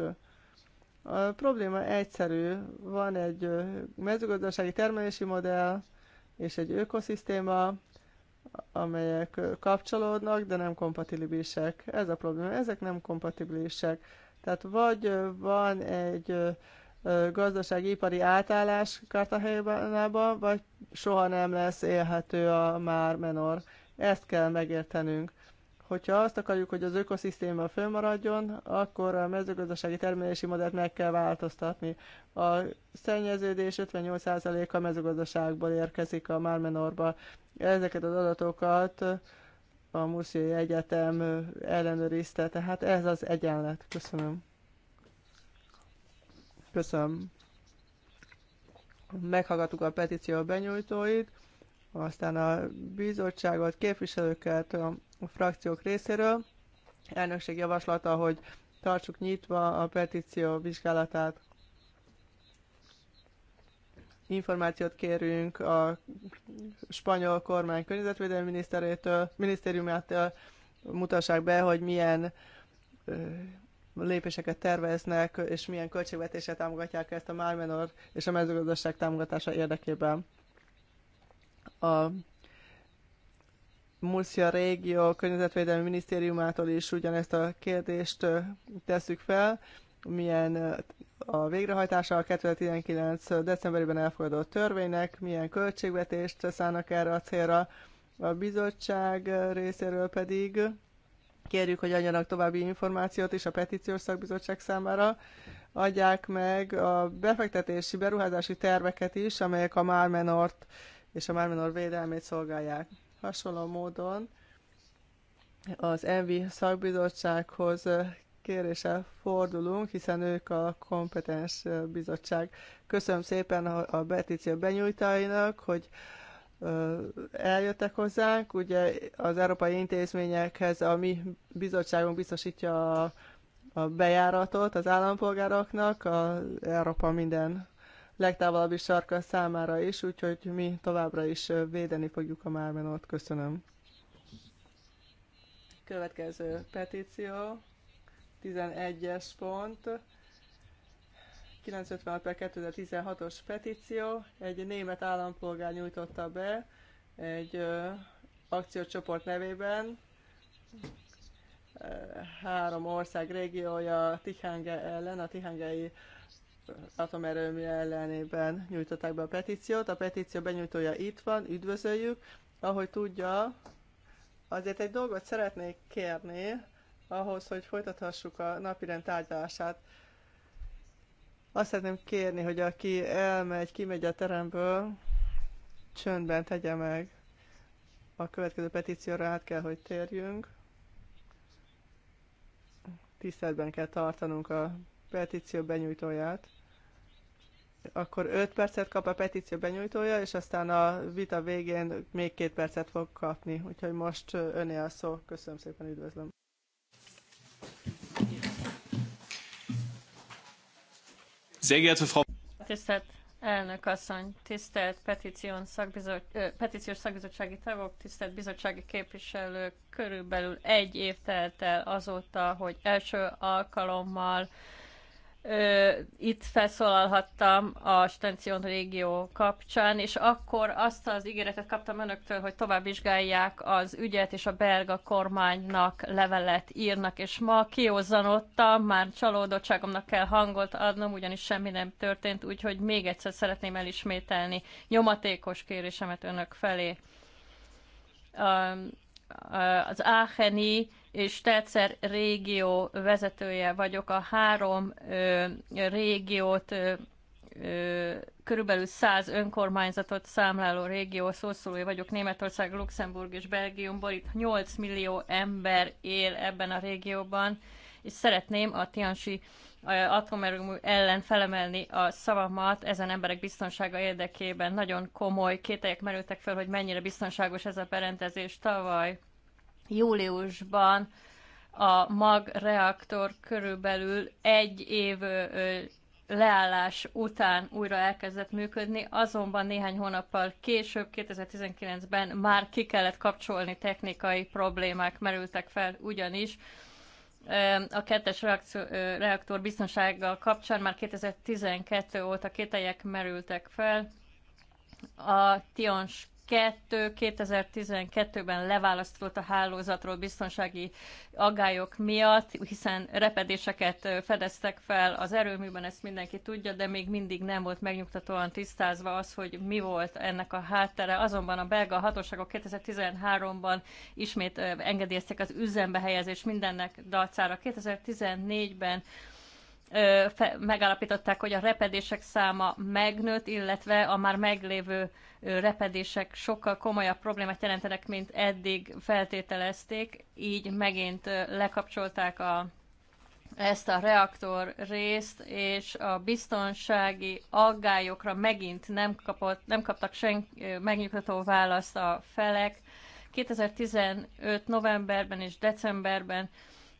A probléma egyszerű. Van egy mezőgazdasági termelési modell és egy ökoszisztéma, amelyek kapcsolódnak, de nem kompatibilisek. Ez a probléma, ezek nem kompatibilisek. Tehát vagy van egy gazdasági-ipari átállás Kartahénába, vagy soha nem lesz élhető a már menor. Ezt kell megértenünk. Hogyha azt akarjuk, hogy az ökoszisztéma fölmaradjon, akkor a mezőgazdasági termelési modellt meg kell változtatni. A szennyeződés 58% a mezőgazdaságból érkezik a Mármenorba. Ezeket az adatokat a Muszi Egyetem ellenőrizte, tehát ez az egyenlet. Köszönöm. Köszönöm. Meghallgattuk a petíció benyújtóit aztán a bizottságot, képviselőket a frakciók részéről. Elnökség javaslata, hogy tartsuk nyitva a petíció vizsgálatát. Információt kérünk a spanyol kormány környezetvédelmi miniszterétől, minisztériumától, mutassák be, hogy milyen lépéseket terveznek, és milyen költségvetéssel támogatják ezt a Mármenor és a mezőgazdaság támogatása érdekében. A Murcia régió környezetvédelmi minisztériumától is ugyanezt a kérdést tesszük fel, milyen a végrehajtása a 2019. decemberében elfogadott törvénynek, milyen költségvetést szállnak erre a célra. A bizottság részéről pedig kérjük, hogy adjanak további információt is a petíciós szakbizottság számára, adják meg a befektetési, beruházási terveket is, amelyek a Mármenort és a Marmenor védelmét szolgálják. Hasonló módon az ENVI szakbizottsághoz kérése fordulunk, hiszen ők a kompetens bizottság. Köszönöm szépen a petíció benyújtainak, hogy eljöttek hozzánk. Ugye az európai intézményekhez a mi bizottságunk biztosítja a, bejáratot az állampolgároknak, a Európa minden legtávolabbi sarka számára is, úgyhogy mi továbbra is védeni fogjuk a Mármenot. Köszönöm. Következő petíció, 11-es pont, 956 per 2016-os petíció. Egy német állampolgár nyújtotta be egy ö, akciócsoport nevében, három ország régiója Tihange ellen, a tihangai atomerőmű ellenében nyújtották be a petíciót. A petíció benyújtója itt van, üdvözöljük. Ahogy tudja, azért egy dolgot szeretnék kérni, ahhoz, hogy folytathassuk a napirend tárgyalását. Azt szeretném kérni, hogy aki elmegy, kimegy a teremből, csöndben tegye meg. A következő petícióra át kell, hogy térjünk. Tiszteletben kell tartanunk a petíció benyújtóját akkor 5 percet kap a petíció benyújtója, és aztán a vita végén még két percet fog kapni. Úgyhogy most öné a szó. Köszönöm szépen, üdvözlöm. Tisztelt elnök asszony, tisztelt petíción szakbizot, ö, petíciós szakbizottsági tagok, tisztelt bizottsági képviselők, körülbelül egy év telt el azóta, hogy első alkalommal itt felszólalhattam a Stencion régió kapcsán, és akkor azt az ígéretet kaptam önöktől, hogy tovább vizsgálják az ügyet, és a belga kormánynak levelet írnak, és ma kiózanodtam, már csalódottságomnak kell hangot adnom, ugyanis semmi nem történt, úgyhogy még egyszer szeretném elismételni nyomatékos kérésemet önök felé. Um, az Áheni és Tetszer régió vezetője vagyok. A három ö, régiót, ö, ö, körülbelül 100 önkormányzatot számláló régió szószólója vagyok. Németország, Luxemburg és Belgiumból. Itt 8 millió ember él ebben a régióban, és szeretném a Tiansi atomerőmű ellen felemelni a szavamat ezen emberek biztonsága érdekében. Nagyon komoly kételyek merültek fel, hogy mennyire biztonságos ez a berendezés tavaly júliusban a magreaktor körülbelül egy év leállás után újra elkezdett működni, azonban néhány hónappal később, 2019-ben már ki kellett kapcsolni, technikai problémák merültek fel ugyanis, a kettes reaktor biztonsággal kapcsán már 2012 óta kételjek merültek fel. A Tions 2012, 2012-ben leválasztott a hálózatról biztonsági aggályok miatt, hiszen repedéseket fedeztek fel az erőműben, ezt mindenki tudja, de még mindig nem volt megnyugtatóan tisztázva az, hogy mi volt ennek a háttere. Azonban a belga hatóságok 2013-ban ismét engedélyeztek az üzembe helyezés mindennek dacára. 2014-ben megállapították, hogy a repedések száma megnőtt, illetve a már meglévő repedések sokkal komolyabb problémát jelentenek, mint eddig feltételezték, így megint lekapcsolták a, ezt a reaktor részt, és a biztonsági aggályokra megint nem, kapott, nem kaptak sen, megnyugtató választ a felek. 2015. novemberben és decemberben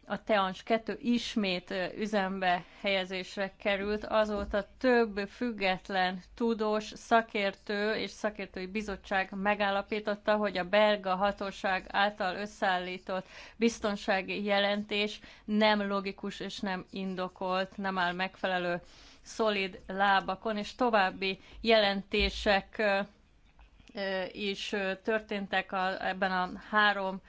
a Teans 2 ismét üzembe helyezésre került, azóta több független tudós, szakértő és szakértői bizottság megállapította, hogy a belga hatóság által összeállított biztonsági jelentés nem logikus és nem indokolt, nem áll megfelelő szolid lábakon, és további jelentések is történtek a, ebben a három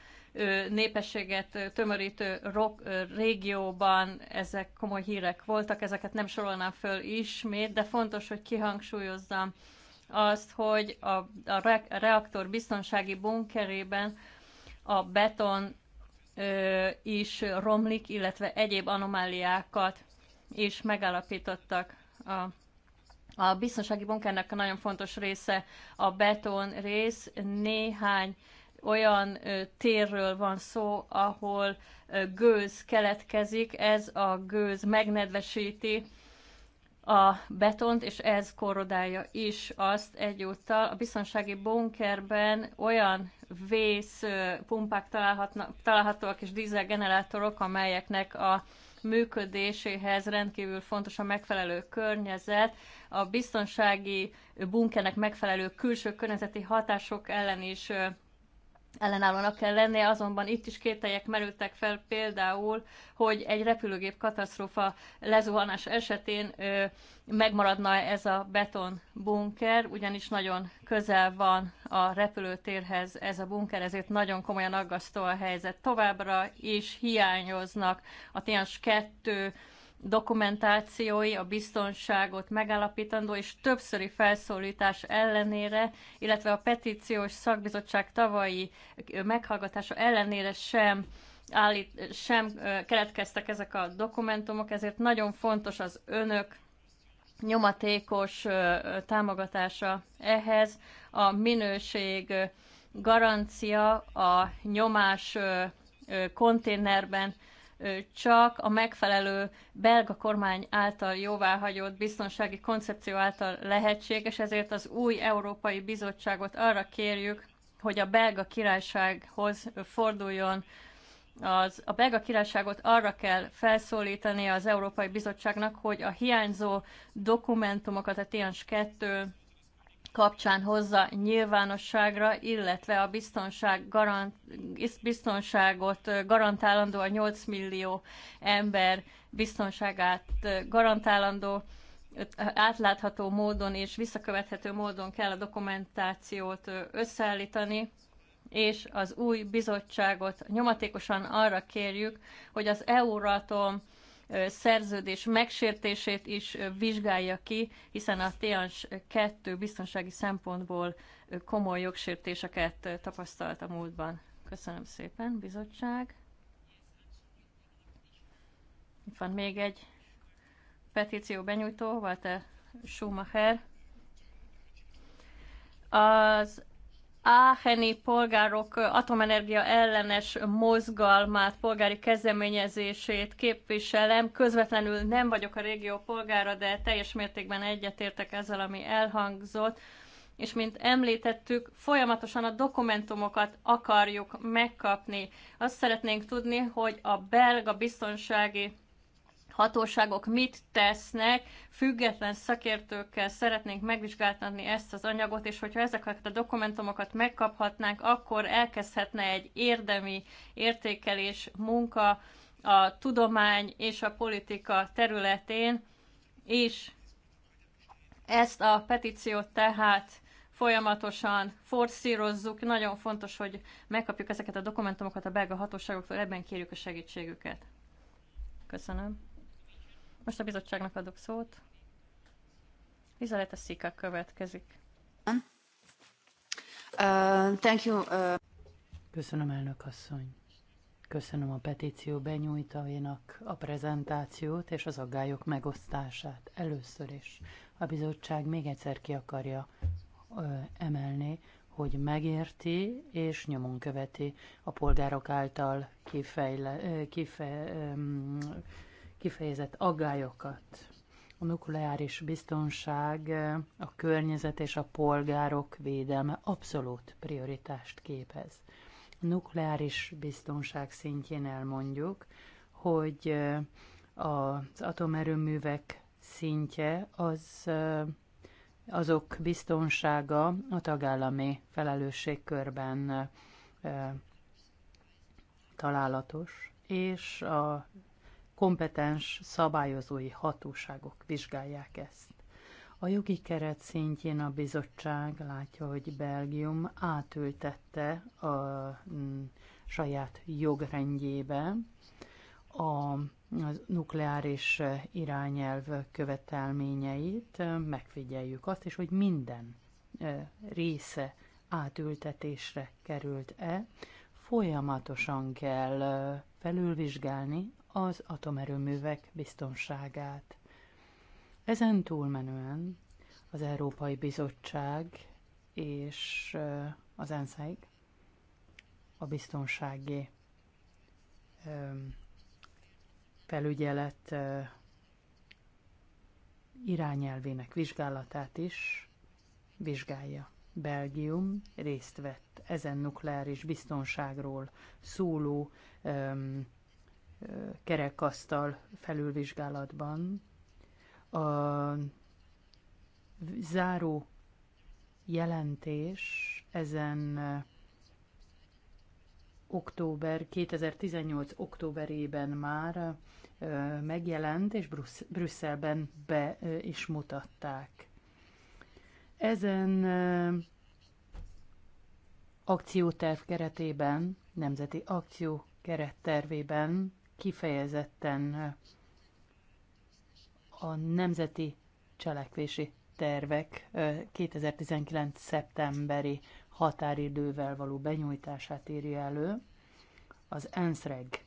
népességet tömörítő rock, régióban ezek komoly hírek voltak, ezeket nem sorolnám föl ismét, de fontos, hogy kihangsúlyozzam azt, hogy a, a reaktor biztonsági bunkerében a beton ö, is romlik, illetve egyéb anomáliákat is megállapítottak a a biztonsági bunkernek nagyon fontos része a beton rész, néhány olyan térről van szó, ahol gőz keletkezik, ez a gőz megnedvesíti a betont, és ez korodálja is azt egyúttal. A biztonsági bunkerben olyan vészpumpák találhatóak és dízelgenerátorok, amelyeknek a működéséhez rendkívül fontos a megfelelő környezet, a biztonsági bunkernek megfelelő külső környezeti hatások ellen is ellenállónak kell lennie, azonban itt is kételyek merültek fel például, hogy egy repülőgép katasztrófa lezuhanás esetén ö, megmaradna ez a beton bunker, ugyanis nagyon közel van a repülőtérhez ez a bunker, ezért nagyon komolyan aggasztó a helyzet. Továbbra is hiányoznak a Tians 2 dokumentációi a biztonságot megállapítandó és többszöri felszólítás ellenére, illetve a petíciós szakbizottság tavalyi meghallgatása ellenére sem állít, sem keletkeztek ezek a dokumentumok, ezért nagyon fontos az önök nyomatékos támogatása ehhez. A minőség garancia a nyomás konténerben csak a megfelelő belga kormány által jóváhagyott biztonsági koncepció által lehetséges, ezért az új Európai Bizottságot arra kérjük, hogy a belga királysághoz forduljon. Az, a belga királyságot arra kell felszólítani az Európai Bizottságnak, hogy a hiányzó dokumentumokat, a TIANS 2 kapcsán hozza nyilvánosságra, illetve a biztonság garant, biztonságot garantálandó, a 8 millió ember biztonságát garantálandó, átlátható módon és visszakövethető módon kell a dokumentációt összeállítani, és az új bizottságot nyomatékosan arra kérjük, hogy az Euratom szerződés megsértését is vizsgálja ki, hiszen a TANS 2 biztonsági szempontból komoly jogsértéseket tapasztalt a múltban. Köszönöm szépen, bizottság. Itt van még egy petíció benyújtó, Walter Schumacher. Az áheni polgárok atomenergia ellenes mozgalmát, polgári kezdeményezését képviselem. Közvetlenül nem vagyok a régió polgára, de teljes mértékben egyetértek ezzel, ami elhangzott. És mint említettük, folyamatosan a dokumentumokat akarjuk megkapni. Azt szeretnénk tudni, hogy a belga biztonsági hatóságok mit tesznek, független szakértőkkel szeretnénk megvizsgáltatni ezt az anyagot, és hogyha ezeket a dokumentumokat megkaphatnánk, akkor elkezdhetne egy érdemi értékelés munka a tudomány és a politika területén, és ezt a petíciót tehát folyamatosan forszírozzuk. Nagyon fontos, hogy megkapjuk ezeket a dokumentumokat a belga hatóságoktól, ebben kérjük a segítségüket. Köszönöm. Most a bizottságnak adok szót. a Szika következik. Uh, thank you. Uh... Köszönöm, elnök asszony. Köszönöm a petíció benyújtójának a prezentációt és az aggályok megosztását először is. A bizottság még egyszer ki akarja uh, emelni, hogy megérti és nyomon követi a polgárok által kifejle, kife. um, kifejezett aggályokat. A nukleáris biztonság, a környezet és a polgárok védelme abszolút prioritást képez. A nukleáris biztonság szintjén elmondjuk, hogy az atomerőművek szintje az azok biztonsága a tagállami felelősségkörben találatos, és a kompetens szabályozói hatóságok vizsgálják ezt. A jogi keret szintjén a bizottság látja, hogy Belgium átültette a mm, saját jogrendjébe a nukleáris irányelv követelményeit, megfigyeljük azt is, hogy minden e, része átültetésre került-e, folyamatosan kell e, felülvizsgálni az atomerőművek biztonságát. Ezen túlmenően az Európai Bizottság és az ENSZEG a biztonsági felügyelet irányelvének vizsgálatát is vizsgálja. Belgium részt vett ezen nukleáris biztonságról szóló öm, kerekasztal felülvizsgálatban a záró jelentés ezen eh, október, 2018 októberében már eh, megjelent, és Brüsszelben be eh, is mutatták. Ezen akcióterv keretében, nemzeti akció kerettervében kifejezetten a nemzeti cselekvési tervek 2019. szeptemberi határidővel való benyújtását írja elő. Az ENSZREG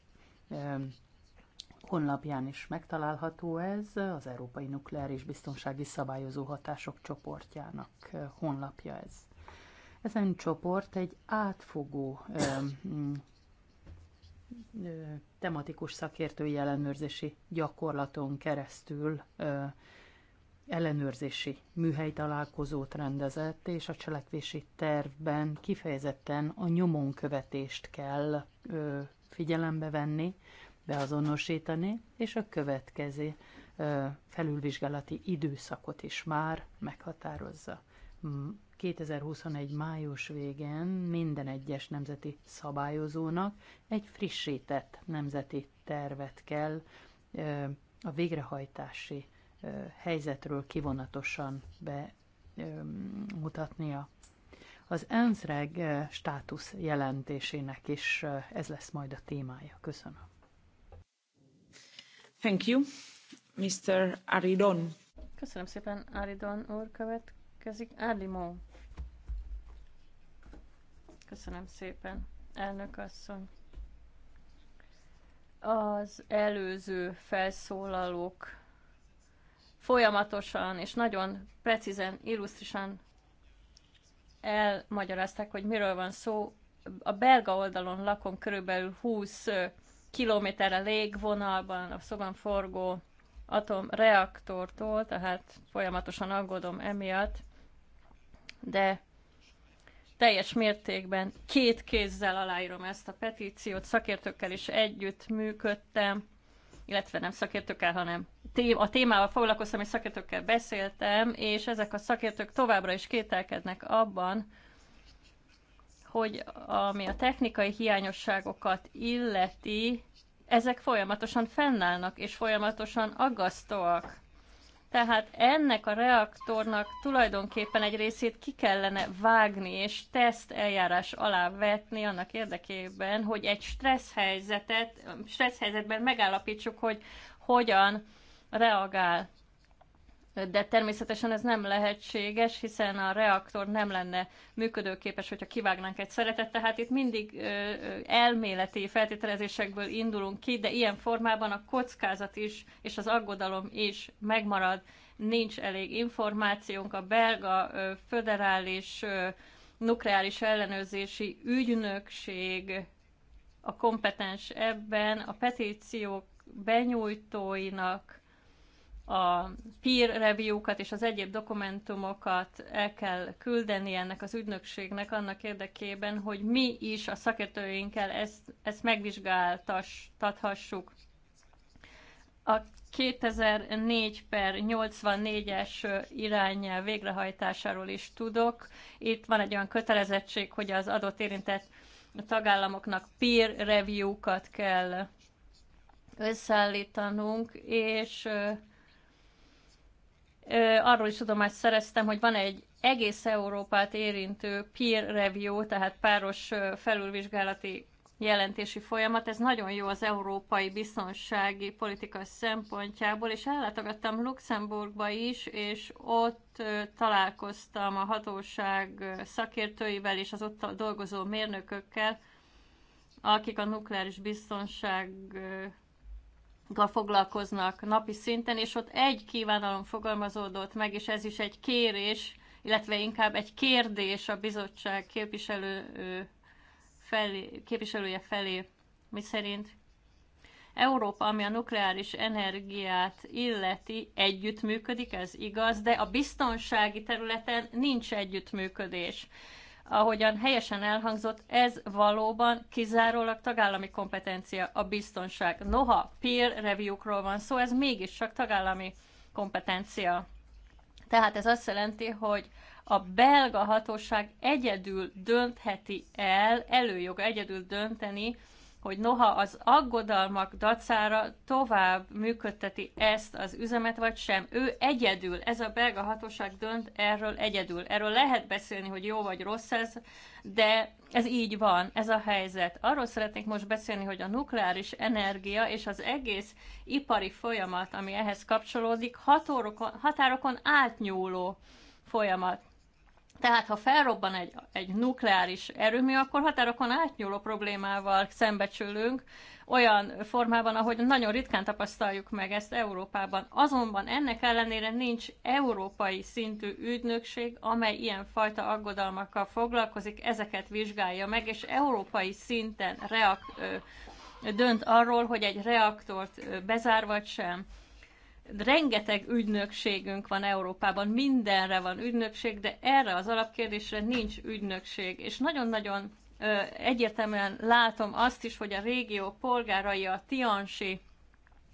honlapján is megtalálható ez, az Európai Nukleáris Biztonsági Szabályozó Hatások csoportjának honlapja ez. Ezen csoport egy átfogó tematikus szakértői ellenőrzési gyakorlaton keresztül ellenőrzési műhely találkozót rendezett, és a cselekvési tervben kifejezetten a nyomonkövetést kell figyelembe venni, beazonosítani, és a következő felülvizsgálati időszakot is már meghatározza. 2021. május végén minden egyes nemzeti szabályozónak egy frissített nemzeti tervet kell a végrehajtási helyzetről kivonatosan bemutatnia. Az ENSZREG státusz jelentésének is ez lesz majd a témája. Köszönöm. Thank you, Mr. Aridon. Köszönöm szépen, Aridon úr következik. Arlimon Köszönöm szépen, elnök asszony. Az előző felszólalók folyamatosan és nagyon precízen, illusztrisan elmagyarázták, hogy miről van szó. A belga oldalon lakom körülbelül 20 kilométerre légvonalban a szoban forgó atomreaktortól, tehát folyamatosan aggódom emiatt, de teljes mértékben két kézzel aláírom ezt a petíciót, szakértőkkel is együtt működtem, illetve nem szakértőkkel, hanem a témával foglalkoztam, és szakértőkkel beszéltem, és ezek a szakértők továbbra is kételkednek abban, hogy ami a technikai hiányosságokat illeti, ezek folyamatosan fennállnak, és folyamatosan aggasztóak. Tehát ennek a reaktornak tulajdonképpen egy részét ki kellene vágni és teszt eljárás alá vetni annak érdekében, hogy egy stressz helyzetet, stressz helyzetben megállapítsuk, hogy hogyan reagál de természetesen ez nem lehetséges, hiszen a reaktor nem lenne működőképes, hogyha kivágnánk egy szeretet. Tehát itt mindig elméleti feltételezésekből indulunk ki, de ilyen formában a kockázat is és az aggodalom is megmarad. Nincs elég információnk. A belga föderális nukleáris ellenőrzési ügynökség a kompetens ebben, a petíciók benyújtóinak a peer review-kat és az egyéb dokumentumokat el kell küldeni ennek az ügynökségnek annak érdekében, hogy mi is a szakértőinkkel ezt, ezt megvizsgáltathassuk. A 2004 per 84-es irány végrehajtásáról is tudok. Itt van egy olyan kötelezettség, hogy az adott érintett tagállamoknak peer review-kat kell összeállítanunk, és arról is tudomást szereztem, hogy van egy egész Európát érintő peer review, tehát páros felülvizsgálati jelentési folyamat. Ez nagyon jó az európai biztonsági politika szempontjából, és ellátogattam Luxemburgba is, és ott találkoztam a hatóság szakértőivel és az ott dolgozó mérnökökkel, akik a nukleáris biztonság foglalkoznak napi szinten, és ott egy kívánalom fogalmazódott meg, és ez is egy kérés, illetve inkább egy kérdés a bizottság képviselő felé, képviselője felé, mi szerint Európa, ami a nukleáris energiát illeti, együttműködik, ez igaz, de a biztonsági területen nincs együttműködés ahogyan helyesen elhangzott, ez valóban kizárólag tagállami kompetencia a biztonság. Noha peer review-król van szó, ez mégiscsak tagállami kompetencia. Tehát ez azt jelenti, hogy a belga hatóság egyedül döntheti el, előjoga egyedül dönteni hogy noha az aggodalmak dacára tovább működteti ezt az üzemet, vagy sem. Ő egyedül, ez a belga hatóság dönt erről egyedül. Erről lehet beszélni, hogy jó vagy rossz ez, de ez így van, ez a helyzet. Arról szeretnék most beszélni, hogy a nukleáris energia és az egész ipari folyamat, ami ehhez kapcsolódik, határokon, határokon átnyúló folyamat tehát, ha felrobban egy, egy nukleáris erőmű, akkor határokon átnyúló problémával szembesülünk, olyan formában, ahogy nagyon ritkán tapasztaljuk meg ezt Európában. Azonban ennek ellenére nincs európai szintű ügynökség, amely ilyenfajta aggodalmakkal foglalkozik, ezeket vizsgálja meg, és európai szinten reak, dönt arról, hogy egy reaktort bezár vagy sem rengeteg ügynökségünk van Európában, mindenre van ügynökség, de erre az alapkérdésre nincs ügynökség. És nagyon-nagyon egyértelműen látom azt is, hogy a régió polgárai a Tiansi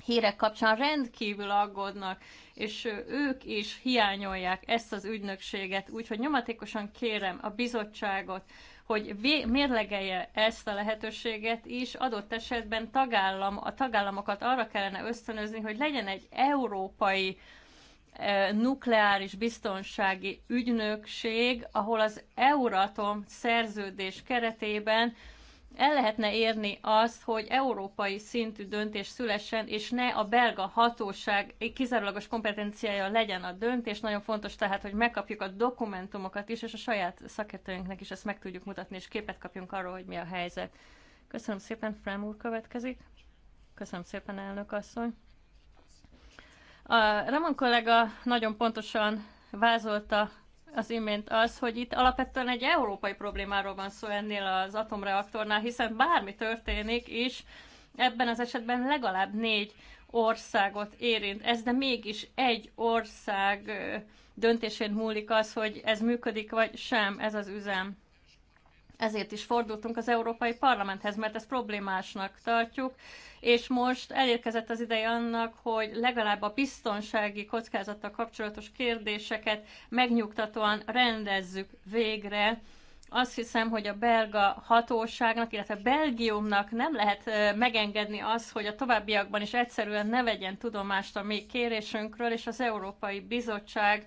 hírek kapcsán rendkívül aggódnak, és ők is hiányolják ezt az ügynökséget. Úgyhogy nyomatékosan kérem a bizottságot, hogy mérlegelje ezt a lehetőséget is, adott esetben tagállam, a tagállamokat arra kellene ösztönözni, hogy legyen egy európai e, nukleáris biztonsági ügynökség, ahol az Euratom szerződés keretében el lehetne érni azt, hogy európai szintű döntés szülessen, és ne a belga hatóság kizárólagos kompetenciája legyen a döntés. Nagyon fontos tehát, hogy megkapjuk a dokumentumokat is, és a saját szakértőinknek is ezt meg tudjuk mutatni, és képet kapjunk arról, hogy mi a helyzet. Köszönöm szépen, Frem úr következik. Köszönöm szépen, elnök asszony. A Ramon kollega nagyon pontosan vázolta az imént az, hogy itt alapvetően egy európai problémáról van szó ennél az atomreaktornál, hiszen bármi történik is, ebben az esetben legalább négy országot érint. Ez de mégis egy ország döntésén múlik az, hogy ez működik vagy sem, ez az üzem. Ezért is fordultunk az Európai Parlamenthez, mert ezt problémásnak tartjuk, és most elérkezett az ideje annak, hogy legalább a biztonsági kockázattal kapcsolatos kérdéseket megnyugtatóan rendezzük végre, azt hiszem, hogy a belga hatóságnak, illetve Belgiumnak nem lehet megengedni az, hogy a továbbiakban is egyszerűen ne vegyen tudomást a mi kérésünkről, és az Európai Bizottság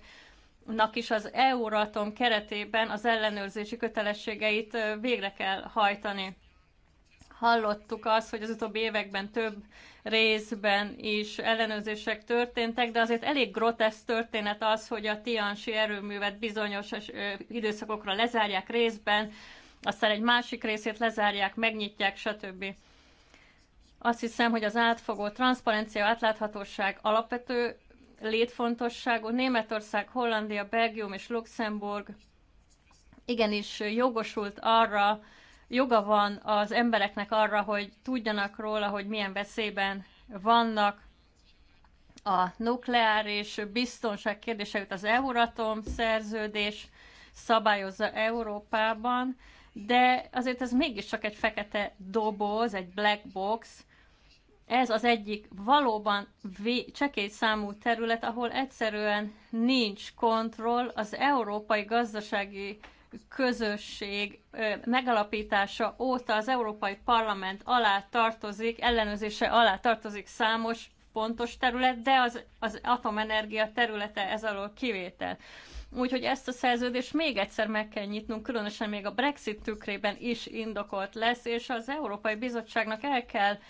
nak is az Euratom keretében az ellenőrzési kötelességeit végre kell hajtani. Hallottuk azt, hogy az utóbbi években több részben is ellenőrzések történtek, de azért elég grotesz történet az, hogy a Tiansi erőművet bizonyos időszakokra lezárják részben, aztán egy másik részét lezárják, megnyitják, stb. Azt hiszem, hogy az átfogó transzparencia, átláthatóság alapvető létfontosságú. Németország, Hollandia, Belgium és Luxemburg igenis jogosult arra, joga van az embereknek arra, hogy tudjanak róla, hogy milyen veszélyben vannak a nukleáris biztonság kérdéseit az Euratom szerződés szabályozza Európában, de azért ez mégiscsak egy fekete doboz, egy black box, ez az egyik valóban csekély számú terület, ahol egyszerűen nincs kontroll az európai gazdasági közösség megalapítása óta az Európai Parlament alá tartozik, ellenőrzése alá tartozik számos pontos terület, de az, az atomenergia területe ez alól kivétel. Úgyhogy ezt a szerződést még egyszer meg kell nyitnunk, különösen még a Brexit tükrében is indokolt lesz, és az Európai Bizottságnak el kell uh,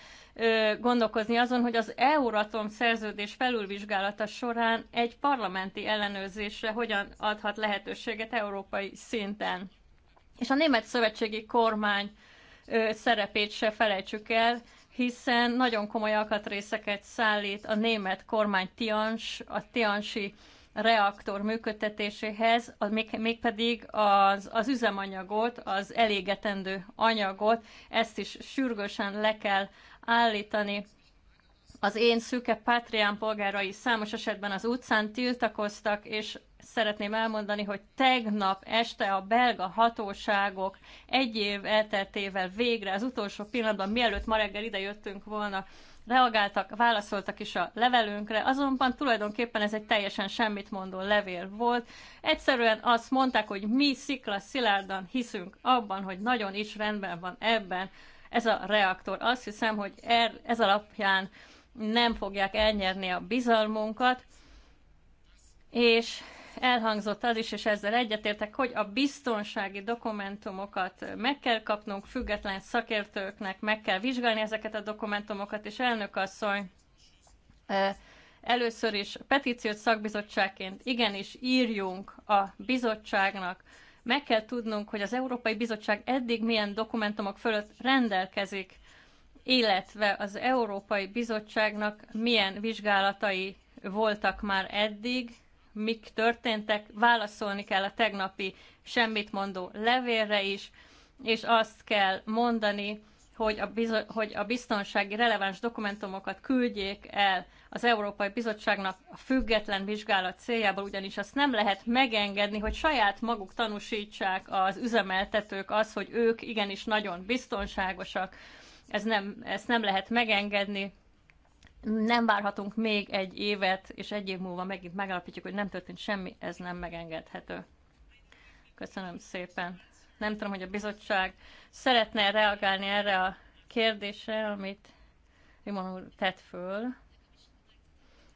gondolkozni azon, hogy az Euratom szerződés felülvizsgálata során egy parlamenti ellenőrzésre hogyan adhat lehetőséget európai szinten. És a német szövetségi kormány szerepét se felejtsük el, hiszen nagyon komoly alkatrészeket szállít a német kormány Tians, a Tiansi reaktor működtetéséhez, mégpedig az, az üzemanyagot, az elégetendő anyagot, ezt is sürgősen le kell állítani. Az én szüke pátrián polgárai számos esetben az utcán tiltakoztak, és szeretném elmondani, hogy tegnap este a belga hatóságok egy év elteltével végre, az utolsó pillanatban, mielőtt ma reggel jöttünk volna, reagáltak, válaszoltak is a levelünkre, azonban tulajdonképpen ez egy teljesen semmit mondó levél volt. Egyszerűen azt mondták, hogy mi szikla szilárdan hiszünk abban, hogy nagyon is rendben van ebben ez a reaktor. Azt hiszem, hogy er, ez alapján nem fogják elnyerni a bizalmunkat, és elhangzott az is, és ezzel egyetértek, hogy a biztonsági dokumentumokat meg kell kapnunk, független szakértőknek meg kell vizsgálni ezeket a dokumentumokat, és elnök asszony, először is petíciót szakbizottságként igenis írjunk a bizottságnak, meg kell tudnunk, hogy az Európai Bizottság eddig milyen dokumentumok fölött rendelkezik, illetve az Európai Bizottságnak milyen vizsgálatai voltak már eddig, mik történtek, válaszolni kell a tegnapi semmit mondó levélre is, és azt kell mondani, hogy a, bizo- hogy a biztonsági releváns dokumentumokat küldjék el az Európai Bizottságnak a független vizsgálat céljából, ugyanis azt nem lehet megengedni, hogy saját maguk tanúsítsák az üzemeltetők az, hogy ők igenis nagyon biztonságosak. Ez nem, ezt nem lehet megengedni. Nem várhatunk még egy évet, és egy év múlva megint megállapítjuk, hogy nem történt semmi, ez nem megengedhető. Köszönöm szépen. Nem tudom, hogy a bizottság szeretne reagálni erre a kérdésre, amit Rimon úr tett föl.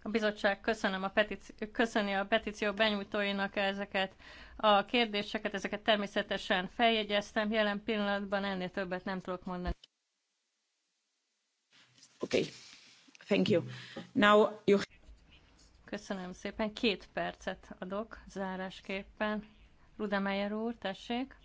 A bizottság köszönöm a petíció, köszöni a petíció benyújtóinak ezeket a kérdéseket, ezeket természetesen feljegyeztem, jelen pillanatban ennél többet nem tudok mondani. Oké, okay. thank you. Now you... Köszönöm szépen, két percet adok zárásképpen. Rudemeyer úr, tessék.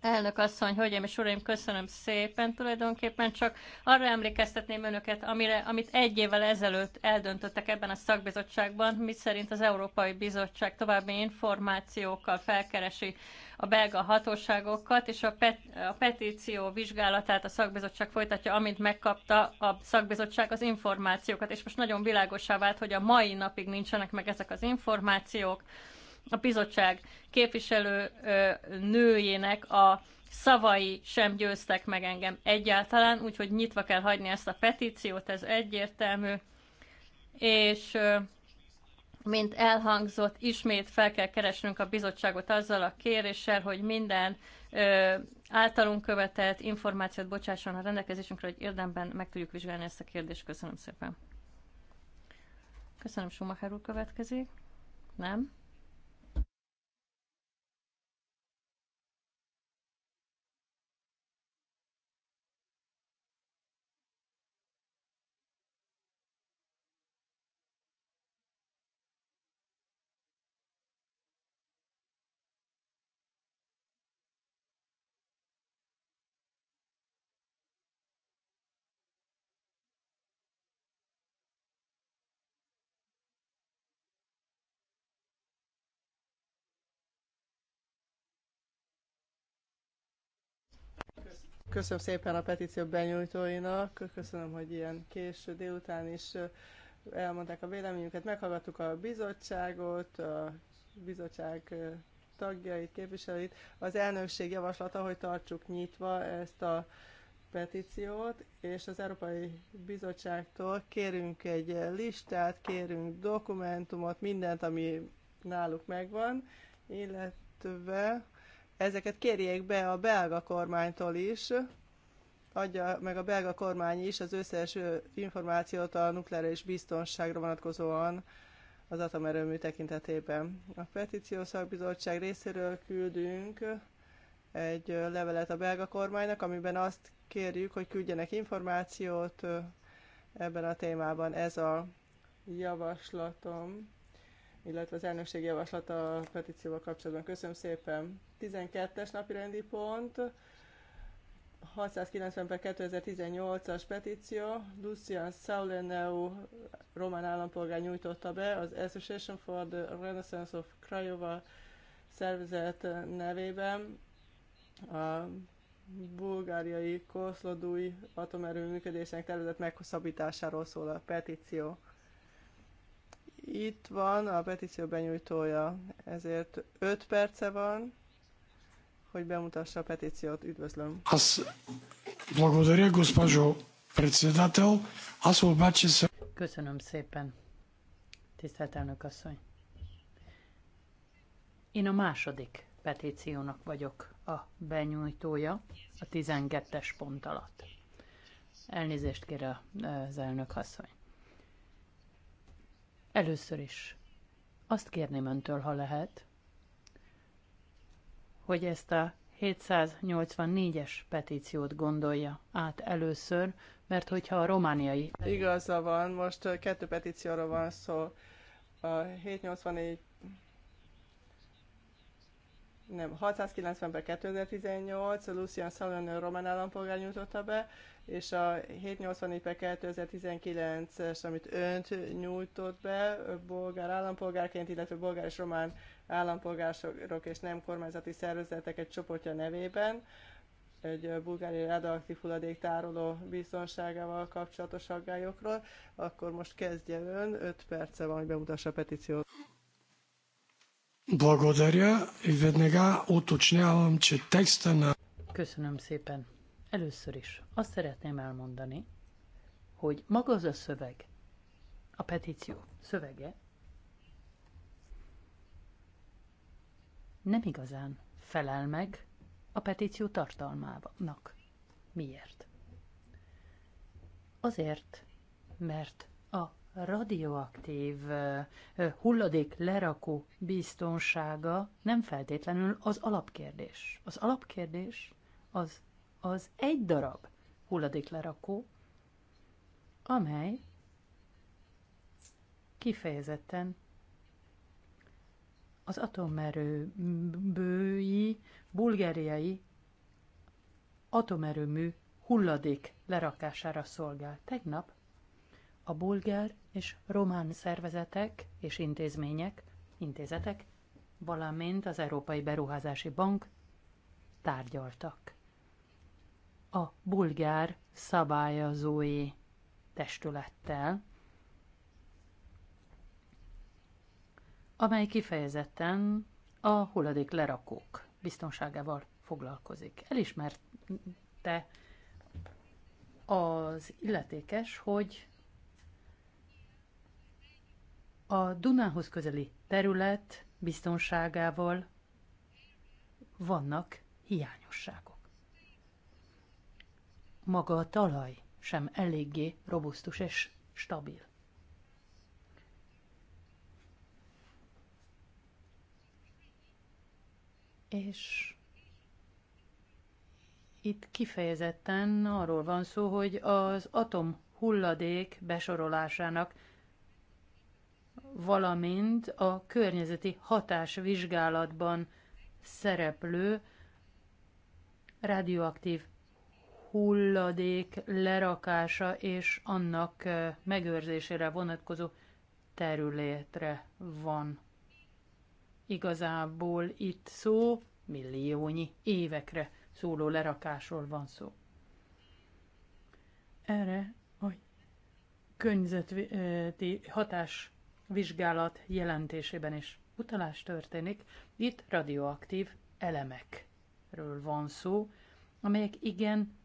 Elnök asszony, hölgyeim és uraim, köszönöm szépen. Tulajdonképpen csak arra emlékeztetném önöket, amire, amit egy évvel ezelőtt eldöntöttek ebben a szakbizottságban, miszerint szerint az Európai Bizottság további információkkal felkeresi a belga hatóságokat, és a, pet, a petíció vizsgálatát a szakbizottság folytatja, amint megkapta a szakbizottság az információkat. És most nagyon világosá vált, hogy a mai napig nincsenek meg ezek az információk a bizottság képviselő nőjének a szavai sem győztek meg engem egyáltalán, úgyhogy nyitva kell hagyni ezt a petíciót, ez egyértelmű, és mint elhangzott, ismét fel kell keresnünk a bizottságot azzal a kéréssel, hogy minden ö, általunk követelt információt bocsásson a rendelkezésünkre, hogy érdemben meg tudjuk vizsgálni ezt a kérdést. Köszönöm szépen. Köszönöm, Schumacher úr következik. Nem? Köszönöm szépen a petíció benyújtóinak, köszönöm, hogy ilyen késő délután is elmondták a véleményüket, meghallgattuk a bizottságot, a bizottság tagjait, képviselőit. Az elnökség javaslata, hogy tartsuk nyitva ezt a petíciót, és az Európai Bizottságtól kérünk egy listát, kérünk dokumentumot, mindent, ami náluk megvan, illetve ezeket kérjék be a belga kormánytól is, adja meg a belga kormány is az összes információt a nukleáris biztonságra vonatkozóan az atomerőmű tekintetében. A petíció szakbizottság részéről küldünk egy levelet a belga kormánynak, amiben azt kérjük, hogy küldjenek információt ebben a témában. Ez a javaslatom illetve az elnökség javaslata a petícióval kapcsolatban. Köszönöm szépen. 12-es napi rendi pont, 690 per 2018-as petíció, Lucian Sauleneu román állampolgár nyújtotta be az Association for the Renaissance of Craiova szervezet nevében a bulgáriai koszlodúj atomerőműködésének tervezett meghosszabbításáról szól a petíció. Itt van a petíció benyújtója, ezért 5 perce van, hogy bemutassa a petíciót. Üdvözlöm! Köszönöm szépen, tisztelt elnök asszony. Én a második petíciónak vagyok a benyújtója a 12-es pont alatt. Elnézést kér az elnök asszony. Először is azt kérném öntől, ha lehet, hogy ezt a 784-es petíciót gondolja át először, mert hogyha a romániai... Igaza van, most kettő petícióról van szó. A 784 nem, 690 per 2018, Lucian Salonen román állampolgár nyújtotta be, és a 784 per 2019-es, amit önt nyújtott be, bolgár állampolgárként, illetve bolgár és román állampolgárok és nem kormányzati szervezetek egy csoportja nevében, egy bulgári radioaktív tároló biztonságával kapcsolatos aggályokról, akkor most kezdje ön, 5 perce van, hogy bemutassa a petíciót. Благодаря и веднага уточнявам, че текста на... Köszönöm szépen. Először is azt szeretném elmondani, hogy maga az a szöveg, a petíció szövege nem igazán felel meg a petíció tartalmának. Miért? Azért, mert a radioaktív hulladék lerakó biztonsága nem feltétlenül az alapkérdés. Az alapkérdés az az egy darab hulladéklerakó, amely kifejezetten az atomerőbői, bulgáriai atomerőmű hulladék lerakására szolgál. Tegnap a bulgár és román szervezetek és intézmények, intézetek, valamint az Európai Beruházási Bank tárgyaltak a bulgár szabályozói testülettel, amely kifejezetten a hulladék lerakók biztonságával foglalkozik. Elismerte az illetékes, hogy a Dunához közeli terület biztonságával vannak hiányosságok maga a talaj sem eléggé robusztus és stabil. És itt kifejezetten arról van szó, hogy az atom hulladék besorolásának, valamint a környezeti hatásvizsgálatban szereplő radioaktív hulladék lerakása és annak megőrzésére vonatkozó területre van. Igazából itt szó milliónyi évekre szóló lerakásról van szó. Erre a környezeti hatásvizsgálat jelentésében is utalás történik. Itt radioaktív elemekről van szó, amelyek igen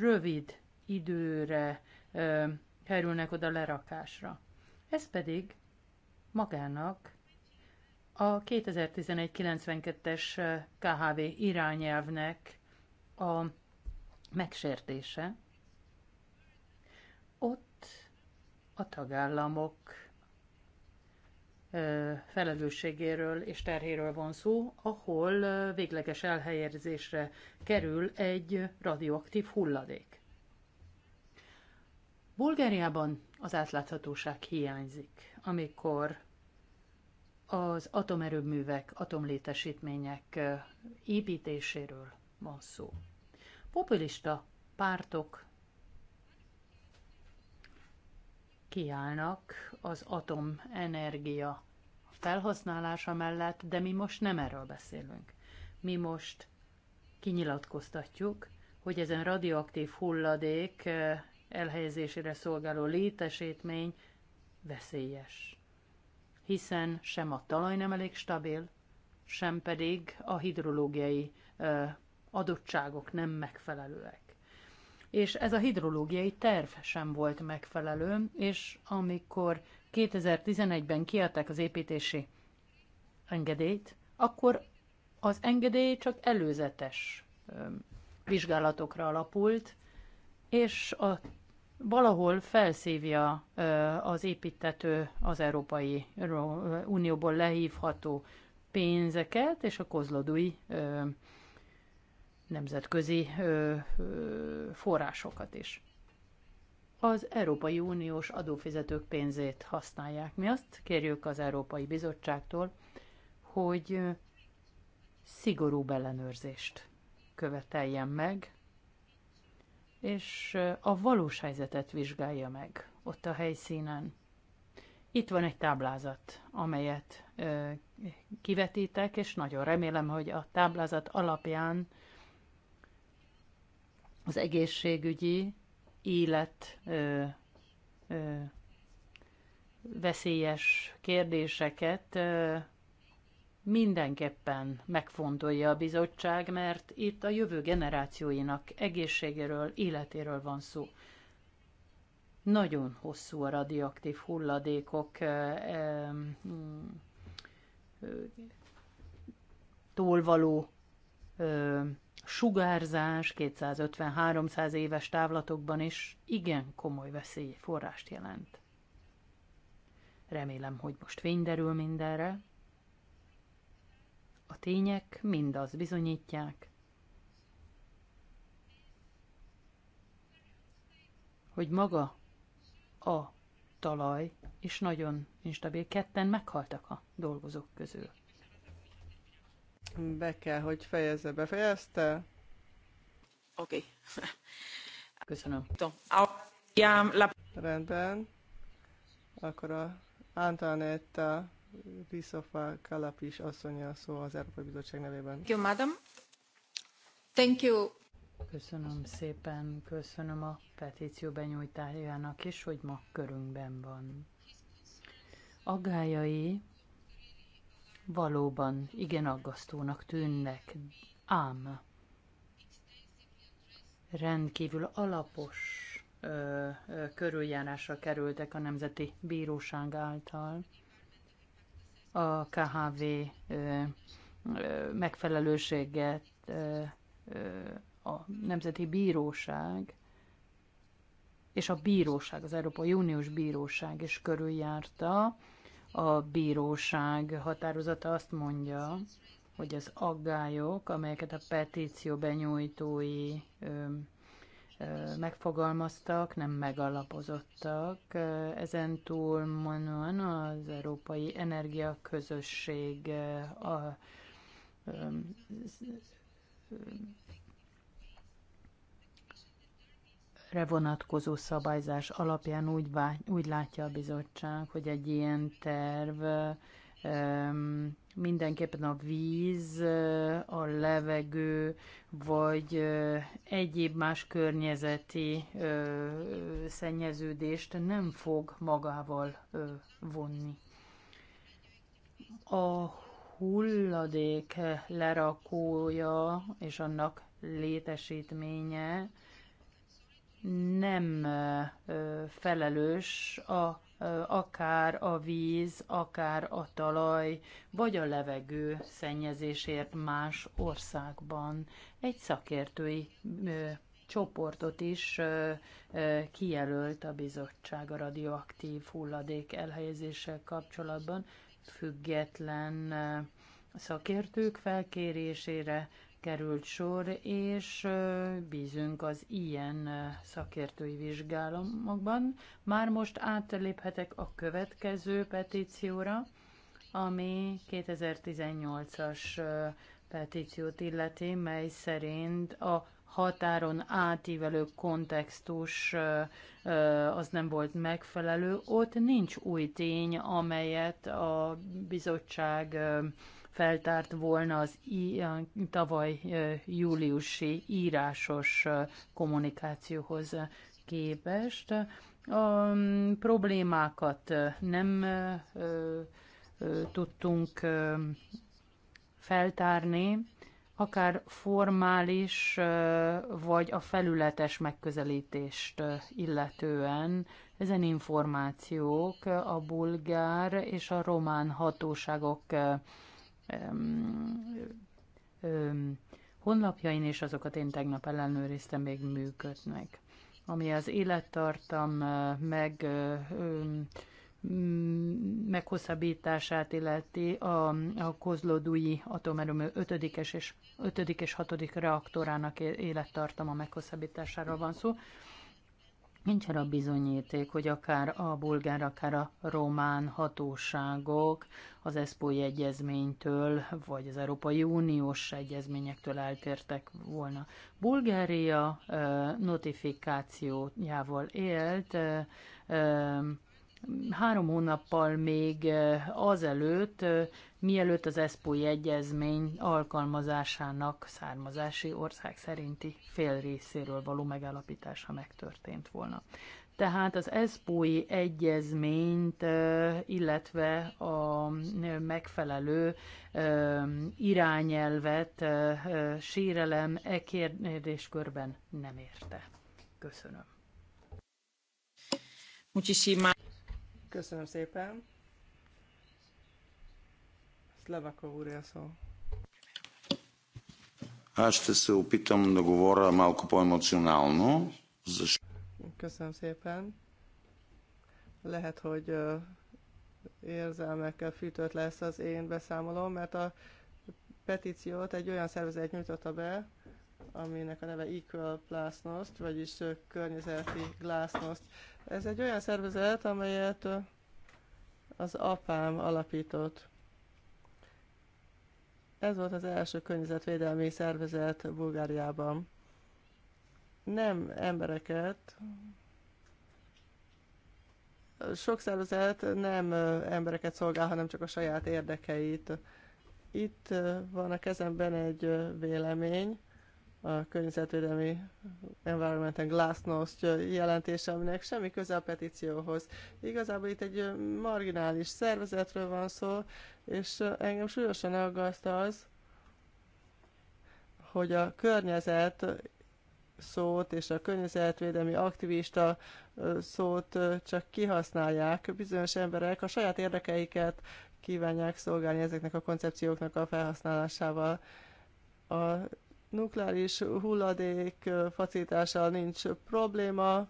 rövid időre ö, kerülnek oda lerakásra. Ez pedig magának a 2011-92-es KHV irányelvnek a megsértése. Ott a tagállamok felelősségéről és terhéről van szó, ahol végleges elhelyezésre kerül egy radioaktív hulladék. Bulgáriában az átláthatóság hiányzik, amikor az atomerőművek, atomlétesítmények építéséről van szó. Populista pártok kiállnak az atomenergia felhasználása mellett, de mi most nem erről beszélünk. Mi most kinyilatkoztatjuk, hogy ezen radioaktív hulladék eh, elhelyezésére szolgáló létesítmény veszélyes. Hiszen sem a talaj nem elég stabil, sem pedig a hidrológiai eh, adottságok nem megfelelőek és ez a hidrológiai terv sem volt megfelelő, és amikor 2011-ben kiadták az építési engedélyt, akkor az engedély csak előzetes vizsgálatokra alapult, és a, valahol felszívja az építető az Európai Unióból lehívható pénzeket, és a kozlodói nemzetközi ö, ö, forrásokat is. Az Európai Uniós adófizetők pénzét használják. Mi azt kérjük az Európai Bizottságtól, hogy szigorú ellenőrzést követeljen meg, és a valós helyzetet vizsgálja meg ott a helyszínen. Itt van egy táblázat, amelyet ö, kivetítek, és nagyon remélem, hogy a táblázat alapján az egészségügyi élet ö, ö, veszélyes kérdéseket ö, mindenképpen megfontolja a bizottság, mert itt a jövő generációinak egészségéről, életéről van szó. Nagyon hosszú a radioaktív hulladékok ö, ö, tól való sugárzás 250-300 éves távlatokban is igen komoly veszély forrást jelent. Remélem, hogy most fény derül mindenre. A tények mind azt bizonyítják, hogy maga a talaj is nagyon instabil. Ketten meghaltak a dolgozók közül be kell, hogy fejezze. Befejezte? Oké. Okay. Köszönöm. Rendben. Akkor a Antonetta Riszofa Kalapis asszonya szó az Európai Bizottság nevében. Thank you, madam. Thank you. Köszönöm szépen, köszönöm a petíció benyújtájának is, hogy ma körünkben van. Agályai valóban igen aggasztónak tűnnek, ám rendkívül alapos ö, ö, körüljárásra kerültek a Nemzeti Bíróság által a KHV ö, ö, megfelelőséget ö, ö, a Nemzeti Bíróság és a bíróság, az Európai Uniós Bíróság is körüljárta a bíróság határozata azt mondja, hogy az aggályok, amelyeket a petíció benyújtói ö, ö, megfogalmaztak, nem megalapozottak. Ezen túl mondóan az Európai Energia Közösség a, ö, re vonatkozó szabályzás alapján úgy, vágy, úgy látja a bizottság, hogy egy ilyen terv mindenképpen a víz, a levegő, vagy egyéb más környezeti szennyeződést nem fog magával vonni. A hulladék lerakója és annak létesítménye nem felelős a, akár a víz, akár a talaj, vagy a levegő szennyezésért más országban. Egy szakértői csoportot is kijelölt a bizottság a radioaktív hulladék elhelyezéssel kapcsolatban, független szakértők felkérésére került sor, és bízünk az ilyen szakértői vizsgálatokban. Már most átléphetek a következő petícióra, ami 2018-as petíciót illeti, mely szerint a határon átívelő kontextus az nem volt megfelelő. Ott nincs új tény, amelyet a bizottság feltárt volna az tavaly júliusi írásos kommunikációhoz képest. A problémákat nem tudtunk feltárni, akár formális vagy a felületes megközelítést illetően. Ezen információk a bulgár és a román hatóságok honlapjain, és azokat én tegnap ellenőriztem, még működnek. Ami az élettartam meg meghosszabbítását illeti a, a kozlodúi atomerőmű 5. és 5. és 6. reaktorának élettartama meghosszabbításáról van szó. Nincs arra bizonyíték, hogy akár a bulgár, akár a román hatóságok az ESPOI egyezménytől, vagy az Európai Uniós egyezményektől eltértek volna. Bulgária notifikációjával élt, három hónappal még azelőtt, mielőtt az ESPOI egyezmény alkalmazásának származási ország szerinti fél részéről való megállapítása megtörtént volna. Tehát az ESPOI egyezményt, illetve a megfelelő irányelvet sérelem e, e kérdéskörben nem érte. Köszönöm. Muchísimas Köszönöm szépen. Szlavakov úr, a szó. Аз ще се опитам да говоря малко Köszönöm szépen. Lehet, hogy érzelmekkel fűtött lesz az én beszámolom, mert a petíciót egy olyan szervezet nyújtotta be, aminek a neve Equal Plasnost, vagyis környezeti glasnost. Ez egy olyan szervezet, amelyet az apám alapított. Ez volt az első környezetvédelmi szervezet Bulgáriában. Nem embereket, sok szervezet nem embereket szolgál, hanem csak a saját érdekeit. Itt van a kezemben egy vélemény, a környezetvédelmi Environment and Glassnost jelentése, aminek semmi köze a petícióhoz. Igazából itt egy marginális szervezetről van szó, és engem súlyosan aggaszt az, hogy a környezet szót és a környezetvédelmi aktivista szót csak kihasználják. Bizonyos emberek a saját érdekeiket kívánják szolgálni ezeknek a koncepcióknak a felhasználásával. A nukleáris hulladék facítással nincs probléma,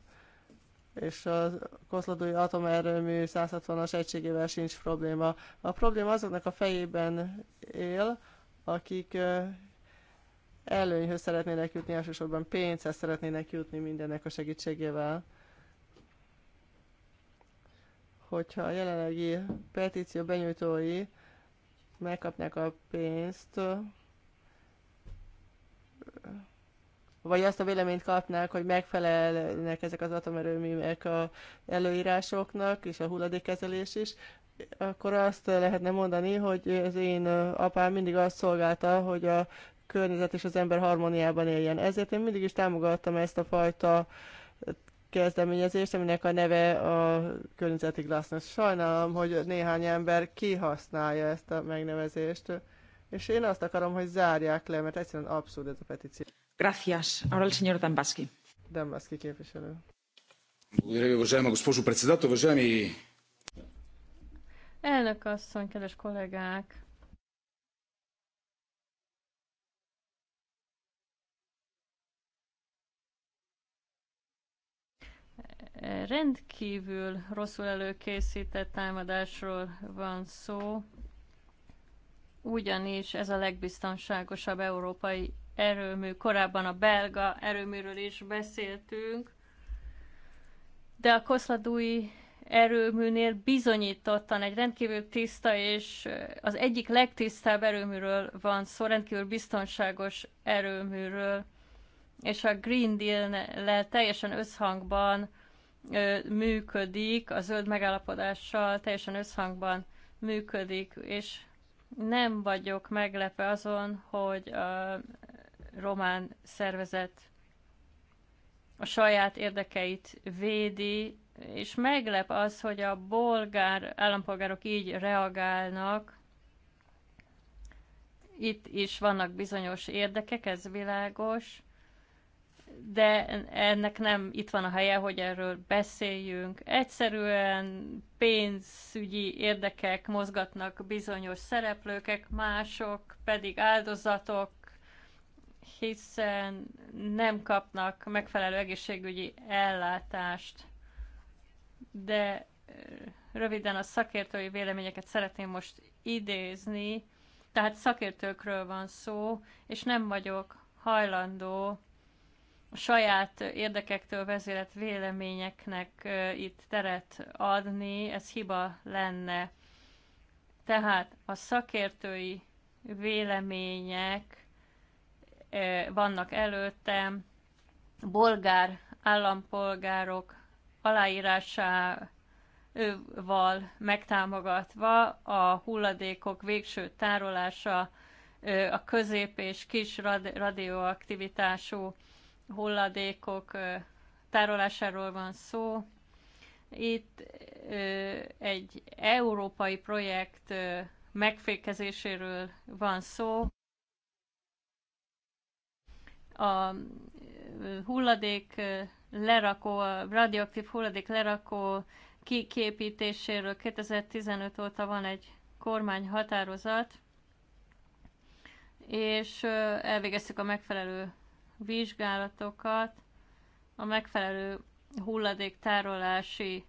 és a koszladói atomerőmű 160-as egységével sincs probléma. A probléma azoknak a fejében él, akik előnyhöz szeretnének jutni, elsősorban pénzhez szeretnének jutni mindennek a segítségével. Hogyha a jelenlegi petíció benyújtói megkapnák a pénzt, vagy azt a véleményt kapnák, hogy megfelelnek ezek az atomerőművek a előírásoknak, és a hulladékkezelés is, akkor azt lehetne mondani, hogy az én apám mindig azt szolgálta, hogy a környezet és az ember harmóniában éljen. Ezért én mindig is támogattam ezt a fajta kezdeményezést, aminek a neve a környezeti glasnost. Sajnálom, hogy néhány ember kihasználja ezt a megnevezést. És én azt akarom, hogy zárják le, mert egyszerűen abszurd ez a petíció. Gracias. Ahora el señor Dambaski. Dambaski képviselő. Elnök asszony, kedves kollégák! Rendkívül rosszul előkészített támadásról van szó ugyanis ez a legbiztonságosabb európai erőmű. Korábban a belga erőműről is beszéltünk, de a koszladúi erőműnél bizonyítottan egy rendkívül tiszta és az egyik legtisztább erőműről van szó, rendkívül biztonságos erőműről, és a Green deal le teljesen összhangban ö, működik, a zöld megállapodással teljesen összhangban működik, és nem vagyok meglepve azon, hogy a román szervezet a saját érdekeit védi, és meglep az, hogy a bolgár állampolgárok így reagálnak. Itt is vannak bizonyos érdekek, ez világos de ennek nem itt van a helye, hogy erről beszéljünk. Egyszerűen pénzügyi érdekek mozgatnak bizonyos szereplőkek, mások pedig áldozatok, hiszen nem kapnak megfelelő egészségügyi ellátást. De röviden a szakértői véleményeket szeretném most idézni, tehát szakértőkről van szó, és nem vagyok hajlandó a saját érdekektől vezérelt véleményeknek itt teret adni, ez hiba lenne. Tehát a szakértői vélemények vannak előttem, bolgár állampolgárok aláírásával megtámogatva a hulladékok végső tárolása, a közép és kis radioaktivitású hulladékok tárolásáról van szó. Itt egy európai projekt megfékezéséről van szó. A hulladék lerakó, a radioaktív hulladék lerakó kiképítéséről 2015 óta van egy kormányhatározat, és elvégeztük a megfelelő vizsgálatokat a megfelelő hulladéktárolási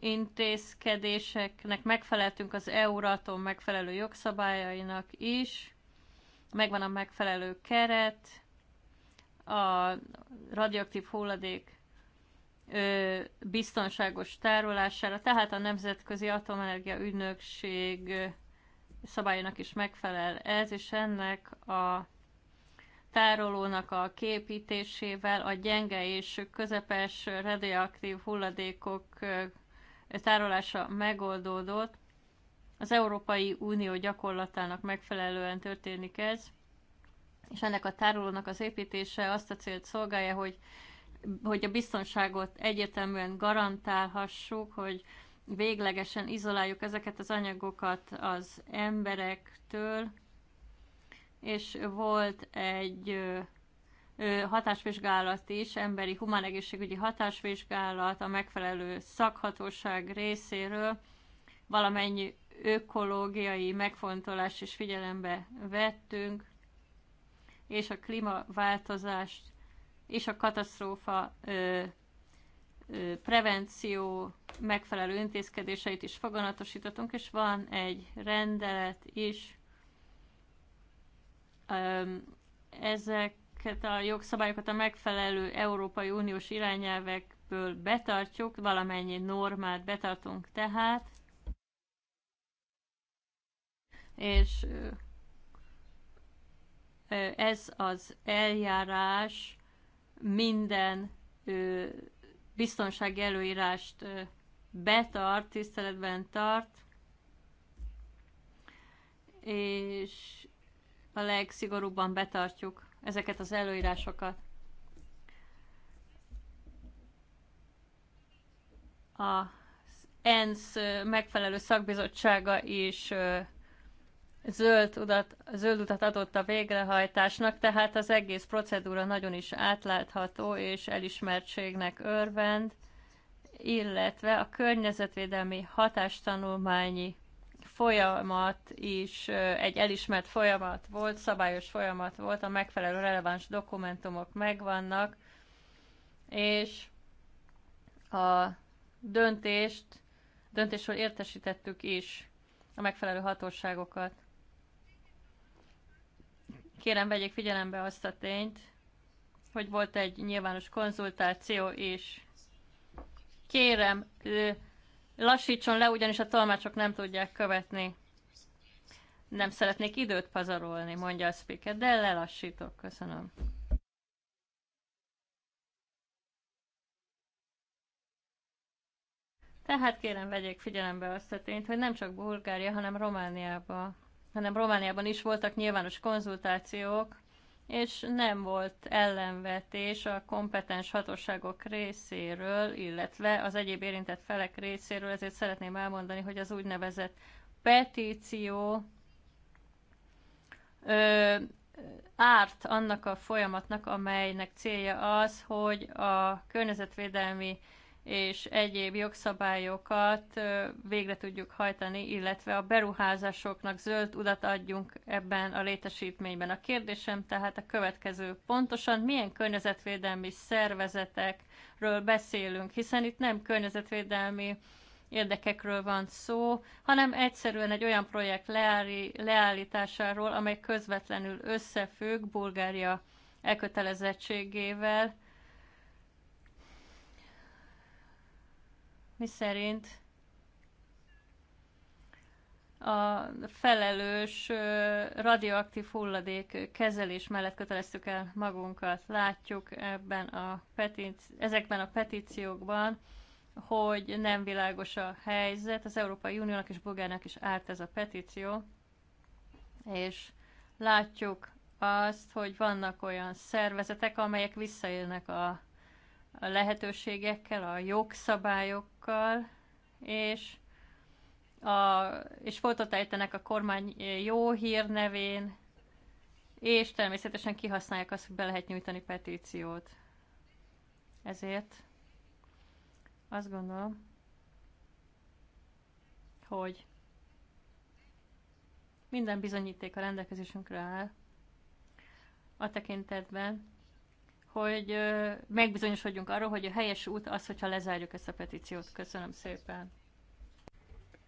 intézkedéseknek megfeleltünk az Euratom megfelelő jogszabályainak is, megvan a megfelelő keret, a radioaktív hulladék ö, biztonságos tárolására, tehát a Nemzetközi Atomenergia Ügynökség szabályának is megfelel ez, és ennek a tárolónak a képítésével a gyenge és közepes radioaktív hulladékok tárolása megoldódott. Az Európai Unió gyakorlatának megfelelően történik ez, és ennek a tárolónak az építése azt a célt szolgálja, hogy, hogy a biztonságot egyértelműen garantálhassuk, hogy véglegesen izoláljuk ezeket az anyagokat az emberektől, és volt egy hatásvizsgálat is, emberi humán egészségügyi hatásvizsgálat a megfelelő szakhatóság részéről, valamennyi ökológiai megfontolás is figyelembe vettünk, és a klímaváltozást, és a katasztrófa ö, ö, prevenció megfelelő intézkedéseit is foganatosítottunk, és van egy rendelet is, ezeket a jogszabályokat a megfelelő Európai Uniós irányelvekből betartjuk, valamennyi normát betartunk tehát, és ez az eljárás minden biztonsági előírást betart, tiszteletben tart, és a legszigorúbban betartjuk ezeket az előírásokat. A ENSZ megfelelő szakbizottsága is zöld utat, zöld utat adott a végrehajtásnak, tehát az egész procedúra nagyon is átlátható és elismertségnek örvend, illetve a környezetvédelmi hatástanulmányi folyamat is egy elismert folyamat volt, szabályos folyamat volt, a megfelelő releváns dokumentumok megvannak, és a döntést, döntésről értesítettük is a megfelelő hatóságokat. Kérem, vegyék figyelembe azt a tényt, hogy volt egy nyilvános konzultáció is. Kérem, Lassítson le, ugyanis a tolmácsok nem tudják követni. Nem szeretnék időt pazarolni, mondja a speaker, de lelassítok, köszönöm. Tehát kérem, vegyék figyelembe azt a tényt, hogy nem csak Bulgária, hanem Romániában, hanem Romániában is voltak nyilvános konzultációk és nem volt ellenvetés a kompetens hatóságok részéről, illetve az egyéb érintett felek részéről, ezért szeretném elmondani, hogy az úgynevezett petíció ö, árt annak a folyamatnak, amelynek célja az, hogy a környezetvédelmi és egyéb jogszabályokat végre tudjuk hajtani, illetve a beruházásoknak zöld udat adjunk ebben a létesítményben. A kérdésem tehát a következő. Pontosan milyen környezetvédelmi szervezetekről beszélünk, hiszen itt nem környezetvédelmi érdekekről van szó, hanem egyszerűen egy olyan projekt leári, leállításáról, amely közvetlenül összefügg Bulgária elkötelezettségével, mi szerint a felelős radioaktív hulladék kezelés mellett köteleztük el magunkat. Látjuk ebben a petíci- ezekben a petíciókban, hogy nem világos a helyzet. Az Európai Uniónak és Bulgárnak is árt ez a petíció, és látjuk azt, hogy vannak olyan szervezetek, amelyek visszaélnek a, a lehetőségekkel, a jogszabályok államokkal, és, a, és folytot ejtenek a kormány jó hír nevén, és természetesen kihasználják azt, hogy be lehet nyújtani petíciót. Ezért azt gondolom, hogy minden bizonyíték a rendelkezésünkre áll a tekintetben, hogy megbizonyosodjunk arról, hogy a helyes út az, hogyha lezárjuk ezt a petíciót. Köszönöm szépen.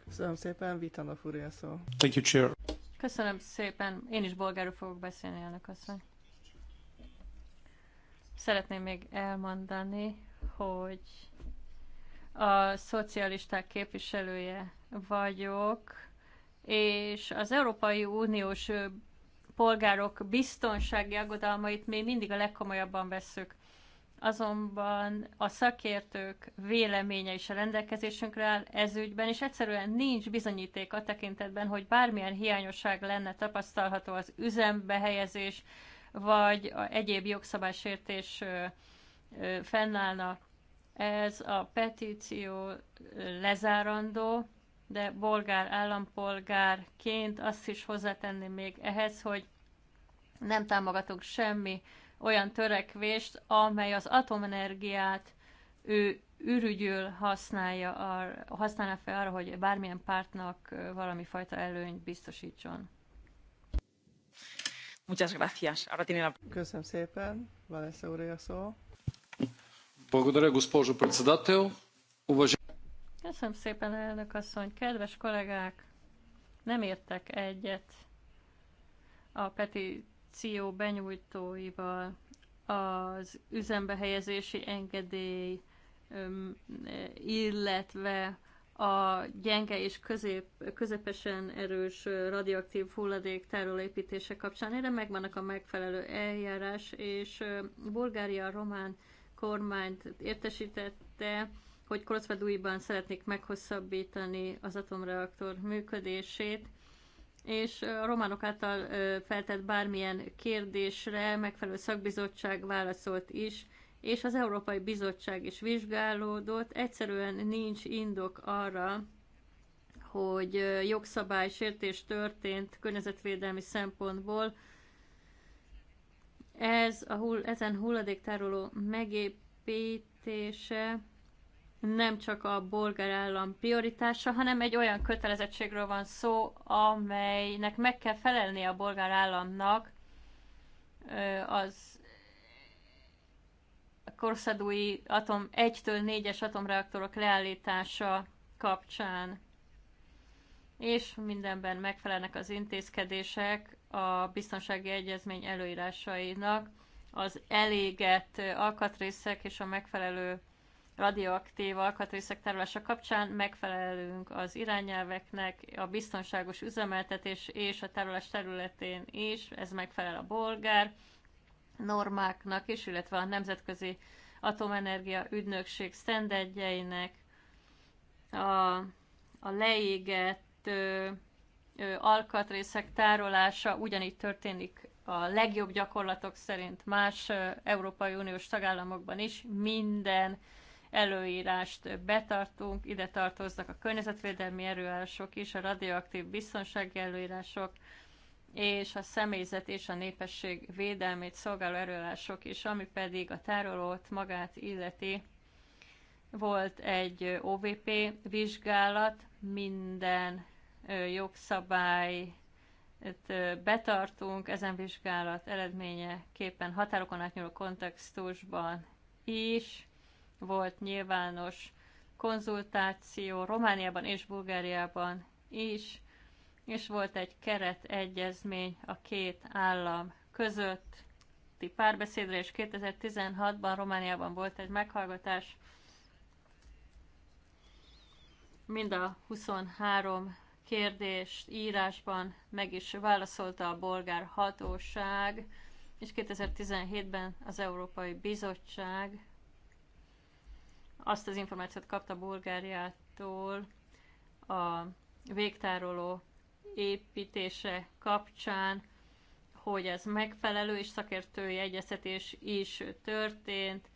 Köszönöm szépen, Vitana Furia szó. Thank you, Chair. Köszönöm szépen. Én is bolgárul fogok beszélni, elnök asszony. Szeretném még elmondani, hogy a szocialisták képviselője vagyok, és az Európai Uniós polgárok biztonsági aggodalmait még mindig a legkomolyabban vesszük. Azonban a szakértők véleménye is a rendelkezésünkre áll ügyben, és egyszerűen nincs bizonyíték a tekintetben, hogy bármilyen hiányosság lenne tapasztalható az üzembehelyezés, vagy a egyéb jogszabásértés fennállna. Ez a petíció lezárandó, de bolgár állampolgárként azt is hozzátenni még ehhez, hogy nem támogatunk semmi olyan törekvést, amely az atomenergiát ő ürügyül használja, ar, használja fel arra, hogy bármilyen pártnak valami fajta előnyt biztosítson. Muchas gracias. Ahora tiene la... Köszönöm szépen. Vanessa úr a szó. Благодаря, госпожо председател. Уважаем... Köszönöm szépen, elnök asszony. Kedves kollégák, nem értek egyet a petíció benyújtóival az üzembehelyezési helyezési engedély, illetve a gyenge és közép, közepesen erős radioaktív hulladék tárolépítése kapcsán. Erre megvannak a megfelelő eljárás, és Bulgária román kormányt értesítette, hogy Kolozsvadújban szeretnék meghosszabbítani az atomreaktor működését, és a románok által feltett bármilyen kérdésre megfelelő szakbizottság válaszolt is, és az Európai Bizottság is vizsgálódott. Egyszerűen nincs indok arra, hogy jogszabálysértés történt környezetvédelmi szempontból. Ez a hull, ezen hulladéktároló megépítése nem csak a bolgár állam prioritása, hanem egy olyan kötelezettségről van szó, amelynek meg kell felelni a bolgár államnak az korszadói atom 1-től 4-es atomreaktorok leállítása kapcsán. És mindenben megfelelnek az intézkedések a biztonsági egyezmény előírásainak, az elégett alkatrészek és a megfelelő radioaktív alkatrészek tárolása kapcsán megfelelünk az irányelveknek, a biztonságos üzemeltetés és a tárolás területén is, ez megfelel a bolgár normáknak is, illetve a Nemzetközi Atomenergia Ügynökség sztenderdjeinek, a, a leégett ö, ö, alkatrészek tárolása ugyanígy történik a legjobb gyakorlatok szerint más Európai Uniós tagállamokban is minden előírást betartunk, ide tartoznak a környezetvédelmi erőállások is, a radioaktív biztonsági előírások, és a személyzet és a népesség védelmét szolgáló erőállások is, ami pedig a tárolót magát illeti, volt egy OVP vizsgálat, minden jogszabály betartunk, ezen vizsgálat eredménye képen határokon átnyúló kontextusban is volt nyilvános konzultáció Romániában és Bulgáriában is, és volt egy egyezmény a két állam között párbeszédre, és 2016-ban Romániában volt egy meghallgatás mind a 23 kérdést írásban meg is válaszolta a bolgár hatóság, és 2017-ben az Európai Bizottság azt az információt kapta Bulgáriától a végtároló építése kapcsán, hogy ez megfelelő, és szakértői egyeztetés is történt,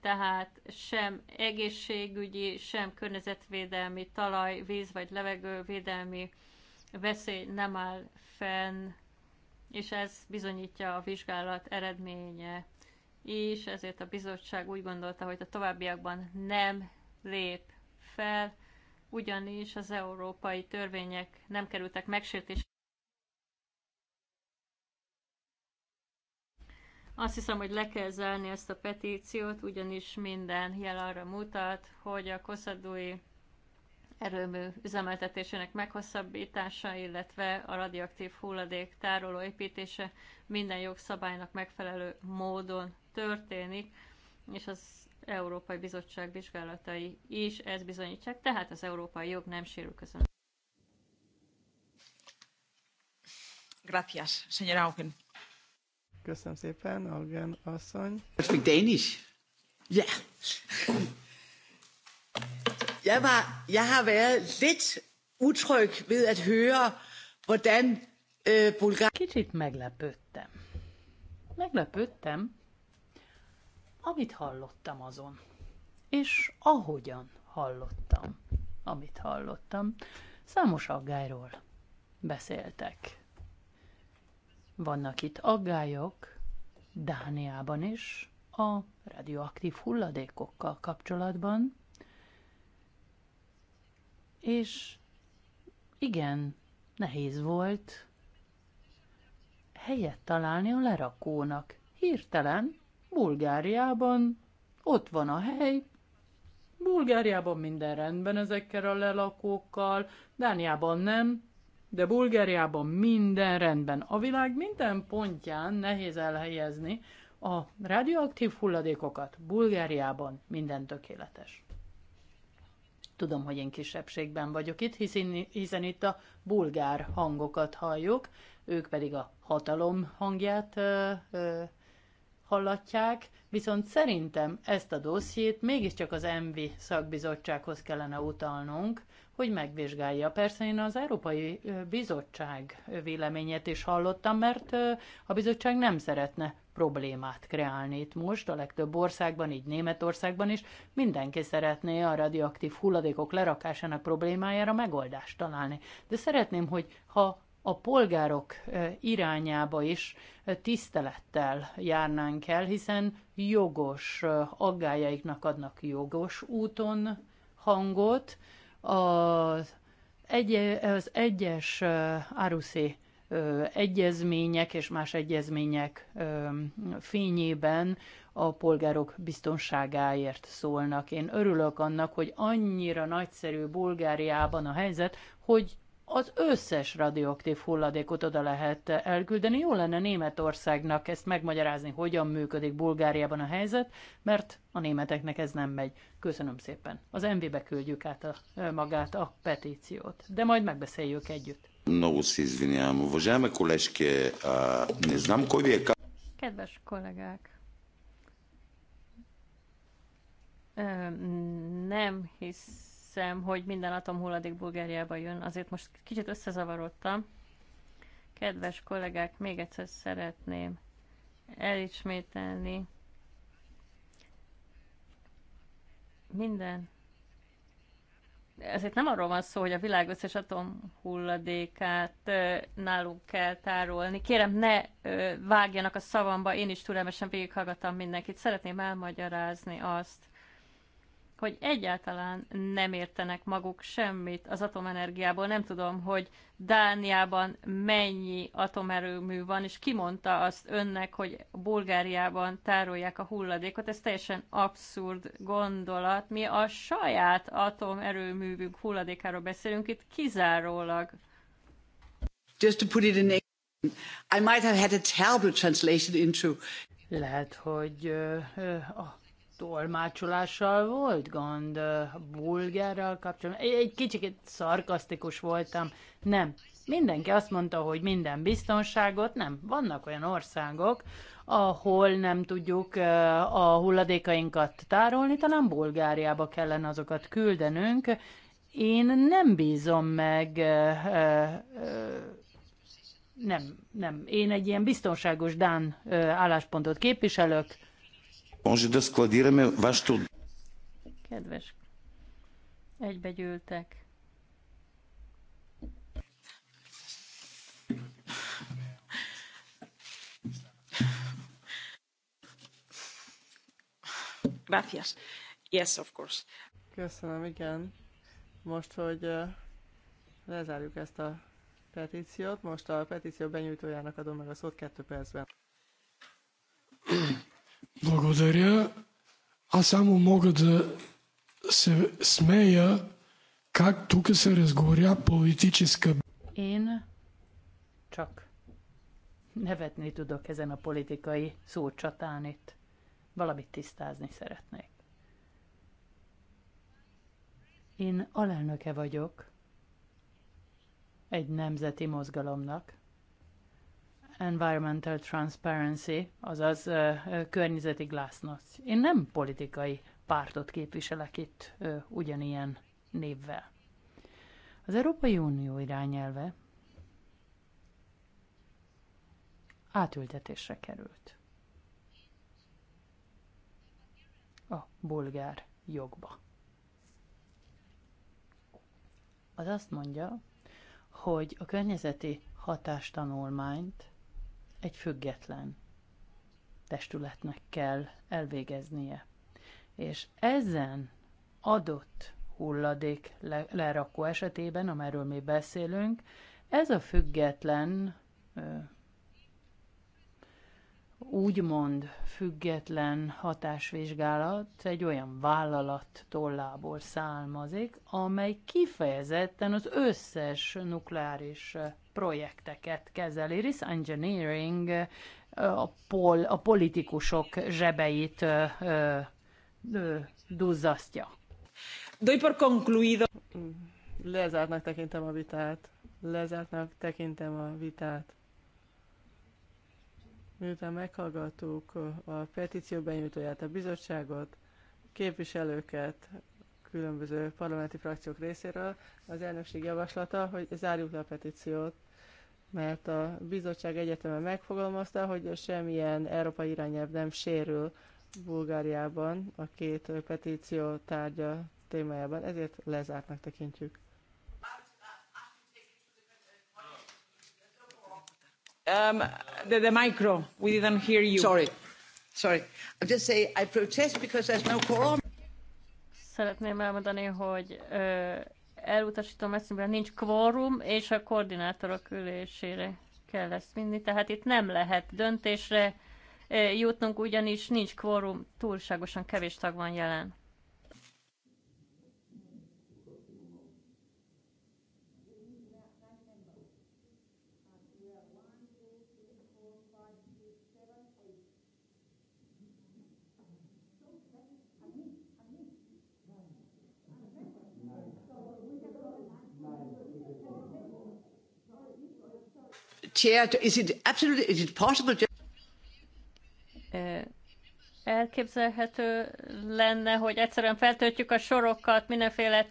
tehát sem egészségügyi, sem környezetvédelmi, talaj, víz vagy levegővédelmi veszély nem áll fenn, és ez bizonyítja a vizsgálat eredménye és ezért a bizottság úgy gondolta, hogy a továbbiakban nem lép fel, ugyanis az európai törvények nem kerültek megsértésre. Azt hiszem, hogy le kell zárni ezt a petíciót, ugyanis minden jel arra mutat, hogy a koszadói erőmű üzemeltetésének meghosszabbítása, illetve a radioaktív hulladék tároló építése minden jogszabálynak megfelelő módon történik, és az Európai Bizottság vizsgálatai is ezt bizonyítják, tehát az európai jog nem sérül közön. Gracias, señora Augen. Köszönöm szépen, Augen asszony. Speak Danish? Ja. Jeg, var, jeg har været lidt utryg ved at høre, hvordan øh, Bulgarien... Kicsit meglepődtem. Meglepődtem, amit hallottam azon, és ahogyan hallottam, amit hallottam, számos aggályról beszéltek. Vannak itt aggályok Dániában is a radioaktív hulladékokkal kapcsolatban, és igen, nehéz volt helyet találni a lerakónak. Hirtelen Bulgáriában ott van a hely, Bulgáriában minden rendben ezekkel a lelakókkal, Dániában nem, de Bulgáriában minden rendben. A világ minden pontján nehéz elhelyezni a radioaktív hulladékokat. Bulgáriában minden tökéletes. Tudom, hogy én kisebbségben vagyok itt, hiszen, hiszen itt a bulgár hangokat halljuk, ők pedig a hatalom hangját ö, ö, hallatják, viszont szerintem ezt a dossziét mégiscsak az ENVI szakbizottsághoz kellene utalnunk, hogy megvizsgálja. Persze én az Európai Bizottság véleményét is hallottam, mert a bizottság nem szeretne problémát kreálni itt most, a legtöbb országban, így Németországban is, mindenki szeretné a radioaktív hulladékok lerakásának problémájára megoldást találni. De szeretném, hogy ha a polgárok irányába is tisztelettel járnánk el, hiszen jogos aggájaiknak adnak jogos úton hangot. Az, egy, az egyes áruszi egyezmények és más egyezmények fényében a polgárok biztonságáért szólnak. Én örülök annak, hogy annyira nagyszerű Bulgáriában a helyzet, hogy az összes radioaktív hulladékot oda lehet elküldeni. Jó lenne Németországnak ezt megmagyarázni, hogyan működik Bulgáriában a helyzet, mert a németeknek ez nem megy. Köszönöm szépen. Az MV-be küldjük át a, magát a petíciót, de majd megbeszéljük együtt. Много Kedves kollégák, nem hisz hiszem, hogy minden atomhulladék Bulgáriába jön, azért most kicsit összezavarodtam. Kedves kollégák, még egyszer szeretném elismételni minden. Ezért nem arról van szó, hogy a világ összes atomhulladékát nálunk kell tárolni. Kérem, ne vágjanak a szavamba, én is türelmesen végighallgattam mindenkit. Szeretném elmagyarázni azt, hogy egyáltalán nem értenek maguk semmit az atomenergiából. Nem tudom, hogy Dániában mennyi atomerőmű van, és kimondta azt önnek, hogy Bulgáriában tárolják a hulladékot. Ez teljesen abszurd gondolat. Mi a saját atomerőművünk hulladékáról beszélünk itt kizárólag. Just to put it in I might have had a terrible translation into lehet, hogy uh, a tolmácsolással volt gond, bulgárral kapcsolatban. Egy, egy kicsit szarkasztikus voltam. Nem. Mindenki azt mondta, hogy minden biztonságot, nem. Vannak olyan országok, ahol nem tudjuk a hulladékainkat tárolni, talán Bulgáriába kellene azokat küldenünk. Én nem bízom meg, nem, nem. Én egy ilyen biztonságos Dán álláspontot képviselök, може да складираме вашето... Kedves, egybegyűltek. Gracias. Yes, of course. Köszönöm, igen. Most, hogy lezárjuk ezt a petíciót, most a petíció benyújtójának adom meg a szót kettő percben. Благодаря. Аз само мога да се смея как тук се разговаря политическа... Én csak туда кезе на политика и сучатанит. itt. Valamit tisztázni szeretnék. Én alelnöke vagyok egy nemzeti mozgalomnak, Environmental Transparency, azaz környezeti glásznoc. Én nem politikai pártot képviselek itt ugyanilyen névvel. Az Európai Unió irányelve átültetésre került. A bulgár jogba. Az azt mondja, hogy a környezeti hatástanulmányt egy független testületnek kell elvégeznie. És ezen adott hulladék lerakó esetében, amiről mi beszélünk, ez a független úgymond független hatásvizsgálat egy olyan vállalat tollából származik, amely kifejezetten az összes nukleáris projekteket kezeli. Risk Engineering a, pol, a politikusok zsebeit ö, ö, duzzasztja. Doy por concluido. Lezártnak tekintem a vitát. Lezártnak tekintem a vitát miután meghallgattuk a petíció benyújtóját, a bizottságot, képviselőket, különböző parlamenti frakciók részéről, az elnökség javaslata, hogy zárjuk le a petíciót, mert a bizottság egyetemen megfogalmazta, hogy semmilyen európai irányelv nem sérül Bulgáriában a két petíció tárgya témájában, ezért lezártnak tekintjük. Um, the, the micro, we didn't hear you. Sorry. Sorry. I'm just saying I protest because there's no quorum. Szeretném elmondani, hogy ö, elutasítom ezt, mert nincs quorum, és a koordinátorok ülésére kell ezt vinni, tehát itt nem lehet döntésre jutnunk, ugyanis nincs quorum, túlságosan kevés tag van jelen. Elképzelhető lenne, hogy egyszerűen feltöltjük a sorokat mindenféle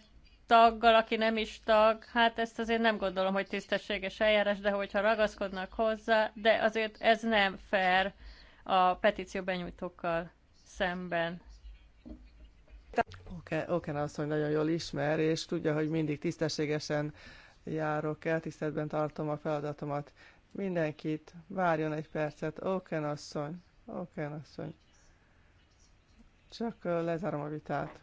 taggal, aki nem is tag, hát ezt azért nem gondolom, hogy tisztességes eljárás, de hogyha ragaszkodnak hozzá, de azért ez nem fair a petíció benyújtókkal szemben. Oké, okay, okay, azt, mondja, nagyon jól ismer, és tudja, hogy mindig tisztességesen járok el, tiszteletben tartom a feladatomat. Mindenkit, várjon egy percet. Oken asszony, Oken asszony. Csak lezárom a vitát.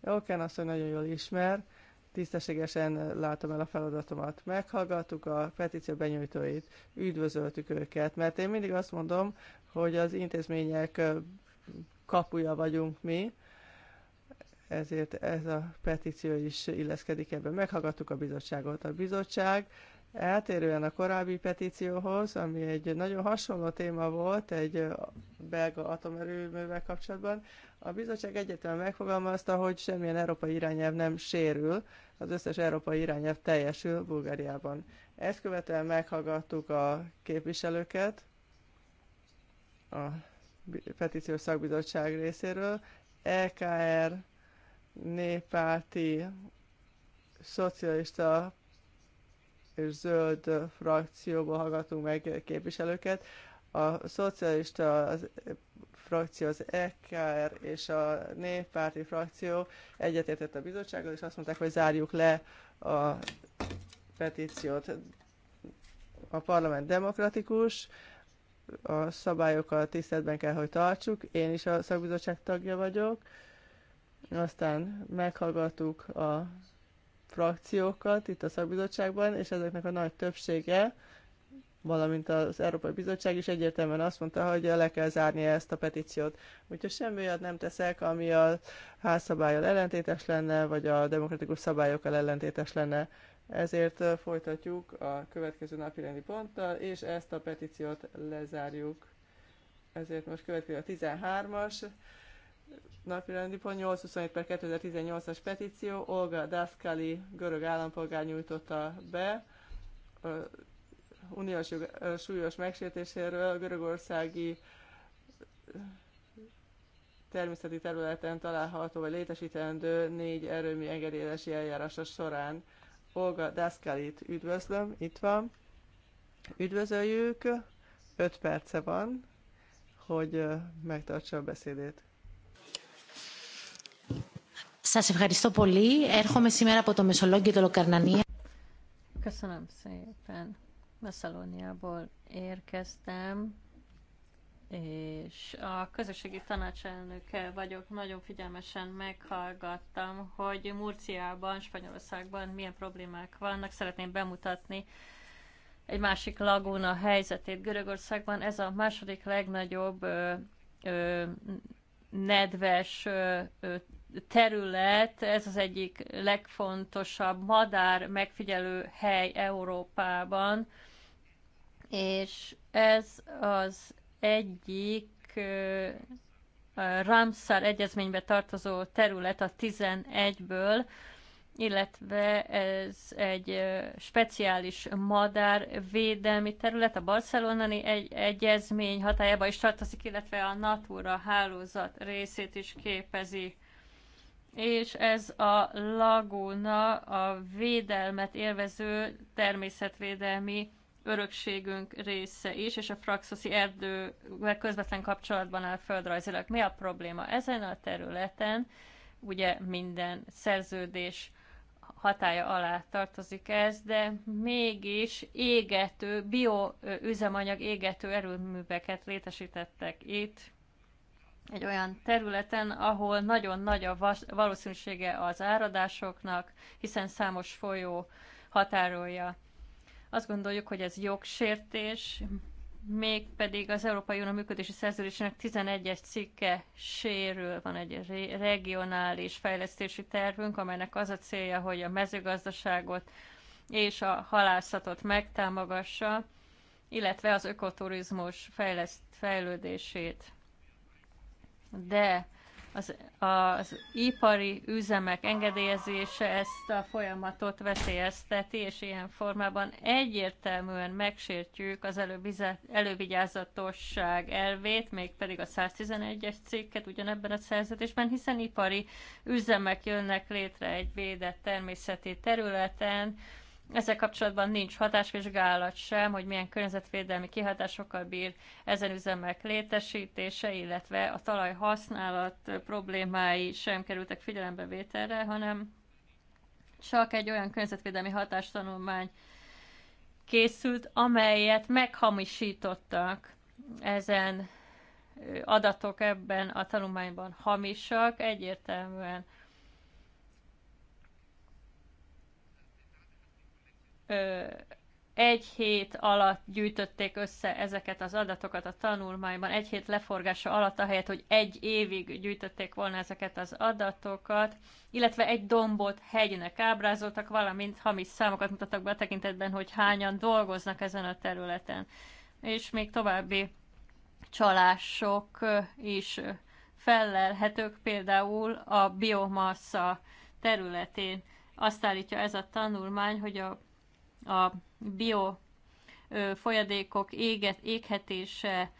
Oken asszony nagyon jól ismer, tisztességesen látom el a feladatomat. Meghallgattuk a petíció benyújtóit, üdvözöltük őket, mert én mindig azt mondom, hogy az intézmények kapuja vagyunk mi, ezért ez a petíció is illeszkedik ebben. Meghallgattuk a bizottságot. A bizottság eltérően a korábbi petícióhoz, ami egy nagyon hasonló téma volt egy belga atomerőművel kapcsolatban, a bizottság egyetlen megfogalmazta, hogy semmilyen európai irányelv nem sérül, az összes európai irányelv teljesül Bulgáriában. Ezt követően meghallgattuk a képviselőket a petíciós szakbizottság részéről, EKR néppárti, szocialista és zöld frakcióból hallgatunk meg képviselőket. A szocialista az frakció, az EKR és a néppárti frakció egyetértett a bizottsággal, és azt mondták, hogy zárjuk le a petíciót. A parlament demokratikus, a szabályokat tiszteletben kell, hogy tartsuk. Én is a szakbizottság tagja vagyok, aztán meghallgattuk a frakciókat itt a szakbizottságban, és ezeknek a nagy többsége, valamint az Európai Bizottság is egyértelműen azt mondta, hogy le kell zárni ezt a petíciót. Úgyhogy semmi olyat nem teszek, ami a házszabályal ellentétes lenne, vagy a demokratikus szabályokkal ellentétes lenne. Ezért folytatjuk a következő napi rendi ponttal, és ezt a petíciót lezárjuk. Ezért most következik a 13-as napirendi pont 827 per 2018-as petíció, Olga Daszkali görög állampolgár nyújtotta be a uniós jog, a súlyos megsértéséről görögországi természeti területen található vagy létesítendő négy erőmű engedélyezési eljárása során. Olga Daszkalit üdvözlöm, itt van. Üdvözöljük, 5 perce van, hogy megtartsa a beszédét. Σας ευχαριστώ πολύ. Έρχομαι σήμερα από το Μεσολόγγιο το Λοκαρνανία. Köszönöm szépen. Messzalóniából érkeztem, és a közösségi tanácselnöke vagyok. Nagyon figyelmesen meghallgattam, hogy Murciában, Spanyolországban milyen problémák vannak. Szeretném bemutatni egy másik lagúna helyzetét Görögországban. Ez a második legnagyobb ö, ö, nedves ö, ö, terület, ez az egyik legfontosabb madár megfigyelő hely Európában, és ez az egyik Ramszár egyezménybe tartozó terület a 11-ből, illetve ez egy speciális madárvédelmi terület, a barcelonai egy egyezmény hatájába is tartozik, illetve a Natura hálózat részét is képezi és ez a laguna a védelmet élvező természetvédelmi örökségünk része is, és a fraxoszi erdő közvetlen kapcsolatban áll földrajzilag. Mi a probléma? Ezen a területen ugye minden szerződés hatája alá tartozik ez, de mégis égető, bioüzemanyag égető erőműveket létesítettek itt, egy olyan területen, ahol nagyon nagy a valószínűsége az áradásoknak, hiszen számos folyó határolja. Azt gondoljuk, hogy ez jogsértés, mégpedig az Európai Unió működési szerződésének 11-es cikke sérül. Van egy regionális fejlesztési tervünk, amelynek az a célja, hogy a mezőgazdaságot és a halászatot megtámogassa, illetve az ökoturizmus fejleszt, fejlődését de az, az ipari üzemek engedélyezése ezt a folyamatot veszélyezteti, és ilyen formában egyértelműen megsértjük az elővigyázatosság elvét, mégpedig a 111-es cikket ugyanebben a szerződésben, hiszen ipari üzemek jönnek létre egy védett természeti területen, ezzel kapcsolatban nincs hatásvizsgálat sem, hogy milyen környezetvédelmi kihatásokkal bír ezen üzemek létesítése, illetve a talaj használat problémái sem kerültek vételre, hanem csak egy olyan környezetvédelmi hatástanulmány készült, amelyet meghamisítottak ezen adatok ebben a tanulmányban hamisak, egyértelműen egy hét alatt gyűjtötték össze ezeket az adatokat a tanulmányban, egy hét leforgása alatt, ahelyett, hogy egy évig gyűjtötték volna ezeket az adatokat, illetve egy dombot hegynek ábrázoltak, valamint hamis számokat mutattak be a tekintetben, hogy hányan dolgoznak ezen a területen. És még további csalások is fellelhetők, például a biomassa területén. Azt állítja ez a tanulmány, hogy a a bio folyadékok éget, éghetése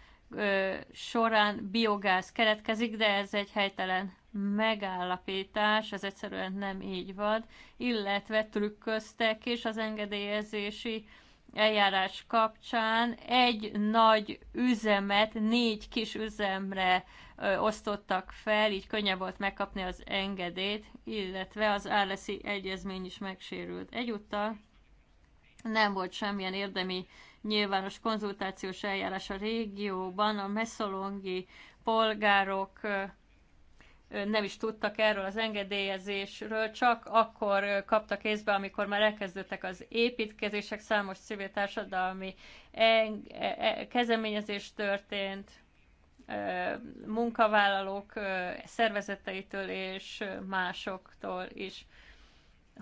során biogáz keletkezik, de ez egy helytelen megállapítás, ez egyszerűen nem így van, illetve trükköztek és az engedélyezési eljárás kapcsán egy nagy üzemet négy kis üzemre ö, osztottak fel, így könnyebb volt megkapni az engedélyt, illetve az álleszi egyezmény is megsérült. Egyúttal nem volt semmilyen érdemi nyilvános konzultációs eljárás a régióban, a messzolongi polgárok nem is tudtak erről az engedélyezésről, csak akkor kaptak észbe, amikor már elkezdődtek az építkezések, számos civil társadalmi e-, e-, kezeményezés történt, munkavállalók szervezeteitől és másoktól is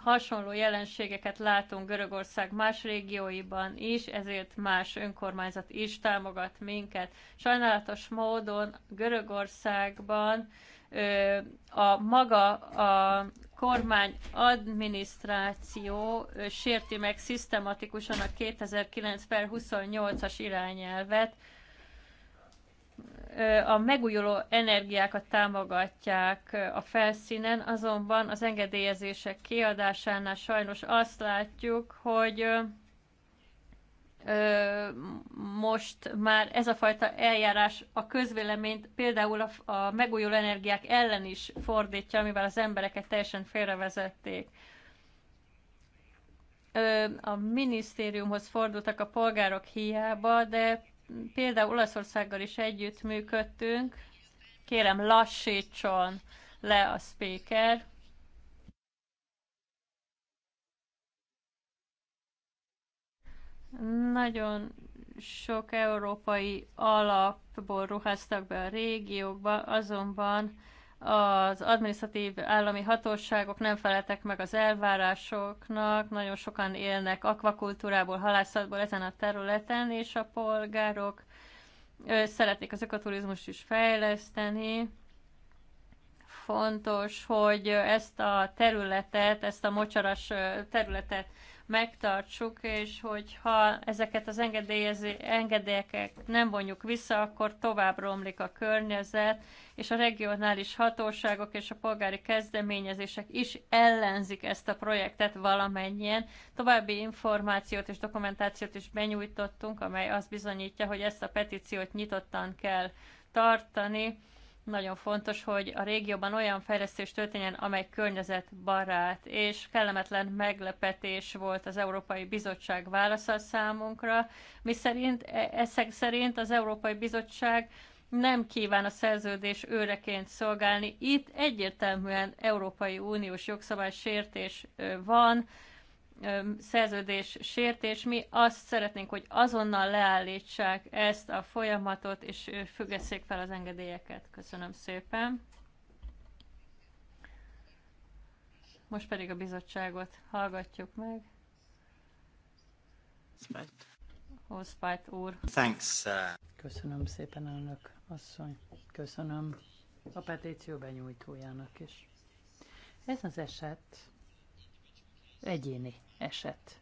hasonló jelenségeket látunk Görögország más régióiban is, ezért más önkormányzat is támogat minket. Sajnálatos módon Görögországban ö, a maga a kormány adminisztráció sérti meg szisztematikusan a 2009 per 28-as irányelvet, a megújuló energiákat támogatják a felszínen, azonban az engedélyezések kiadásánál sajnos azt látjuk, hogy most már ez a fajta eljárás a közvéleményt például a, a megújuló energiák ellen is fordítja, amivel az embereket teljesen félrevezették. A minisztériumhoz fordultak a polgárok hiába, de például Olaszországgal is együtt működtünk. Kérem, lassítson le a speaker. Nagyon sok európai alapból ruháztak be a régiókba, azonban az adminisztratív állami hatóságok nem feleltek meg az elvárásoknak, nagyon sokan élnek akvakultúrából, halászatból ezen a területen, és a polgárok szeretnék az ökoturizmust is fejleszteni. Fontos, hogy ezt a területet, ezt a mocsaras területet megtartsuk, és hogyha ezeket az engedélyeket nem vonjuk vissza, akkor tovább romlik a környezet, és a regionális hatóságok és a polgári kezdeményezések is ellenzik ezt a projektet valamennyien. További információt és dokumentációt is benyújtottunk, amely azt bizonyítja, hogy ezt a petíciót nyitottan kell tartani nagyon fontos, hogy a régióban olyan fejlesztés történjen, amely környezetbarát, és kellemetlen meglepetés volt az Európai Bizottság válasza számunkra, mi szerint, e, ezek szerint az Európai Bizottság nem kíván a szerződés őreként szolgálni. Itt egyértelműen Európai Uniós jogszabály sértés van, szerződés sértés. Mi azt szeretnénk, hogy azonnal leállítsák ezt a folyamatot, és függesszék fel az engedélyeket. Köszönöm szépen. Most pedig a bizottságot hallgatjuk meg. Spite. Hospite úr. Thanks. Uh, Köszönöm szépen, elnök asszony. Köszönöm a petíció benyújtójának is. Ez az eset Egyéni eset.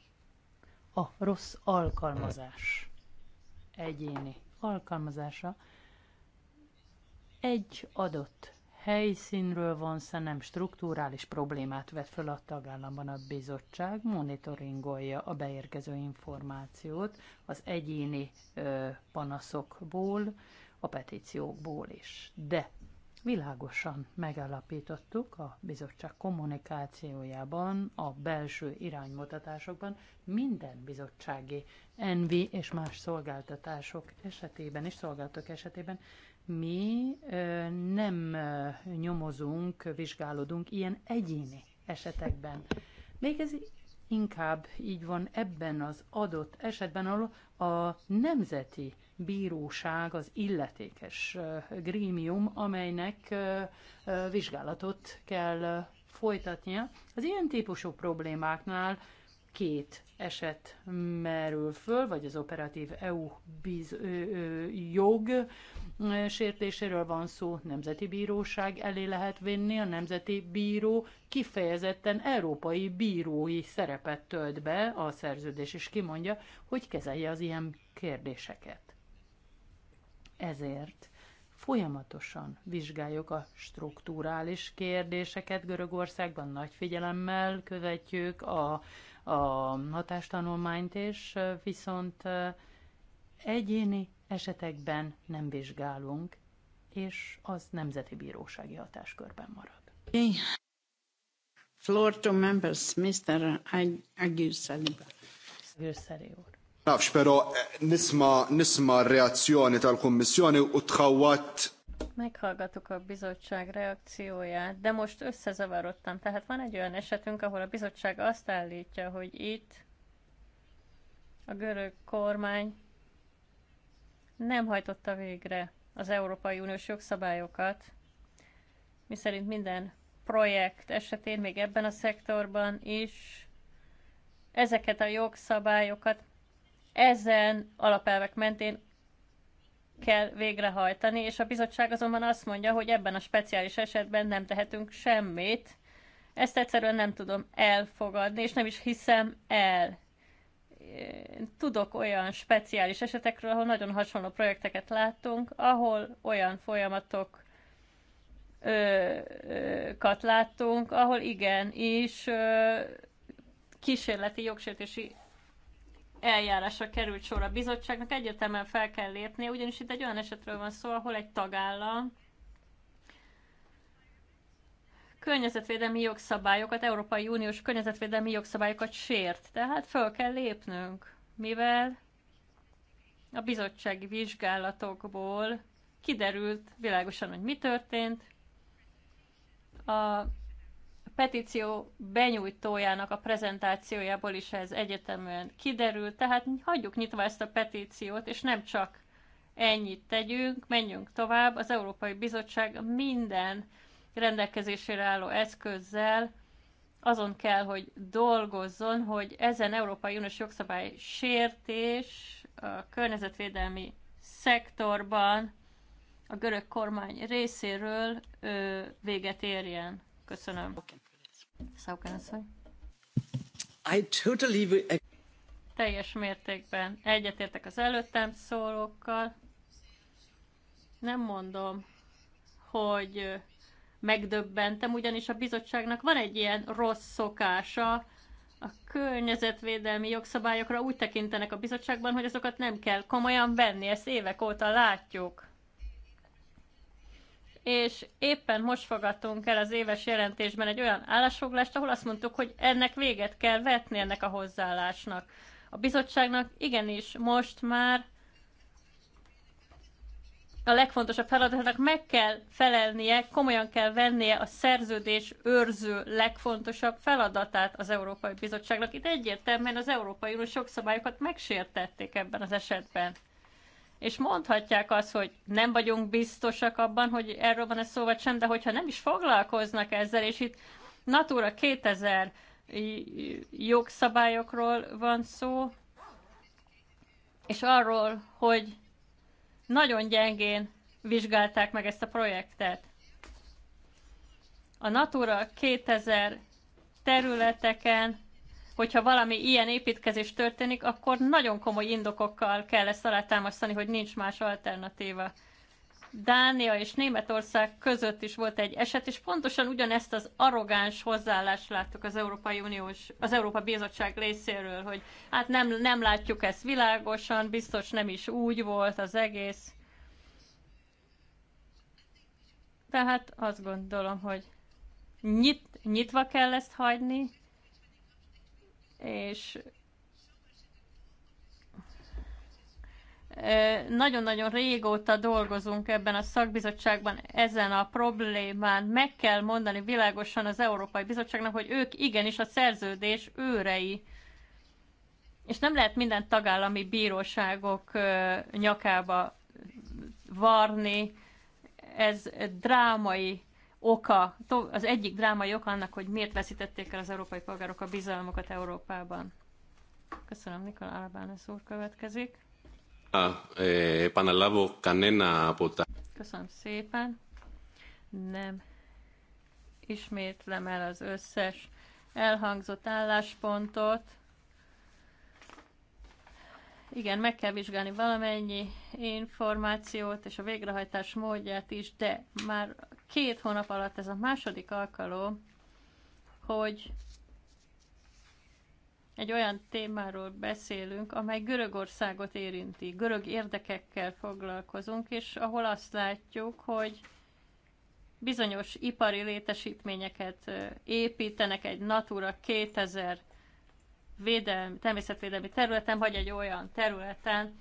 A rossz alkalmazás. Egyéni alkalmazása. Egy adott helyszínről van szó, nem struktúrális problémát vet föl a tagállamban a bizottság, monitoringolja a beérkező információt az egyéni ö, panaszokból, a petíciókból is. De Világosan megállapítottuk a bizottság kommunikációjában, a belső iránymutatásokban, minden bizottsági envi és más szolgáltatások esetében és szolgáltatók esetében mi ö, nem ö, nyomozunk, vizsgálódunk ilyen egyéni esetekben. Még ez inkább így van ebben az adott esetben, ahol a nemzeti bíróság az illetékes grémium, amelynek vizsgálatot kell folytatnia. Az ilyen típusú problémáknál két eset merül föl, vagy az operatív EU biz, ö, ö, jog sértéséről van szó, nemzeti bíróság elé lehet vinni, a nemzeti bíró kifejezetten európai bírói szerepet tölt be, a szerződés is kimondja, hogy kezelje az ilyen kérdéseket. Ezért folyamatosan vizsgáljuk a strukturális kérdéseket Görögországban, nagy figyelemmel követjük a, a hatástanulmányt, és viszont egyéni esetekben nem vizsgálunk, és az nemzeti bírósági hatáskörben marad. Floor to members, Mr. Agyűr Szaliba. úr. Nafx, pero eh, nisma, nisma reazzjoni tal-Kommissjoni u tħawat. Meghallgattuk a bizottság reakcióját, de most összezavarodtam. Tehát van egy olyan esetünk, ahol a bizottság azt állítja, hogy itt a görög kormány nem hajtotta végre az Európai Uniós jogszabályokat, miszerint minden projekt esetén, még ebben a szektorban is, ezeket a jogszabályokat ezen alapelvek mentén kell végrehajtani, és a bizottság azonban azt mondja, hogy ebben a speciális esetben nem tehetünk semmit. Ezt egyszerűen nem tudom elfogadni, és nem is hiszem el. Tudok olyan speciális esetekről, ahol nagyon hasonló projekteket láttunk, ahol olyan folyamatok láttunk, ahol igen, és kísérleti jogsértési eljárásra került sor a bizottságnak, egyetemen fel kell lépnie, ugyanis itt egy olyan esetről van szó, ahol egy tagállam környezetvédelmi jogszabályokat, Európai Uniós környezetvédelmi jogszabályokat sért. Tehát föl kell lépnünk, mivel a bizottsági vizsgálatokból kiderült világosan, hogy mi történt. A petíció benyújtójának a prezentációjából is ez egyeteműen kiderül, tehát hagyjuk nyitva ezt a petíciót, és nem csak ennyit tegyünk, menjünk tovább. Az Európai Bizottság minden rendelkezésére álló eszközzel azon kell, hogy dolgozzon, hogy ezen Európai Uniós jogszabály sértés a környezetvédelmi szektorban a görög kormány részéről ö, véget érjen. Köszönöm. Szauken I totally... Teljes mértékben egyetértek az előttem szólókkal. Nem mondom, hogy megdöbbentem, ugyanis a bizottságnak van egy ilyen rossz szokása, a környezetvédelmi jogszabályokra úgy tekintenek a bizottságban, hogy azokat nem kell komolyan venni, ezt évek óta látjuk és éppen most fogadtunk el az éves jelentésben egy olyan állásfoglást, ahol azt mondtuk, hogy ennek véget kell vetni ennek a hozzáállásnak. A bizottságnak igenis most már a legfontosabb feladatnak meg kell felelnie, komolyan kell vennie a szerződés őrző legfontosabb feladatát az Európai Bizottságnak. Itt egyértelműen az Európai Unió sok szabályokat megsértették ebben az esetben és mondhatják azt, hogy nem vagyunk biztosak abban, hogy erről van ez szó vagy sem, de hogyha nem is foglalkoznak ezzel, és itt Natura 2000 jogszabályokról van szó, és arról, hogy nagyon gyengén vizsgálták meg ezt a projektet. A Natura 2000 területeken hogyha valami ilyen építkezés történik, akkor nagyon komoly indokokkal kell ezt alátámasztani, hogy nincs más alternatíva. Dánia és Németország között is volt egy eset, és pontosan ugyanezt az arrogáns hozzáállást láttuk az Európai Uniós, az Európa Bizottság részéről, hogy hát nem, nem látjuk ezt világosan, biztos nem is úgy volt az egész. Tehát azt gondolom, hogy nyit, nyitva kell ezt hagyni, és nagyon-nagyon régóta dolgozunk ebben a szakbizottságban ezen a problémán. Meg kell mondani világosan az Európai Bizottságnak, hogy ők igenis a szerződés őrei. És nem lehet minden tagállami bíróságok nyakába varni. Ez drámai oka, az egyik drámai oka annak, hogy miért veszítették el az európai polgárok a bizalmukat Európában. Köszönöm, Nikol Albánesz úr következik. Ah, eh, Köszönöm szépen. Nem ismétlem el az összes elhangzott álláspontot. Igen, meg kell vizsgálni valamennyi információt és a végrehajtás módját is, de már két hónap alatt ez a második alkalom, hogy egy olyan témáról beszélünk, amely Görögországot érinti, görög érdekekkel foglalkozunk, és ahol azt látjuk, hogy bizonyos ipari létesítményeket építenek egy Natura 2000 védelmi, természetvédelmi területen, vagy egy olyan területen,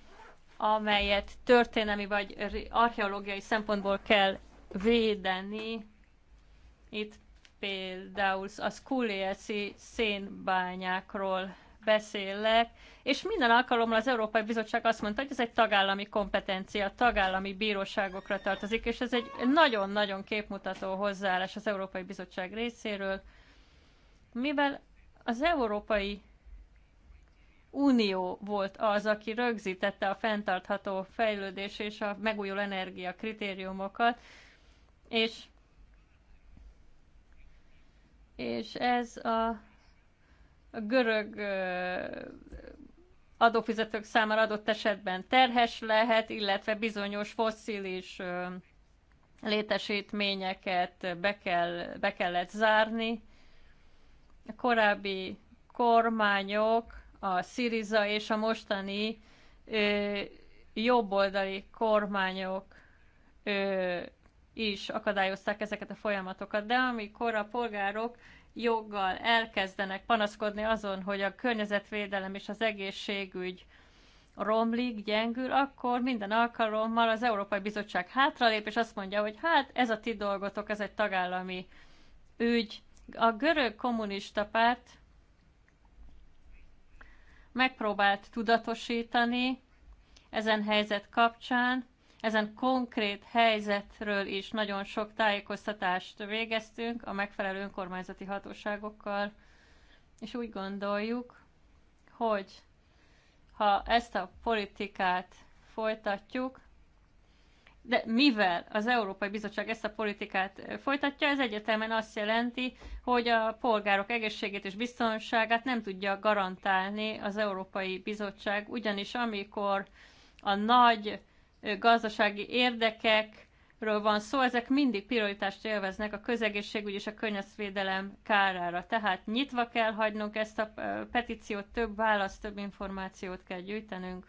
amelyet történelmi vagy archeológiai szempontból kell védeni. Itt például a Skulieci szénbányákról beszélek, és minden alkalommal az Európai Bizottság azt mondta, hogy ez egy tagállami kompetencia, tagállami bíróságokra tartozik, és ez egy nagyon-nagyon képmutató hozzáállás az Európai Bizottság részéről, mivel az Európai Unió volt az, aki rögzítette a fenntartható fejlődés és a megújuló energia kritériumokat, és, és ez a, a görög adófizetők számára adott esetben terhes lehet, illetve bizonyos fosszilis létesítményeket be, kell, be kellett zárni. A korábbi kormányok, a Siriza és a mostani ö, jobboldali kormányok ö, is akadályozták ezeket a folyamatokat. De amikor a polgárok joggal elkezdenek panaszkodni azon, hogy a környezetvédelem és az egészségügy romlik, gyengül, akkor minden alkalommal az Európai Bizottság hátralép, és azt mondja, hogy hát ez a ti dolgotok, ez egy tagállami ügy. A görög kommunista párt megpróbált tudatosítani ezen helyzet kapcsán, ezen konkrét helyzetről is nagyon sok tájékoztatást végeztünk a megfelelő önkormányzati hatóságokkal, és úgy gondoljuk, hogy ha ezt a politikát folytatjuk, de mivel az Európai Bizottság ezt a politikát folytatja, ez egyetemen azt jelenti, hogy a polgárok egészségét és biztonságát nem tudja garantálni az Európai Bizottság, ugyanis amikor a nagy gazdasági érdekekről van szó, ezek mindig prioritást élveznek a közegészségügy és a környezetvédelem kárára. Tehát nyitva kell hagynunk ezt a petíciót, több választ, több információt kell gyűjtenünk.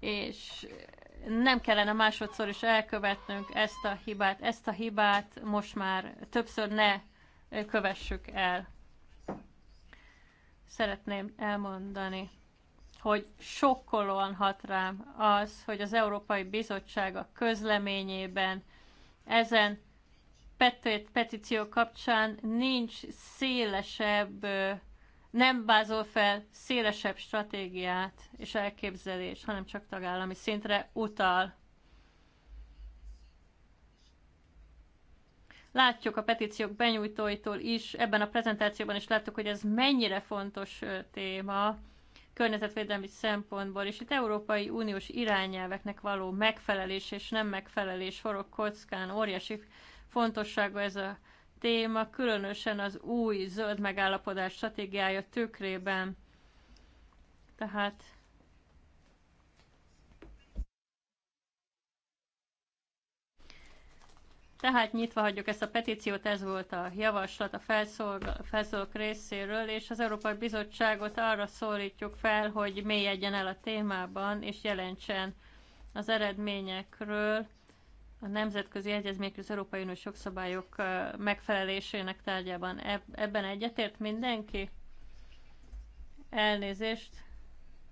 És nem kellene másodszor is elkövetnünk ezt a hibát, ezt a hibát most már többször ne kövessük el. Szeretném elmondani hogy sokkolóan hat rám az, hogy az Európai Bizottság a közleményében ezen petíció kapcsán nincs szélesebb, nem bázol fel szélesebb stratégiát és elképzelést, hanem csak tagállami szintre utal. Látjuk a petíciók benyújtóitól is, ebben a prezentációban is láttuk, hogy ez mennyire fontos téma, környezetvédelmi szempontból, és itt Európai Uniós irányelveknek való megfelelés és nem megfelelés forog kockán. Óriási fontosságú ez a téma, különösen az új zöld megállapodás stratégiája tükrében. Tehát Tehát nyitva hagyjuk ezt a petíciót, ez volt a javaslat a felszólók részéről, és az Európai Bizottságot arra szólítjuk fel, hogy mélyedjen el a témában, és jelentsen az eredményekről a nemzetközi egyezmények az Európai Uniós jogszabályok megfelelésének tárgyában. Ebben egyetért mindenki? Elnézést,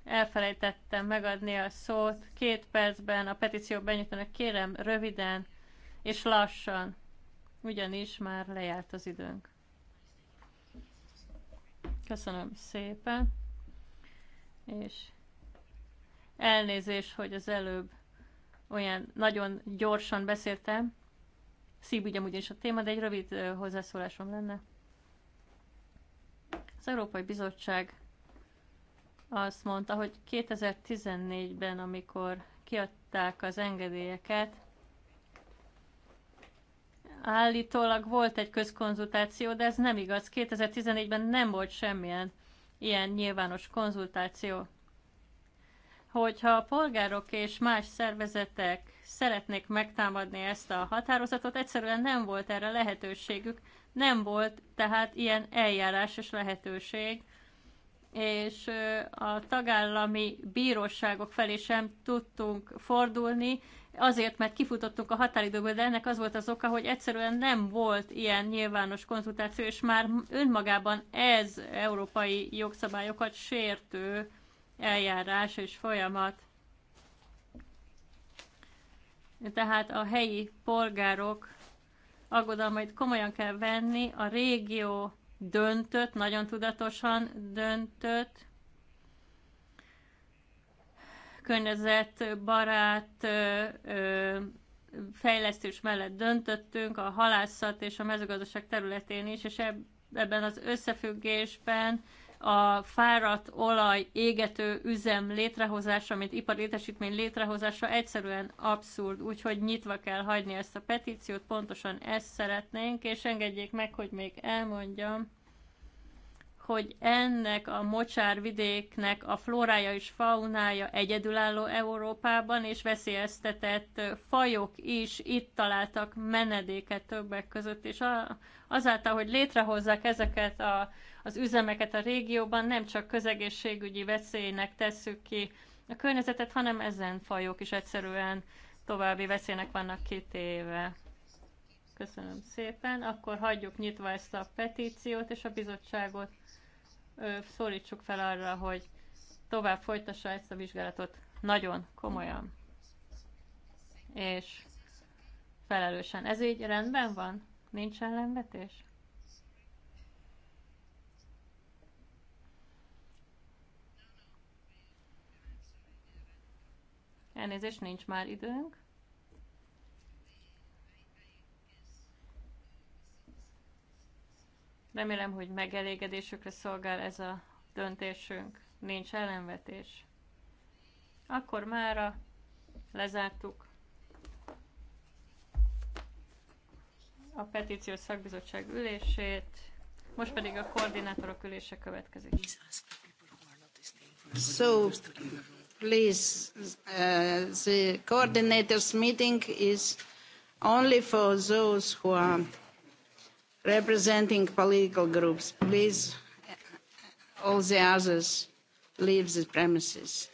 elfelejtettem megadni a szót. Két percben a petíció benyújtanak. Kérem, röviden, és lassan, ugyanis már lejárt az időnk. Köszönöm szépen, és elnézés, hogy az előbb olyan nagyon gyorsan beszéltem. Szívügyem ugyanis a téma, de egy rövid hozzászólásom lenne. Az Európai Bizottság azt mondta, hogy 2014-ben, amikor kiadták az engedélyeket, Állítólag volt egy közkonzultáció, de ez nem igaz. 2014-ben nem volt semmilyen ilyen nyilvános konzultáció. Hogyha a polgárok és más szervezetek szeretnék megtámadni ezt a határozatot, egyszerűen nem volt erre lehetőségük, nem volt tehát ilyen eljárásos lehetőség, és a tagállami bíróságok felé sem tudtunk fordulni, azért, mert kifutottunk a határidőből, de ennek az volt az oka, hogy egyszerűen nem volt ilyen nyilvános konzultáció, és már önmagában ez európai jogszabályokat sértő eljárás és folyamat. Tehát a helyi polgárok aggodalmait komolyan kell venni, a régió döntött, nagyon tudatosan döntött, környezetbarát fejlesztés mellett döntöttünk, a halászat és a mezőgazdaság területén is, és ebben az összefüggésben a fáradt olaj égető üzem létrehozása, mint ipar létesítmény létrehozása egyszerűen abszurd, úgyhogy nyitva kell hagyni ezt a petíciót, pontosan ezt szeretnénk, és engedjék meg, hogy még elmondjam, hogy ennek a mocsárvidéknek a flórája és faunája egyedülálló Európában, és veszélyeztetett fajok is itt találtak menedéket többek között, és azáltal, hogy létrehozzák ezeket a, az üzemeket a régióban, nem csak közegészségügyi veszélynek tesszük ki a környezetet, hanem ezen fajok is egyszerűen további veszélynek vannak kitéve. Köszönöm szépen. Akkor hagyjuk nyitva ezt a petíciót, és a bizottságot szólítsuk fel arra, hogy tovább folytassa ezt a vizsgálatot nagyon komolyan és felelősen. Ez így rendben van? Nincs ellenvetés? Elnézést, nincs már időnk. Remélem, hogy megelégedésükre szolgál ez a döntésünk. Nincs ellenvetés. Akkor mára lezártuk a petíciós szakbizottság ülését, most pedig a koordinátorok ülése következik. So, please, uh, the coordinators meeting is only for those who are representing political groups please all the others leave the premises.